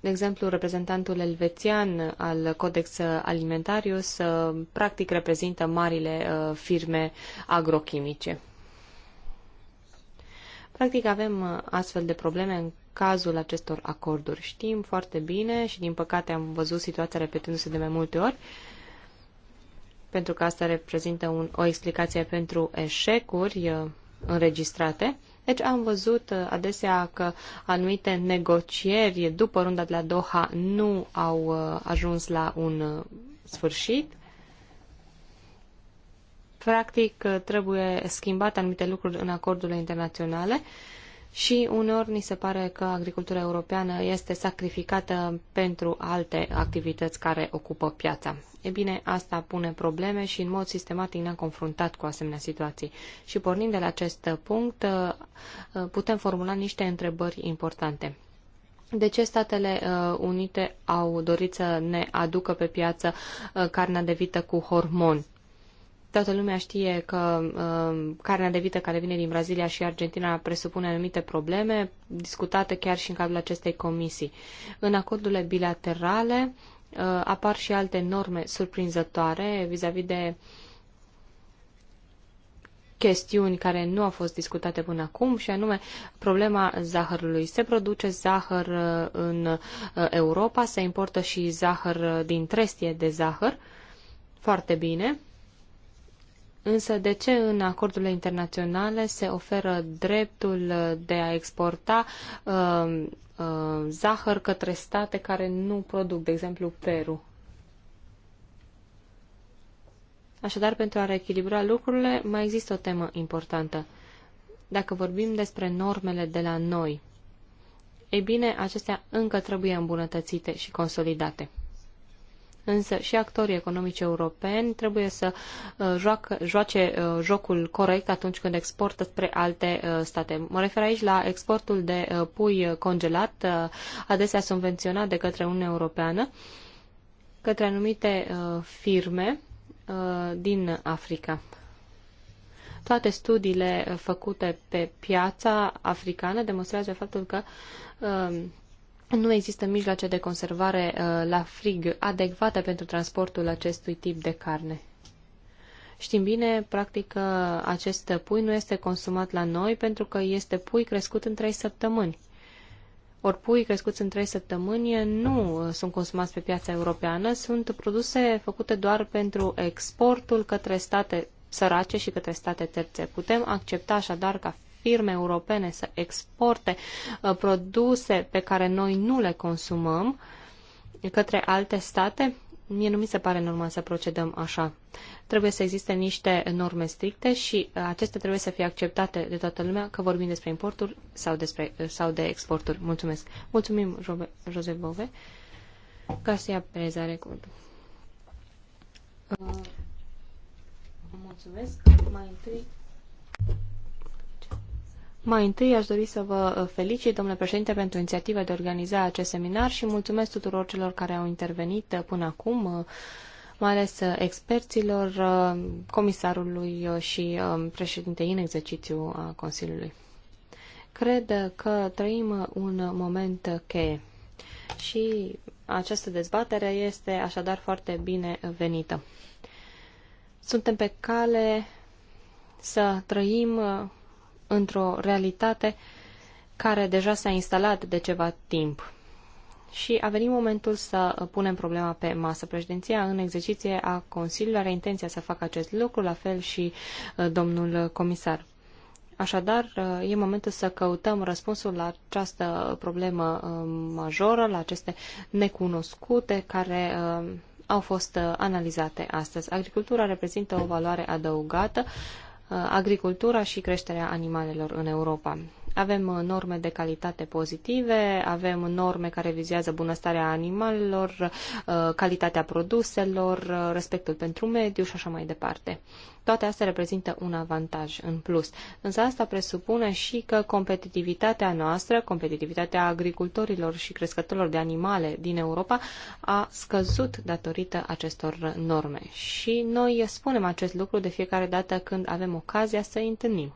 de exemplu, reprezentantul elvețian al Codex Alimentarius uh, practic reprezintă marile uh, firme agrochimice. Practic avem astfel de probleme în cazul acestor acorduri. Știm foarte bine și, din păcate, am văzut situația repetându-se de mai multe ori, pentru că asta reprezintă un, o explicație pentru eșecuri uh, înregistrate. Deci am văzut uh, adesea că anumite negocieri după runda de la Doha nu au uh, ajuns la un sfârșit. Practic, trebuie schimbate anumite lucruri în acordurile internaționale și uneori ni se pare că agricultura europeană este sacrificată pentru alte activități care ocupă piața. E bine, asta pune probleme și în mod sistematic ne-am confruntat cu asemenea situații. Și pornind de la acest punct, uh, putem formula niște întrebări importante. De ce Statele uh, Unite au dorit să ne aducă pe piață uh, carnea de vită cu hormoni? Toată lumea știe că uh, carnea de vită care vine din Brazilia și Argentina presupune anumite probleme discutate chiar și în cadrul acestei comisii. În acordurile bilaterale uh, apar și alte norme surprinzătoare vis-a-vis -vis de chestiuni care nu au fost discutate până acum și anume problema zahărului. Se produce zahăr uh, în uh, Europa, se importă și zahăr uh, din trestie de zahăr. Foarte bine. Însă de ce în acordurile internaționale se oferă dreptul uh, de a exporta uh, uh, zahăr către state care nu produc, de exemplu, Peru? Așadar, pentru a reechilibra lucrurile, mai există o temă importantă. Dacă vorbim despre normele de la noi, ei bine, acestea încă trebuie îmbunătățite și consolidate. Însă și actorii economici europeni trebuie să uh, joacă, joace uh, jocul corect atunci când exportă spre alte uh, state. Mă refer aici la exportul de pui congelat, adesea subvenționat de către Uniunea Europeană, către anumite firme din Africa. Toate studiile făcute pe piața africană demonstrează faptul că nu există mijloace de conservare uh, la frig adecvate pentru transportul acestui tip de carne. Știm bine, practic, că acest pui nu este consumat la noi pentru că este pui crescut în 3 săptămâni. Ori pui crescuți în 3 săptămâni nu sunt consumați pe piața europeană, sunt produse făcute doar pentru exportul către state sărace și către state terțe. Putem accepta așadar ca firme europene să exporte uh, produse pe care noi nu le consumăm către alte state, mie nu mi se pare normal să procedăm așa. Trebuie să existe niște norme stricte și uh, acestea trebuie să fie acceptate de toată lumea, că vorbim despre importuri sau, despre, uh, sau de exporturi. Mulțumesc. Mulțumim, Jose Bove. Garcia Perez are Mulțumesc. Mai întâi mai întâi aș dori să vă uh, felicit, domnule președinte, pentru inițiativa de a organiza acest seminar și mulțumesc tuturor celor care au intervenit uh, până acum, uh, mai ales experților, comisarului și um, președintei în exercițiu a Consiliului. Cred că trăim un moment cheie și această dezbatere este așadar foarte bine venită. Suntem pe cale să trăim într-o realitate care deja s-a instalat de ceva timp. Și a venit momentul să punem problema pe masă. Președinția în exerciție a Consiliului are intenția să facă acest lucru, la fel și uh, domnul comisar. Așadar, uh, e momentul să căutăm răspunsul la această problemă uh, majoră, la aceste necunoscute care au fost analizate astăzi. Agricultura reprezintă o valoare adăugată Uh, agricultura și creșterea animalelor în Europa. Avem uh, norme de calitate pozitive, avem norme care vizează bunăstarea animalelor, uh, calitatea produselor, uh, respectul pentru mediu și așa mai departe. Toate astea reprezintă un avantaj în plus. Însă asta presupune și că competitivitatea noastră, competitivitatea agricultorilor și crescătorilor de animale din Europa a scăzut datorită acestor norme. Și noi spunem acest lucru de fiecare dată când avem ocazia să i întâlnim.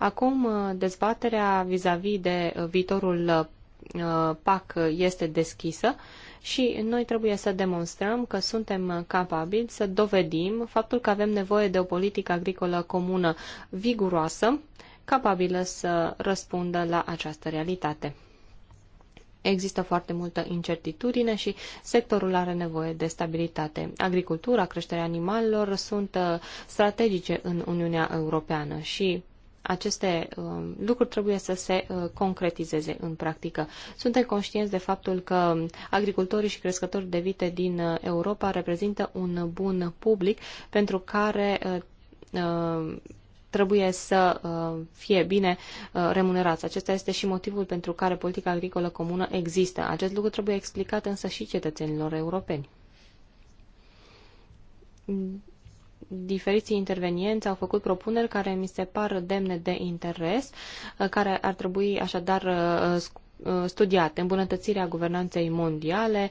Acum uh, dezbaterea vis-a-vis -vis de uh, viitorul uh, PAC este deschisă și noi trebuie să demonstrăm că suntem capabili să dovedim faptul că avem nevoie de o politică agricolă comună viguroasă, capabilă să răspundă la această realitate. Există foarte multă incertitudine și sectorul are nevoie de stabilitate. Agricultura, creșterea animalelor sunt strategice în Uniunea Europeană și aceste um, lucruri trebuie să se uh, concretizeze în practică. Suntem conștienți de faptul că agricultorii și crescătorii de vite din uh, Europa reprezintă un bun public pentru care uh, trebuie să fie bine remunerați. Acesta este și motivul pentru care politica agricolă comună există. Acest lucru trebuie explicat însă și cetățenilor europeni diferiții intervenienți au făcut propuneri care mi se par demne de interes, uh, care ar trebui așadar uh, uh, studiate, îmbunătățirea guvernanței mondiale,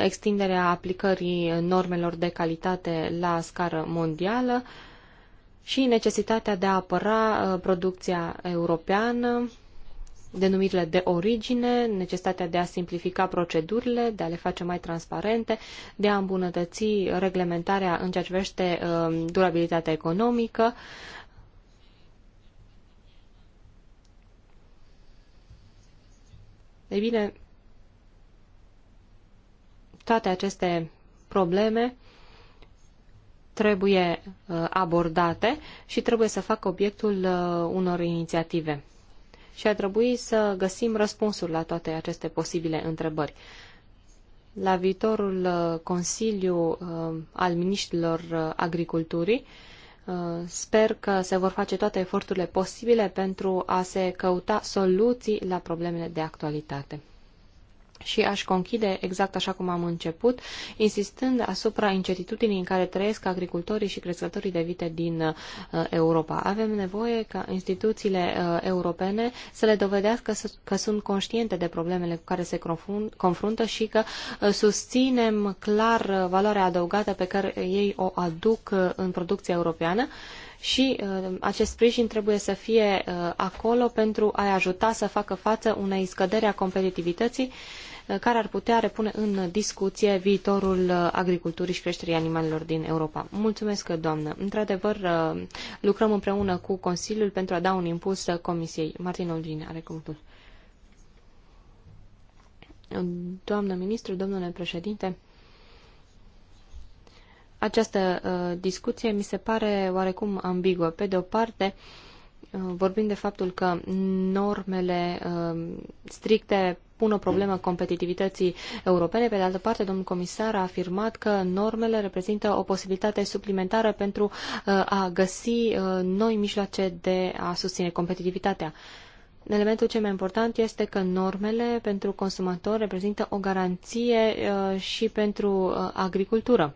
extinderea aplicării normelor de calitate la scară mondială și necesitatea de a apăra producția europeană, denumirile de origine, necesitatea de a simplifica procedurile, de a le face mai transparente, de a îmbunătăți reglementarea în ceea ce privește um, durabilitatea economică, Ei bine, toate aceste probleme trebuie uh, abordate și trebuie să facă obiectul uh, unor inițiative și ar trebui să găsim răspunsuri la toate aceste posibile întrebări. La viitorul uh, Consiliu uh, al Ministrilor uh, Agriculturii, Sper că se vor face toate eforturile posibile pentru a se căuta soluții la problemele de actualitate. Și aș conchide exact așa cum am început, insistând asupra incertitudinii în care trăiesc agricultorii și crescătorii de vite din uh, Europa. Avem nevoie ca instituțiile uh, europene să le dovedească că sunt conștiente de problemele cu care se confruntă și că uh, susținem clar uh, valoarea adăugată pe care ei o aduc uh, în producția europeană și uh, acest sprijin trebuie să fie uh, acolo pentru a-i ajuta să facă față unei scăderi a competitivității uh, Uh, care ar putea repune în discuție viitorul uh, agriculturii și creșterii animalelor din Europa. Mulțumesc, doamnă. Într-adevăr, uh, lucrăm împreună cu Consiliul pentru a da un impuls Comisiei. Martin Olgine are cuvântul. Doamnă ministru, domnule președinte, această uh, discuție mi se pare oarecum ambiguă. Pe de o parte, uh, vorbim de faptul că normele uh, stricte pun o problemă competitivității europene. Pe de altă parte, domnul comisar a afirmat că normele reprezintă o posibilitate suplimentară pentru uh, a găsi uh, noi mijloace de a susține competitivitatea. Elementul cel mai important este că normele pentru consumator reprezintă o garanție uh, și pentru agricultură.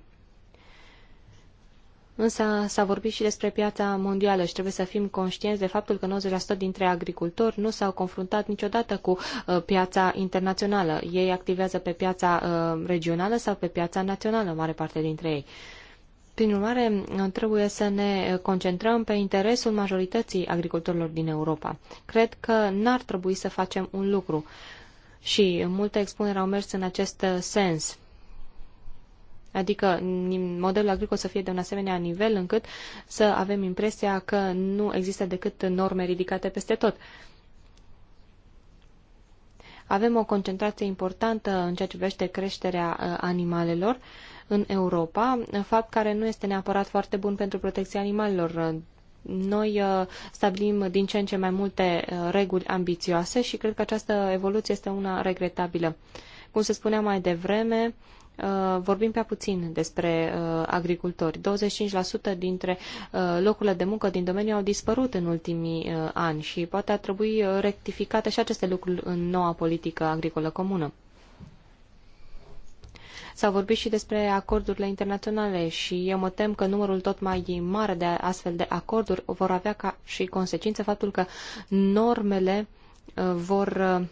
Însă s-a vorbit și despre piața mondială și trebuie să fim conștienți de faptul că 90% dintre agricultori nu s-au confruntat niciodată cu uh, piața internațională. Ei activează pe piața uh, regională sau pe piața națională, mare parte dintre ei. Prin urmare, uh, trebuie să ne concentrăm pe interesul majorității agricultorilor din Europa. Cred că n-ar trebui să facem un lucru și multe expuneri au mers în acest sens Adică modelul agricol să fie de un asemenea nivel încât să avem impresia că nu există decât norme ridicate peste tot. Avem o concentrație importantă în ceea ce privește creșterea uh, animalelor în Europa, uh, fapt care nu este neapărat foarte bun pentru protecția animalelor. Uh, noi stabilim din ce în ce mai multe reguli ambițioase și cred că această evoluție este una regretabilă. Cum se spunea mai devreme, Uh, vorbim prea puțin despre uh, agricultori. 25% dintre uh, locurile de muncă din domeniu au dispărut în ultimii ani și poate ar trebui rectificate și aceste lucruri în noua politică agricolă comună. S-a vorbit și despre acordurile internaționale și eu mă tem că numărul tot mai mare de astfel de acorduri vor avea ca și consecință faptul că normele vor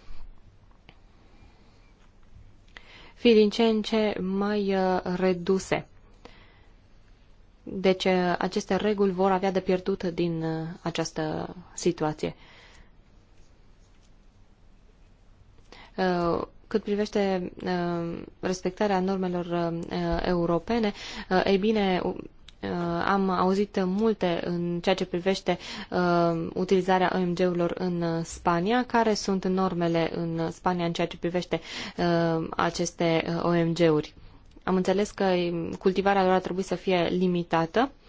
fi din ce în ce mai uh, reduse. Deci uh, aceste reguli vor avea de pierdut din uh, această situație. Cât privește respectarea normelor europene, ei bine, Uh, am auzit multe în ceea ce privește uh, utilizarea OMG-urilor în uh, Spania. Care sunt normele în Spania în ceea ce privește uh, aceste uh, OMG-uri? Am înțeles că um, cultivarea lor ar trebui să fie limitată. Uh,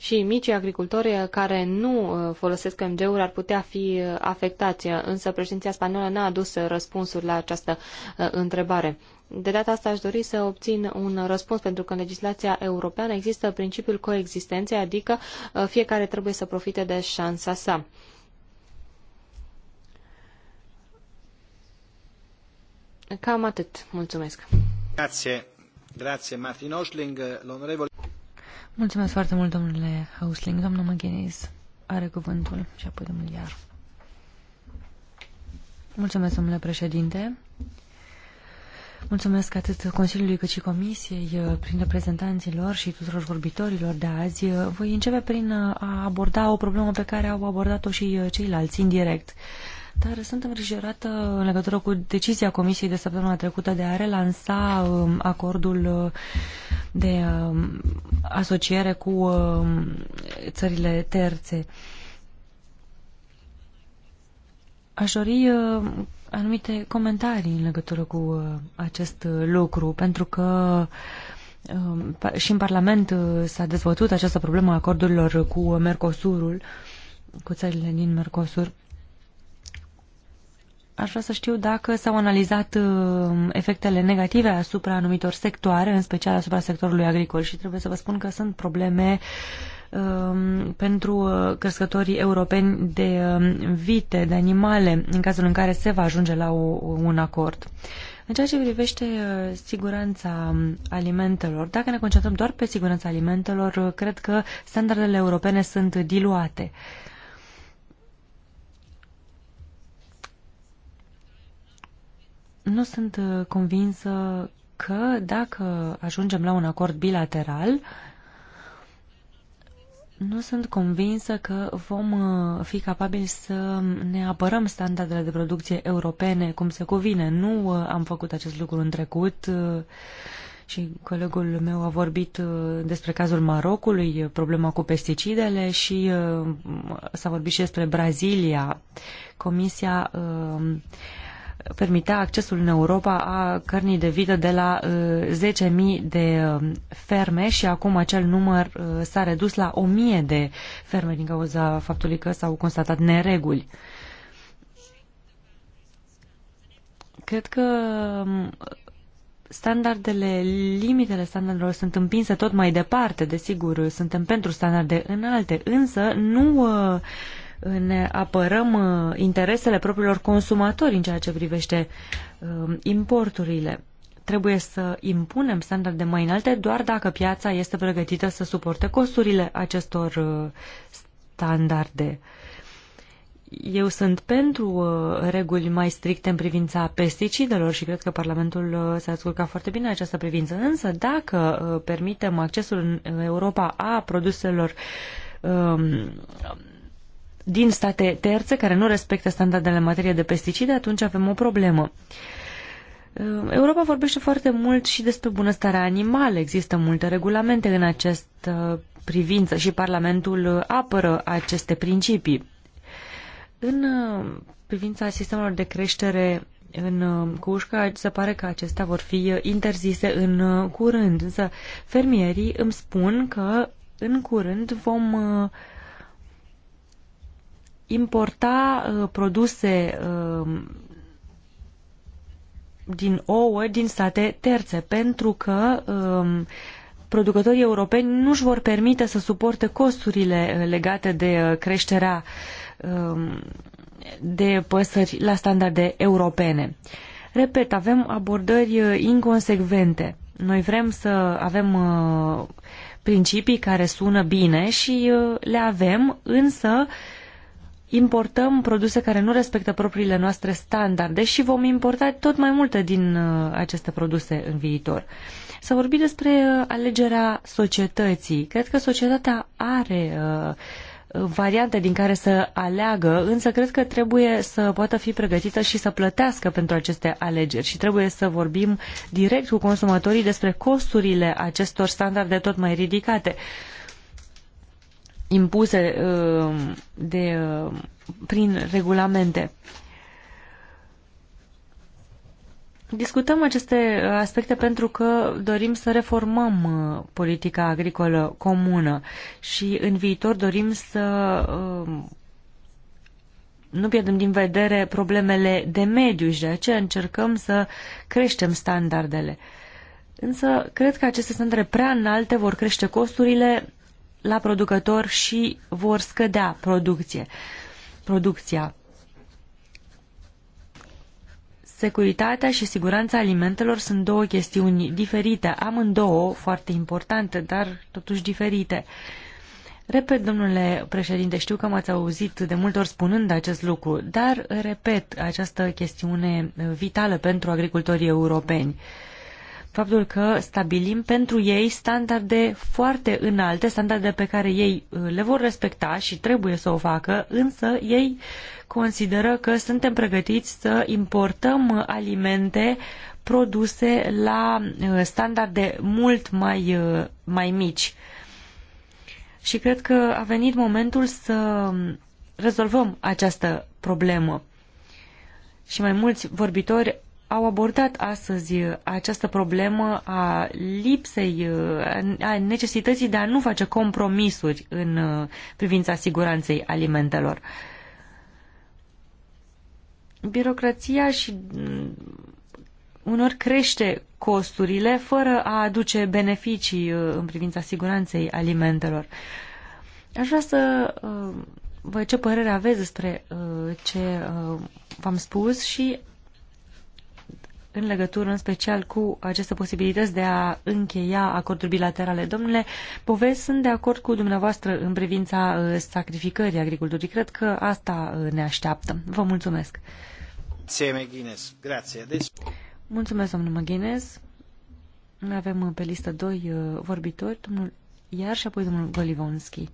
și micii agricultori care nu uh, folosesc mg uri ar putea fi uh, afectați, uh, însă președinția spaniolă n-a adus răspunsuri la această întrebare. De data asta aș dori să obțin un răspuns, pentru că în legislația europeană există principiul coexistenței, adică fiecare trebuie să profite de șansa sa. Cam atât. Mulțumesc. Grazie. Grazie, Martin Oschling, Mulțumesc foarte mult, domnule Hausling. Doamna McGuinness are cuvântul și apoi domnul Iar. Mulțumesc, domnule președinte. Mulțumesc atât Consiliului cât și Comisiei, eh, prin reprezentanților și tuturor vorbitorilor de azi. Eh, voi începe prin a aborda o problemă pe care au abordat-o și eh, ceilalți indirect dar sunt îngrijorată în legătură cu decizia Comisiei de săptămâna trecută de a relansa um, acordul uh, de um, asociere cu um, țările terțe. Aș dori uh, anumite comentarii în legătură cu uh, acest lucru, pentru că și în Parlament s-a dezbătut această problemă a acordurilor cu Mercosurul, cu țările din Mercosur. Aș vrea să știu dacă s-au analizat uh, efectele negative asupra anumitor sectoare, în special asupra sectorului agricol și trebuie să vă spun că sunt probleme um, pentru uh, crescătorii europeni de um, vite, de animale, în cazul în care se va ajunge la un acord. În ceea ce privește uh, siguranța alimentelor, dacă ne concentrăm doar pe siguranța alimentelor, cred că standardele europene sunt diluate. Uh, nu sunt uh, convinsă că dacă ajungem la un acord bilateral, nu sunt convinsă că vom uh, fi capabili să ne apărăm standardele de producție europene cum se cuvine. Nu uh, am făcut acest lucru în trecut și colegul meu a vorbit despre cazul Marocului, problema cu pesticidele și s-a vorbit și despre Brazilia. Comisia permitea accesul în Europa a cărnii de vită de la 10.000 uh, de um, ferme și acum acel număr uh, s-a redus la 1.000 de ferme din cauza faptului că s-au constatat nereguli. Cred că um, standardele, limitele standardelor sunt împinse tot mai departe, desigur, suntem pentru standarde înalte, însă nu uh, ne apărăm uh, interesele propriilor consumatori în ceea ce privește uh, importurile. Trebuie să impunem standarde mai înalte doar dacă piața este pregătită să suporte costurile acestor uh, standarde. Eu sunt pentru reguli mai stricte în privința pesticidelor și cred că Parlamentul s-a ascultat foarte bine în această privință. Însă, dacă permitem accesul în Europa a produselor um, din state terțe care nu respectă standardele în materie de pesticide, atunci avem o problemă. Uh, Europa vorbește foarte mult și despre bunăstarea animală. Există multe regulamente în această privință și Parlamentul apără aceste principii. În uh, privința sistemelor de creștere în uh, cușcă, se pare că acestea vor fi interzise în curând, însă fermierii îmi spun că în curând vom importa uh, produse uh, din ouă din state terțe, pentru că uh, producătorii europeni nu își vor permite să suporte costurile uh, legate de uh, creșterea um, de păsări la standarde europene. Repet, avem abordări uh, inconsecvente. Noi vrem să avem principii care sună bine și le avem, însă uh, importăm produse care nu respectă propriile noastre standarde și vom importa tot mai multe din uh, aceste produse în viitor. S-a vorbit despre uh, alegerea societății. Cred că societatea are uh, variante din care să aleagă, însă cred că trebuie să poată fi pregătită și să plătească pentru aceste alegeri și trebuie să vorbim direct cu consumatorii despre costurile acestor standarde tot mai ridicate. Uh, impuse uh, de, uh, prin regulamente. Discutăm aceste aspecte pentru că dorim să reformăm uh, politica agricolă comună și în viitor dorim să nu pierdem din vedere problemele de mediu și de aceea încercăm să creștem standardele. Însă, cred că aceste standarde prea înalte vor crește costurile la producător și vor scădea producție, producția. Securitatea și siguranța alimentelor sunt două chestiuni diferite, amândouă foarte importante, dar totuși diferite. Repet, domnule președinte, știu că m-ați auzit de multe ori spunând acest lucru, dar repet această chestiune vitală pentru agricultorii europeni faptul că stabilim pentru ei standarde foarte înalte, standarde pe care ei uh, le vor respecta și trebuie să o facă, însă ei consideră că suntem pregătiți să importăm alimente produse la uh, standarde mult mai, uh, mai mici. Și cred că a venit momentul să rezolvăm această problemă. Și mai mulți vorbitori au abordat astăzi uh, această problemă a lipsei, uh, a necesității de a nu face compromisuri în uh, privința siguranței alimentelor. Birocrația și mm, unor crește costurile fără a aduce beneficii în privința siguranței alimentelor. Aș vrea să vă ce părere aveți despre ce v-am spus și în legătură în special cu aceste posibilități de a încheia acorduri bilaterale. Domnule Poves, sunt de acord cu dumneavoastră în privința uh, sacrificării agriculturii. Cred că asta uh, ne așteaptă. Vă mulțumesc. Mulțumesc, domnul Măghinez. Deci- Avem uh, pe listă doi vorbitori, domnul Iar și apoi domnul Golivonski.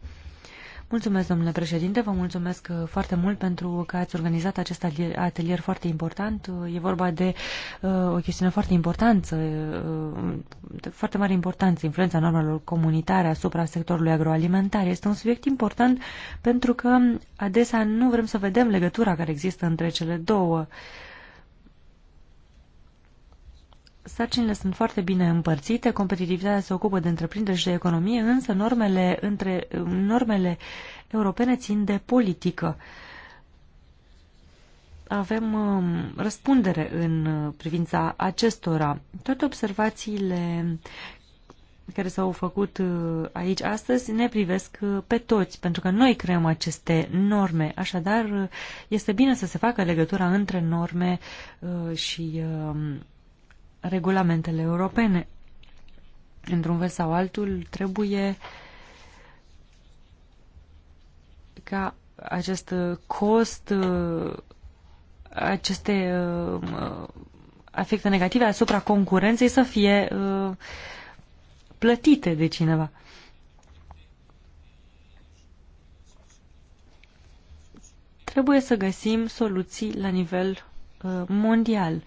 Mulțumesc, domnule președinte, vă mulțumesc uh, foarte mult pentru că ați organizat acest atelier foarte important. Uh, e vorba de uh, o chestiune foarte importantă, uh, de foarte mare importanță, influența normelor comunitare asupra sectorului agroalimentar. Este un subiect important pentru că adesea nu vrem să vedem legătura care există între cele două uh, Sarcinile sunt foarte bine împărțite, competitivitatea se ocupă de întreprinderi și de economie, însă normele, între, normele europene țin de politică. Avem um, răspundere în privința acestora. Toate observațiile care s-au făcut uh, aici astăzi ne privesc uh, pe toți, pentru că noi creăm aceste norme. Așadar, uh, este bine să se facă legătura între norme și um, regulamentele europene. Într-un fel sau altul, trebuie ca acest cost, aceste uh, efecte negative asupra concurenței să fie uh, plătite de cineva. Trebuie să găsim soluții la nivel uh, mondial. Uh,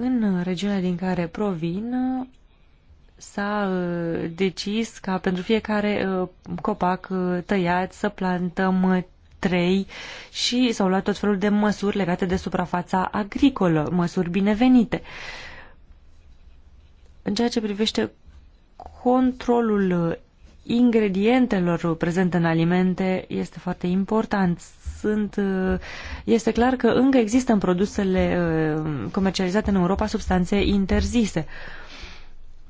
în regiunea din care provin s-a uh, decis ca pentru fiecare uh, copac uh, tăiat să plantăm trei și s-au luat tot felul de măsuri legate de suprafața agricolă, măsuri binevenite. În ceea ce privește controlul ingredientelor prezente în alimente este foarte important sunt, uh, este clar că încă există în produsele uh, comercializate în Europa substanțe interzise.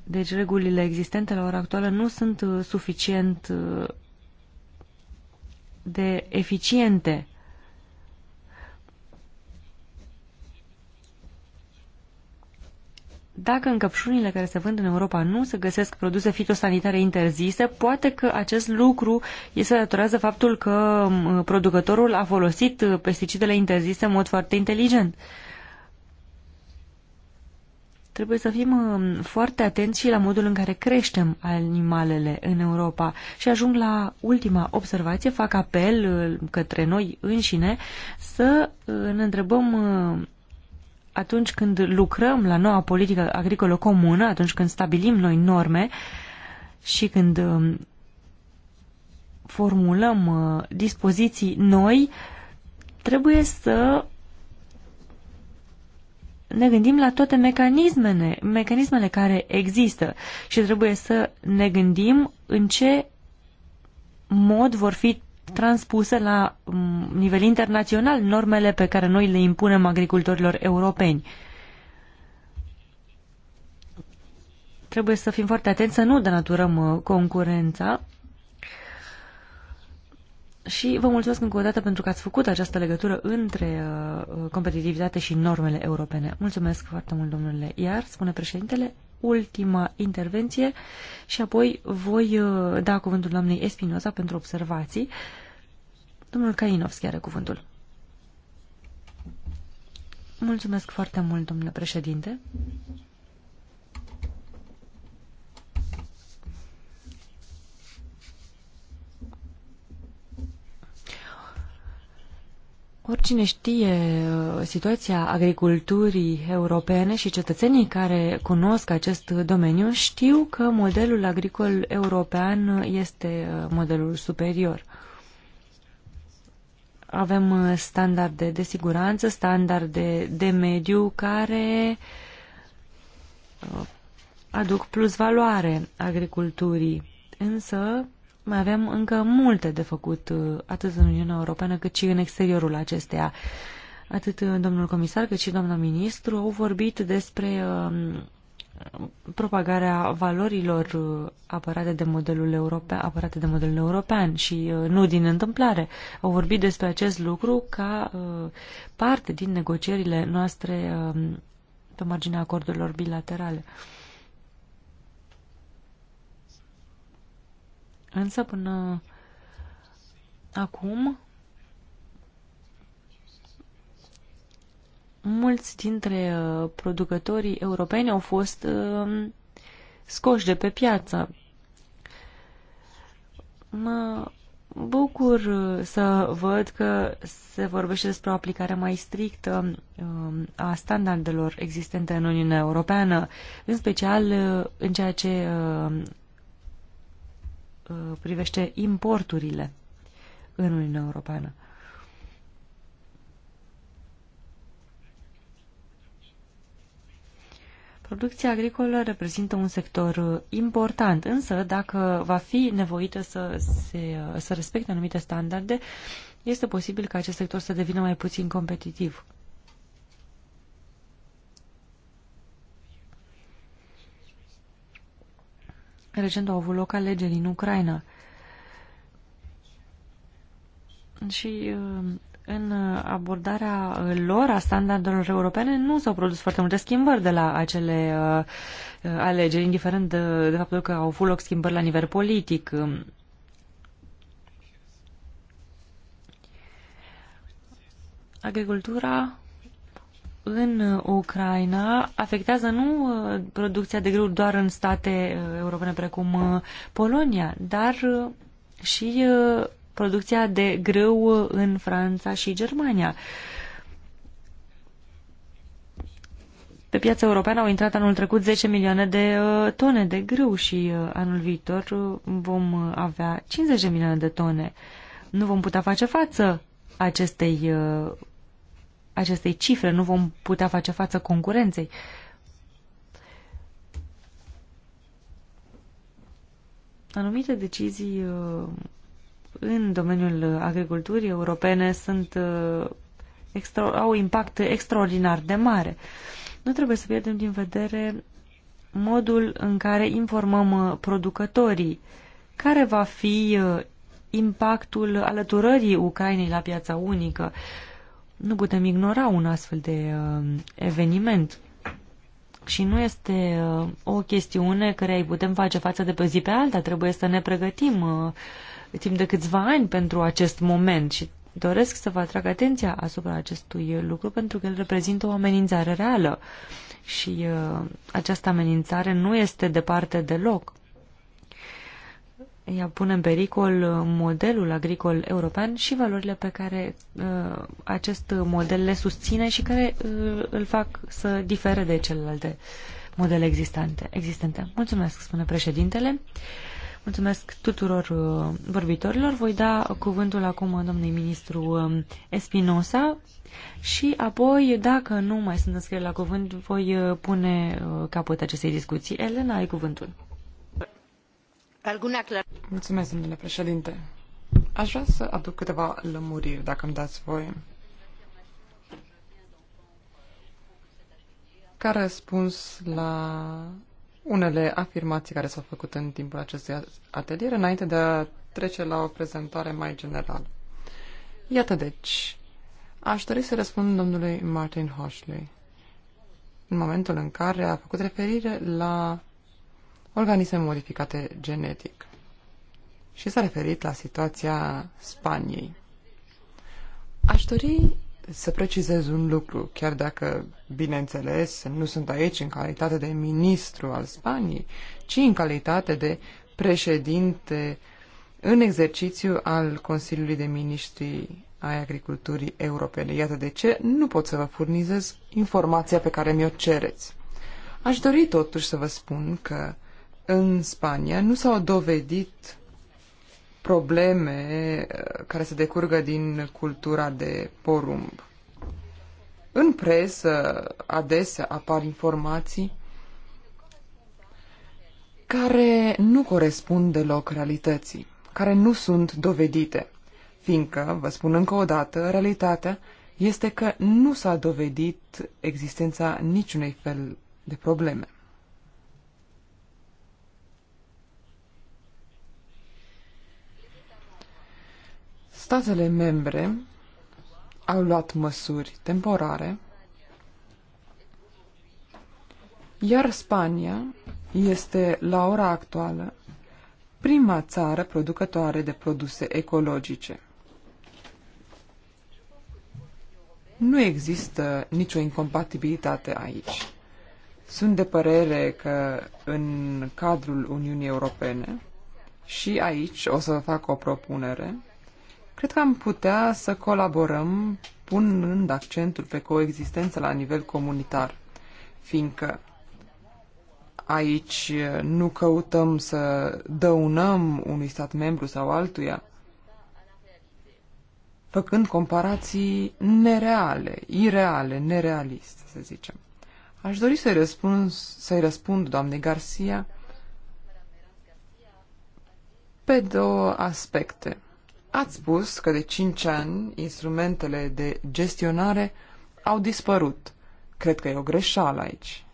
Deci regulile existente la ora actuală nu sunt uh, suficient de eficiente dacă în căpșunile care se vând în Europa nu se găsesc produse fitosanitare interzise, poate că acest lucru se datorează faptul că producătorul a folosit uh, pesticidele interzise în mod foarte inteligent. Trebuie să fim uh, foarte atenți și la modul în care creștem animalele în Europa. Și ajung la ultima observație, fac apel uh, către noi înșine să ne întrebăm atunci când lucrăm la noua politică agricolă comună, atunci când stabilim noi norme și când um, formulăm uh, dispoziții noi, trebuie să ne gândim la toate mecanismele, mecanismele care există și trebuie să ne gândim în ce mod vor fi transpuse la mm, nivel internațional normele pe care noi le impunem agricultorilor europeni. Trebuie să fim foarte atenți să nu denaturăm uh, concurența și vă mulțumesc încă o dată pentru că ați făcut această legătură între uh, uh, competitivitate și normele europene. Mulțumesc foarte mult, domnule Iar, spune președintele ultima intervenție și apoi voi uh, da cuvântul doamnei Espinoza pentru observații. Domnul Kainovski are cuvântul. Mulțumesc foarte mult, domnule președinte. Oricine știe uh, situația agriculturii europene și cetățenii care cunosc acest domeniu știu că modelul agricol european este uh, modelul superior. Avem uh, standarde de siguranță, standarde de mediu care aduc plus valoare agriculturii, însă mai avem încă multe de făcut, uh, atât în Uniunea Europeană, cât și în exteriorul acesteia. Atât uh, domnul comisar, cât și doamna ministru au vorbit despre um, propagarea valorilor uh, apărate de modelul european, apărate de modelul european și nu din întâmplare. Au vorbit despre acest lucru ca parte din negocierile noastre um, pe marginea acordurilor bilaterale. Însă până acum mulți dintre uh, producătorii europeni au fost uh, scoși de pe piață. Mă bucur uh, să văd că se vorbește despre o aplicare mai strictă um, a standardelor existente în Uniunea Europeană, în special în ceea ce Uh, privește importurile în Uniunea Europeană. Producția agricolă reprezintă un sector uh, important, însă dacă va fi nevoită să, se, uh, să respecte anumite standarde, este posibil ca acest sector să devină mai puțin competitiv. Recent au avut loc alegeri în Ucraina. Și uh, în abordarea lor a standardelor europene nu s-au produs foarte multe schimbări de la acele uh, alegeri, indiferent de, de faptul că au avut loc schimbări la nivel politic. Agricultura în uh, Ucraina afectează nu uh, producția de grâu doar în state uh, europene precum Polonia, dar și producția de grâu în Franța și Germania. Pe piața europeană au intrat anul trecut 10 milioane de tone de grâu și anul viitor vom avea 50 de milioane de tone. Nu vom putea face față acestei acestei cifre, nu vom putea face față concurenței. Anumite decizii uh, în domeniul agriculturii europene sunt, uh, au impact extraordinar de mare. Nu trebuie să pierdem din vedere modul în care informăm uh, producătorii care va fi impactul alăturării Ucrainei la piața unică. Uh, nu putem ignora un astfel de uh, eveniment și nu este uh, o chestiune care îi putem face față de pe zi pe alta. Trebuie să ne pregătim uh, timp de câțiva ani pentru acest moment și doresc să vă atrag atenția asupra acestui lucru pentru că el reprezintă o amenințare reală și uh, această amenințare nu este departe deloc ea pune în pericol modelul agricol european și valorile pe care uh, acest model le susține și care uh, îl fac să difere de celelalte modele existente. existente. Mulțumesc, spune președintele. Mulțumesc tuturor uh, vorbitorilor. Voi da cuvântul acum domnului ministru uh, Espinosa și apoi, dacă nu mai sunt înscris la cuvânt, voi uh, pune uh, capăt acestei discuții. Elena, ai cuvântul a domnule președinte. vrea să aduc câteva lămuriri, dacă îmi dați voie. Ca răspuns la unele afirmații care s-au făcut în timpul acestui atelier, înainte de a trece la o prezentare mai generală. Iată deci, aș dori să răspund domnului Martin Hoshley, în momentul în care a făcut referire la organisme modificate genetic. Și s-a referit la situația Spaniei. Aș dori să precizez un lucru, chiar dacă, bineînțeles, nu sunt aici în calitate de ministru al Spaniei, ci în calitate de președinte în exercițiu al Consiliului de Ministri ai Agriculturii Europene. Iată de ce nu pot să vă furnizez informația pe care mi-o cereți. Aș dori totuși să vă spun că în Spania nu s-au dovedit probleme uh, care se decurgă din cultura de porumb. În presă adesea apar informații care nu corespund deloc realității, care nu sunt dovedite, fiindcă, vă spun încă o dată, realitatea este că nu s-a dovedit existența niciunei fel de probleme. Statele membre au luat măsuri temporare, iar Spania este, la ora actuală, prima țară producătoare de produse ecologice. Nu există nicio incompatibilitate aici. Sunt de părere că în cadrul Uniunii Europene, și aici o să fac o propunere, Cred că am putea să colaborăm punând accentul pe coexistență la nivel comunitar, fiindcă aici nu căutăm să dăunăm unui stat membru sau altuia, făcând comparații nereale, ireale, nerealiste, să zicem. Aș dori să-i răspund, să răspund doamnei Garcia pe două aspecte. Ați spus că de 5 ani instrumentele de gestionare au dispărut. Cred că e o greșeală aici.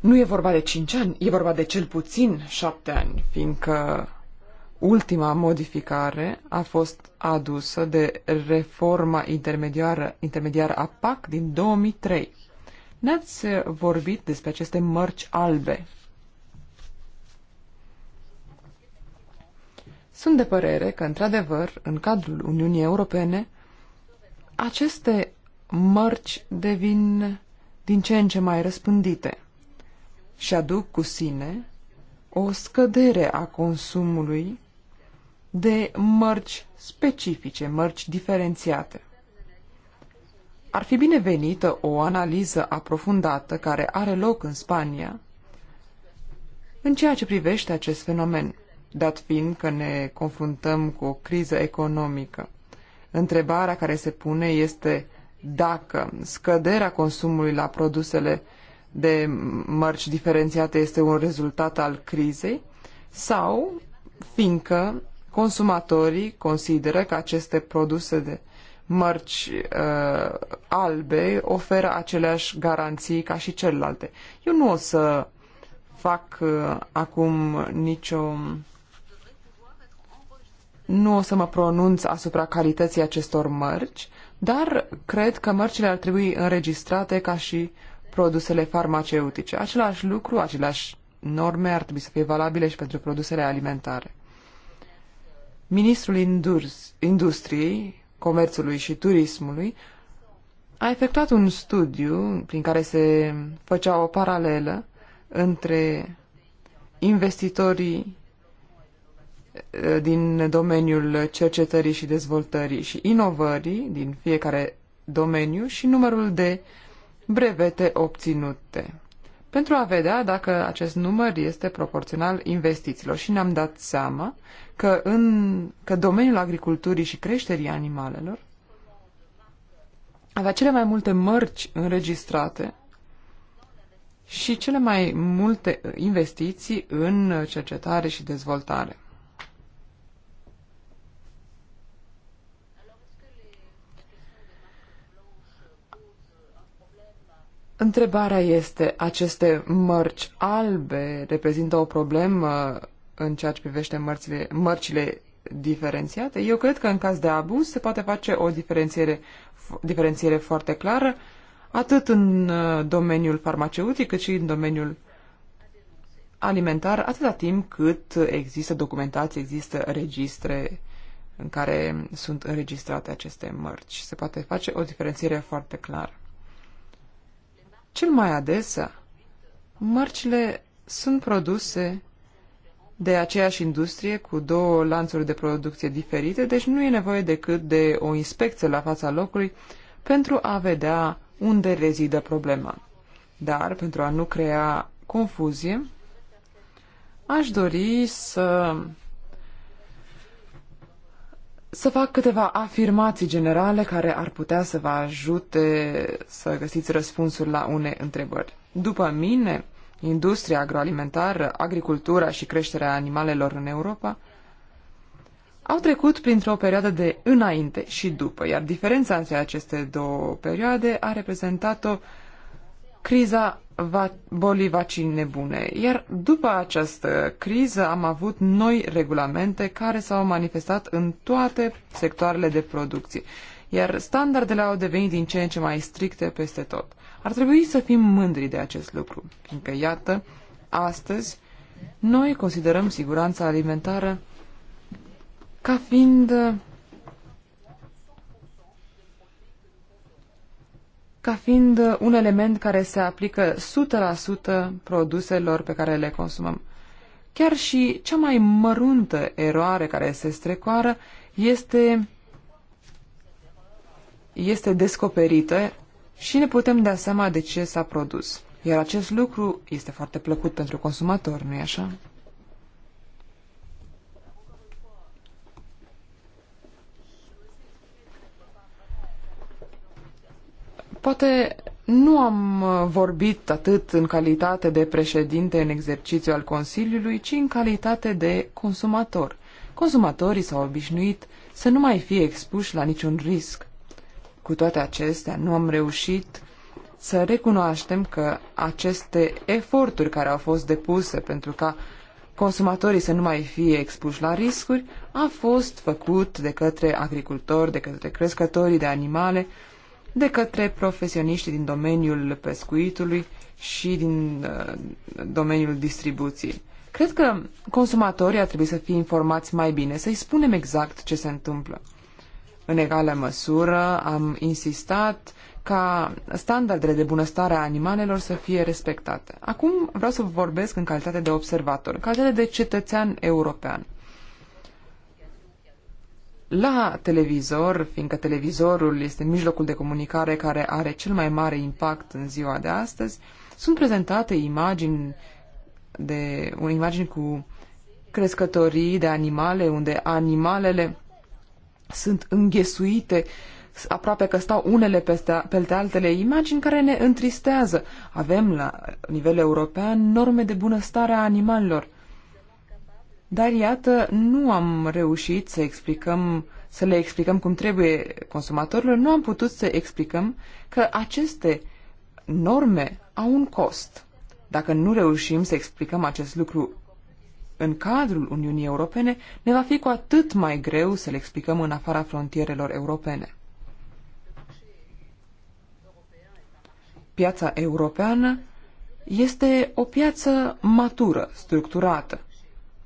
Nu e vorba de 5 ani, e vorba de cel puțin 7 ani, fiindcă ultima modificare a fost adusă de reforma intermediară, intermediară a PAC din 2003. Ne-ați vorbit despre aceste mărci albe. Sunt de părere că, într-adevăr, în cadrul Uniunii Europene, aceste mărci devin din ce în ce mai răspândite și aduc cu sine o scădere a consumului de mărci specifice, mărci diferențiate. Ar fi binevenită o analiză aprofundată care are loc în Spania în ceea ce privește acest fenomen – dat fiind că ne confruntăm cu o criză economică. Întrebarea care se pune este dacă scăderea consumului la produsele de mărci diferențiate este un rezultat al crizei sau fiindcă consumatorii consideră că aceste produse de mărci uh, albe oferă aceleași garanții ca și celelalte. Eu nu o să fac uh, acum nicio nu o să mă pronunț asupra calității acestor mărci, dar cred că mărcile ar trebui înregistrate ca și produsele farmaceutice. Același lucru, aceleași norme ar trebui să fie valabile și pentru produsele alimentare. Ministrul Industriei, Comerțului și Turismului a efectuat un studiu prin care se făcea o paralelă între investitorii din domeniul cercetării și dezvoltării și inovării din fiecare domeniu și numărul de brevete obținute. Pentru a vedea dacă acest număr este proporțional investițiilor și ne-am dat seama că, în, că domeniul agriculturii și creșterii animalelor avea cele mai multe mărci înregistrate și cele mai multe investiții în cercetare și dezvoltare. Întrebarea este, aceste mărci albe reprezintă o problemă în ceea ce privește mărțile, mărcile diferențiate? Eu cred că în caz de abuz se poate face o diferențiere, diferențiere foarte clară, atât în uh, domeniul farmaceutic, cât și în domeniul alimentar, atâta timp cât există documentații, există registre în care sunt înregistrate aceste mărci. Se poate face o diferențiere foarte clară. Cel mai adesea, mărcile sunt produse de aceeași industrie cu două lanțuri de producție diferite, deci nu e nevoie decât de o inspecție la fața locului pentru a vedea unde rezidă problema. Dar, pentru a nu crea confuzie, aș dori să să fac câteva afirmații generale care ar putea să vă ajute să găsiți răspunsuri la une întrebări. După mine, industria agroalimentară, agricultura și creșterea animalelor în Europa au trecut printr-o perioadă de înainte și după, iar diferența între aceste două perioade a reprezentat-o criza bolii vaccinii nebune. Iar după această criză am avut noi regulamente care s-au manifestat în toate sectoarele de producție. Iar standardele au devenit din ce în ce mai stricte peste tot. Ar trebui să fim mândri de acest lucru, fiindcă, iată, astăzi, noi considerăm siguranța alimentară ca fiind ca fiind uh, un element care se aplică 100% produselor pe care le consumăm. Chiar și cea mai măruntă eroare care se strecoară este, este descoperită și ne putem da seama de ce s-a produs. Iar acest lucru este foarte plăcut pentru consumator, nu-i așa? Poate nu am uh, vorbit atât în calitate de președinte în exercițiu al Consiliului, ci în calitate de consumator. Consumatorii s-au obișnuit să nu mai fie expuși la niciun risc. Cu toate acestea, nu am reușit să recunoaștem că aceste eforturi care au fost depuse pentru ca consumatorii să nu mai fie expuși la riscuri a fost făcut de către agricultori, de către crescătorii de animale, de către profesioniști din domeniul pescuitului și din uh, domeniul distribuției. Cred că consumatorii ar trebui să fie informați mai bine, să-i spunem exact ce se întâmplă. În egală măsură am insistat ca standardele de bunăstare a animalelor să fie respectate. Acum vreau să vorbesc în calitate de observator, în calitate de cetățean european la televizor, fiindcă televizorul este mijlocul de comunicare care are cel mai mare impact în ziua de astăzi, sunt prezentate imagini de o imagini cu crescătorii de animale, unde animalele sunt înghesuite aproape că stau unele peste, peste altele, imagini care ne întristează. Avem la nivel european norme de bunăstare a animalelor, dar iată, nu am reușit să explicăm, să le explicăm cum trebuie consumatorilor, nu am putut să explicăm că aceste norme au un cost. Dacă nu reușim să explicăm acest lucru în cadrul Uniunii Europene, ne va fi cu atât mai greu să le explicăm în afara frontierelor europene. Piața europeană este o piață matură, structurată.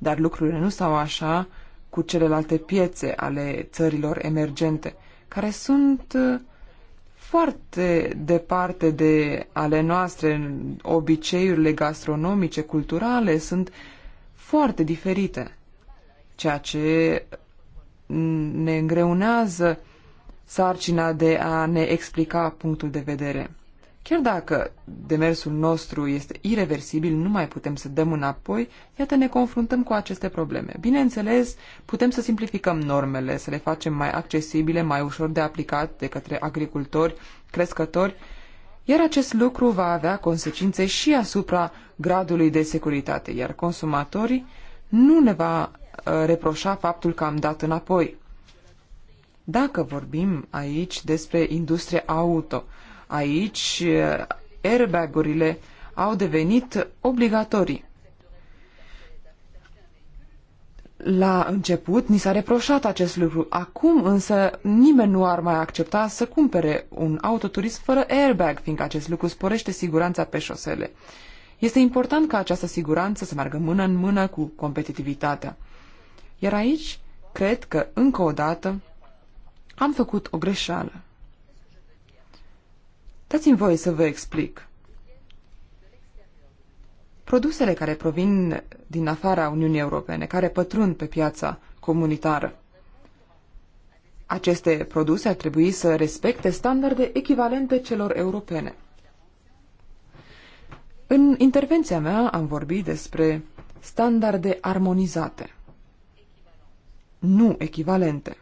Dar lucrurile nu stau așa cu celelalte piețe ale țărilor emergente, care sunt uh, foarte departe de ale noastre. Obiceiurile gastronomice, culturale sunt foarte diferite, ceea ce ne îngreunează sarcina de a ne explica punctul de vedere. Chiar dacă demersul nostru este irreversibil, nu mai putem să dăm înapoi, iată ne confruntăm cu aceste probleme. Bineînțeles, putem să simplificăm normele, să le facem mai accesibile, mai ușor de aplicat de către agricultori, crescători, iar acest lucru va avea consecințe și asupra gradului de securitate, iar consumatorii nu ne va uh, reproșa faptul că am dat înapoi. Dacă vorbim aici despre industria auto, Aici, airbagurile au devenit obligatorii. La început ni s-a reproșat acest lucru, acum însă nimeni nu ar mai accepta să cumpere un autoturism fără airbag, fiindcă acest lucru sporește siguranța pe șosele. Este important ca această siguranță să meargă mână în mână cu competitivitatea. Iar aici, cred că, încă o dată, am făcut o greșeală. Dați-mi voie să vă explic. Produsele care provin din afara Uniunii Europene, care pătrund pe piața comunitară, aceste produse ar trebui să respecte standarde echivalente celor europene. În intervenția mea am vorbit despre standarde armonizate, nu echivalente.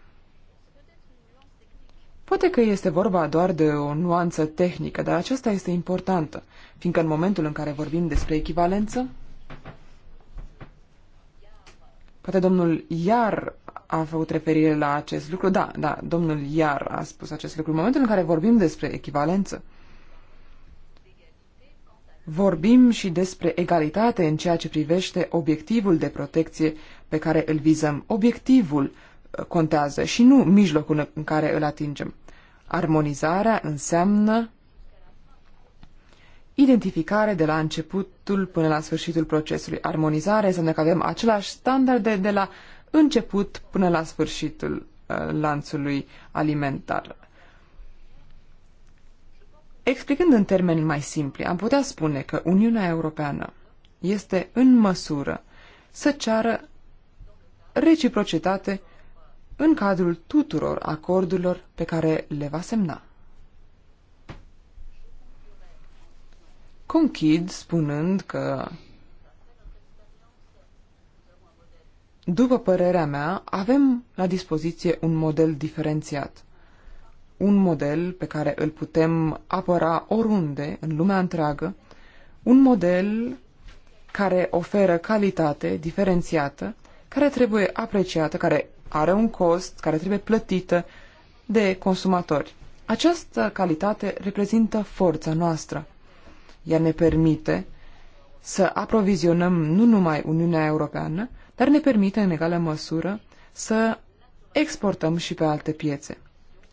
Poate că este vorba doar de o nuanță tehnică, dar aceasta este importantă, fiindcă în momentul în care vorbim despre echivalență, poate domnul Iar a făcut referire la acest lucru. Da, da, domnul Iar a spus acest lucru. În momentul în care vorbim despre echivalență, vorbim și despre egalitate în ceea ce privește obiectivul de protecție pe care îl vizăm. Obiectivul contează și nu mijlocul în care îl atingem. Armonizarea înseamnă identificare de la începutul până la sfârșitul procesului. Armonizare înseamnă că avem același standarde de la început până la sfârșitul uh, lanțului alimentar. Explicând în termeni mai simpli, am putea spune că Uniunea Europeană este în măsură să ceară reciprocitate în cadrul tuturor acordurilor pe care le va semna. Conchid spunând că, după părerea mea, avem la dispoziție un model diferențiat. Un model pe care îl putem apăra oriunde, în lumea întreagă, un model care oferă calitate diferențiată, care trebuie apreciată, care are un cost care trebuie plătită de consumatori. Această calitate reprezintă forța noastră. Ea ne permite să aprovizionăm nu numai Uniunea Europeană, dar ne permite în egală măsură să exportăm și pe alte piețe.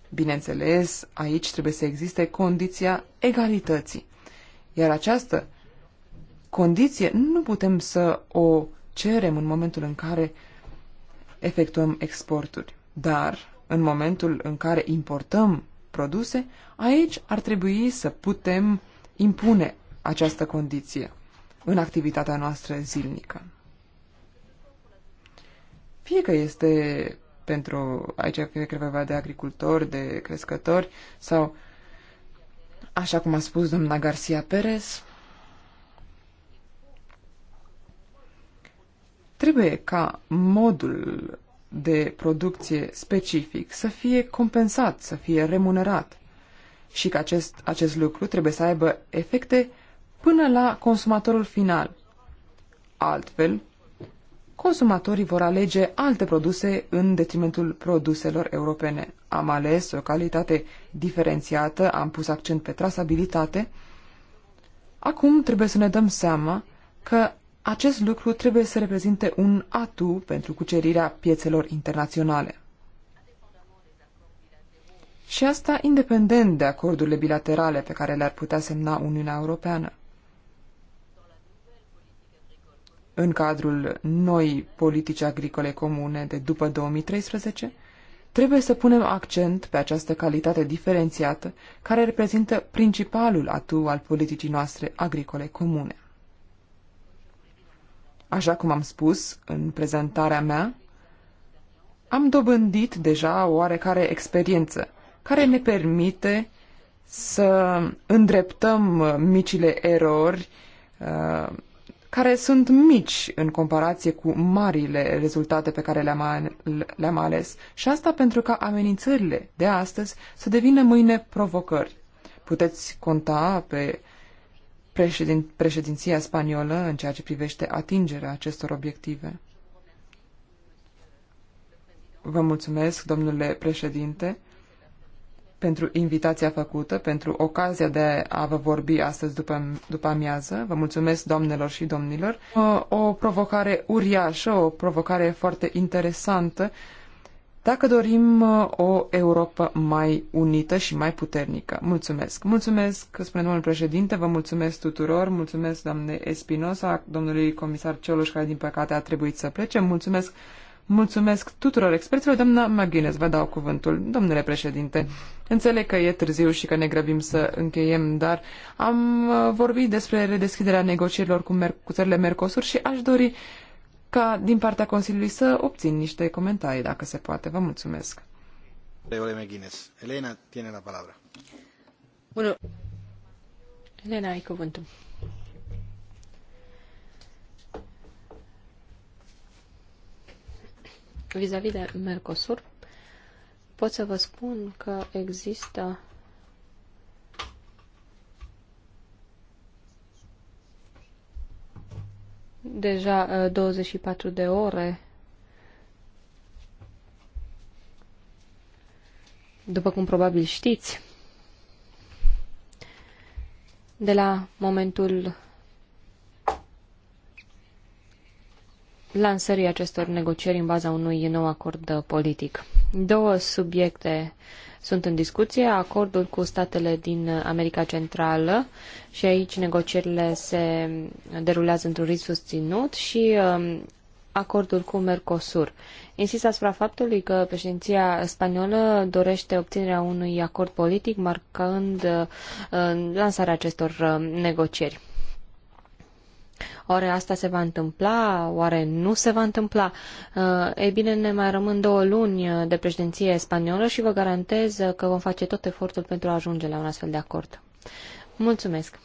Bineînțeles, aici trebuie să existe condiția egalității. Iar această condiție nu putem să o cerem în momentul în care efectuăm exporturi. Dar, în momentul în care importăm produse, aici ar trebui să putem impune această condiție în activitatea noastră zilnică. Fie că este pentru, aici cred că vorba de agricultori, de crescători sau, așa cum a spus doamna Garcia Perez, Trebuie ca modul de producție specific să fie compensat, să fie remunerat și că acest, acest lucru trebuie să aibă efecte până la consumatorul final. Altfel, consumatorii vor alege alte produse în detrimentul produselor europene. Am ales o calitate diferențiată, am pus accent pe trasabilitate. Acum trebuie să ne dăm seama că acest lucru trebuie să reprezinte un atu pentru cucerirea piețelor internaționale. Și asta independent de acordurile bilaterale pe care le-ar putea semna Uniunea Europeană. În cadrul noi politici agricole comune de după 2013, trebuie să punem accent pe această calitate diferențiată care reprezintă principalul atu al politicii noastre agricole comune. Așa cum am spus în prezentarea mea, am dobândit deja oarecare experiență care ne permite să îndreptăm uh, micile erori uh, care sunt mici în comparație cu marile rezultate pe care le-am, le ales și asta pentru ca amenințările de astăzi să devină mâine provocări. Puteți conta pe președin, președinția spaniolă în ceea ce privește atingerea acestor obiective. Vă mulțumesc, domnule președinte, pentru invitația făcută, pentru ocazia de a vă vorbi astăzi după, după amiază. Vă mulțumesc, doamnelor și domnilor. O, o provocare uriașă, o provocare foarte interesantă dacă dorim uh, o Europa mai unită și mai puternică. Mulțumesc! Mulțumesc, spune domnul președinte, vă mulțumesc tuturor, mulțumesc doamne Espinosa, domnului comisar Cioloș, care din păcate a trebuit să plece, mulțumesc Mulțumesc tuturor experților, doamna McGuinness, vă dau cuvântul. Domnule președinte, înțeleg că e târziu și că ne grăbim să încheiem, dar am uh, vorbit despre redeschiderea negocierilor cu, mer- cu țările Mercosur și aș dori ca din partea Consiliului să obțin niște comentarii, dacă se poate. Vă mulțumesc. Elena, tiene la palabra. Bună. Elena, ai cuvântul. Vis-a-vis -vis de Mercosur, pot să vă spun că există deja 24 uh, de ore după cum probabil știți, de la momentul lansării acestor negocieri în baza unui nou acord politic. Două subiecte uh, sunt în discuție acordul cu statele din America Centrală și aici negocierile se derulează într-un ritm susținut și um, acordul cu Mercosur. Insist asupra faptului că președinția spaniolă dorește obținerea unui acord politic marcând uh, lansarea acestor uh, negocieri. Oare asta se va întâmpla? Oare nu se va întâmpla? Uh, ei bine, ne mai rămân două luni de președinție spaniolă și vă garantez că vom face tot efortul pentru a ajunge la un astfel de acord. Mulțumesc!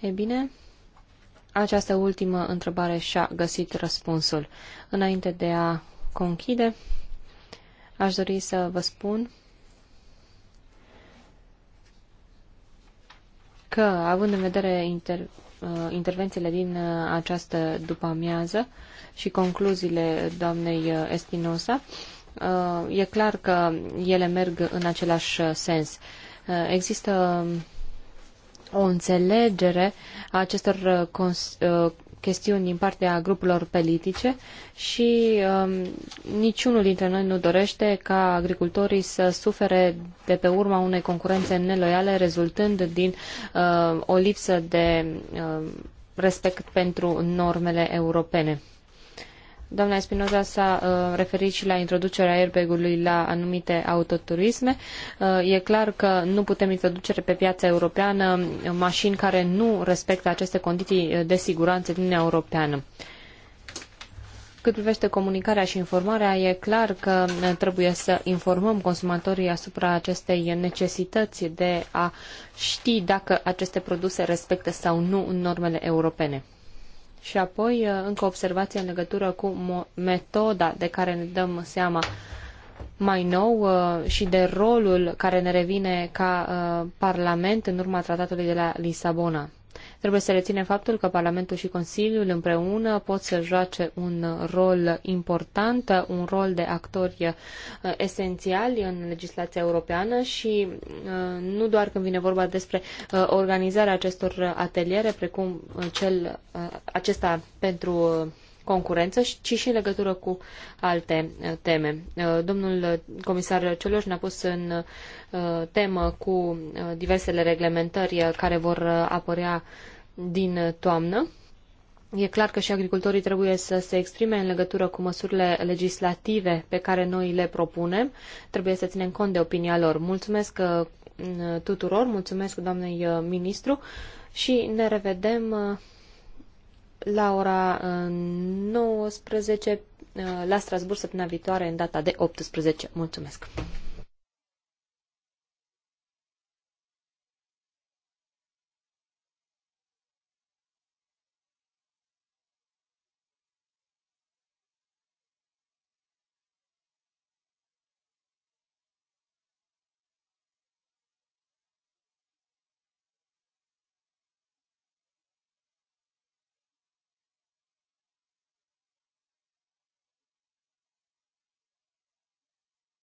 E bine, această ultimă întrebare și-a găsit răspunsul. Înainte de a conchide, aș dori să vă spun că, având în vedere inter, uh, intervențiile din uh, această după-amiază și concluziile doamnei uh, Espinosa, e clar că ele merg în același sens. Există um, o înțelegere a acestor chestiuni din partea grupurilor politice și um, niciunul dintre noi nu dorește ca agricultorii să sufere de pe urma unei concurențe neloiale rezultând din uh, o lipsă de uh, respect pentru normele europene. Doamna Espinoza s-a uh, referit și la introducerea airbag-ului la anumite autoturisme. Uh, e clar că nu putem introduce pe piața europeană mașini care nu respectă aceste condiții de siguranță din Uniunea Europeană. Cât privește comunicarea și informarea, e clar că uh, trebuie să informăm consumatorii asupra acestei necesități de a ști dacă aceste produse respectă sau nu normele europene. Și apoi, uh, încă observație în legătură cu metoda de care ne dăm seama mai nou uh, și de rolul care ne revine ca uh, Parlament în urma tratatului de la Lisabona. Trebuie să reținem faptul că Parlamentul și Consiliul împreună pot să joace un rol important, un rol de actori uh, esențiali în legislația europeană și uh, nu doar când vine vorba despre uh, organizarea acestor ateliere, precum cel acesta pentru concurență, ci și în legătură cu alte uh, teme. Uh, domnul uh, comisar Cioloș ne-a pus în temă cu diversele reglementări care vor apărea din toamnă. E clar că și agricultorii trebuie să se exprime în legătură cu măsurile legislative pe care noi le propunem. Trebuie să ținem cont de opinia lor. Mulțumesc tuturor, mulțumesc doamnei ministru și ne revedem la ora 19 uh, uh, la Strasburg săptămâna viitoare în data de 18. Mulțumesc!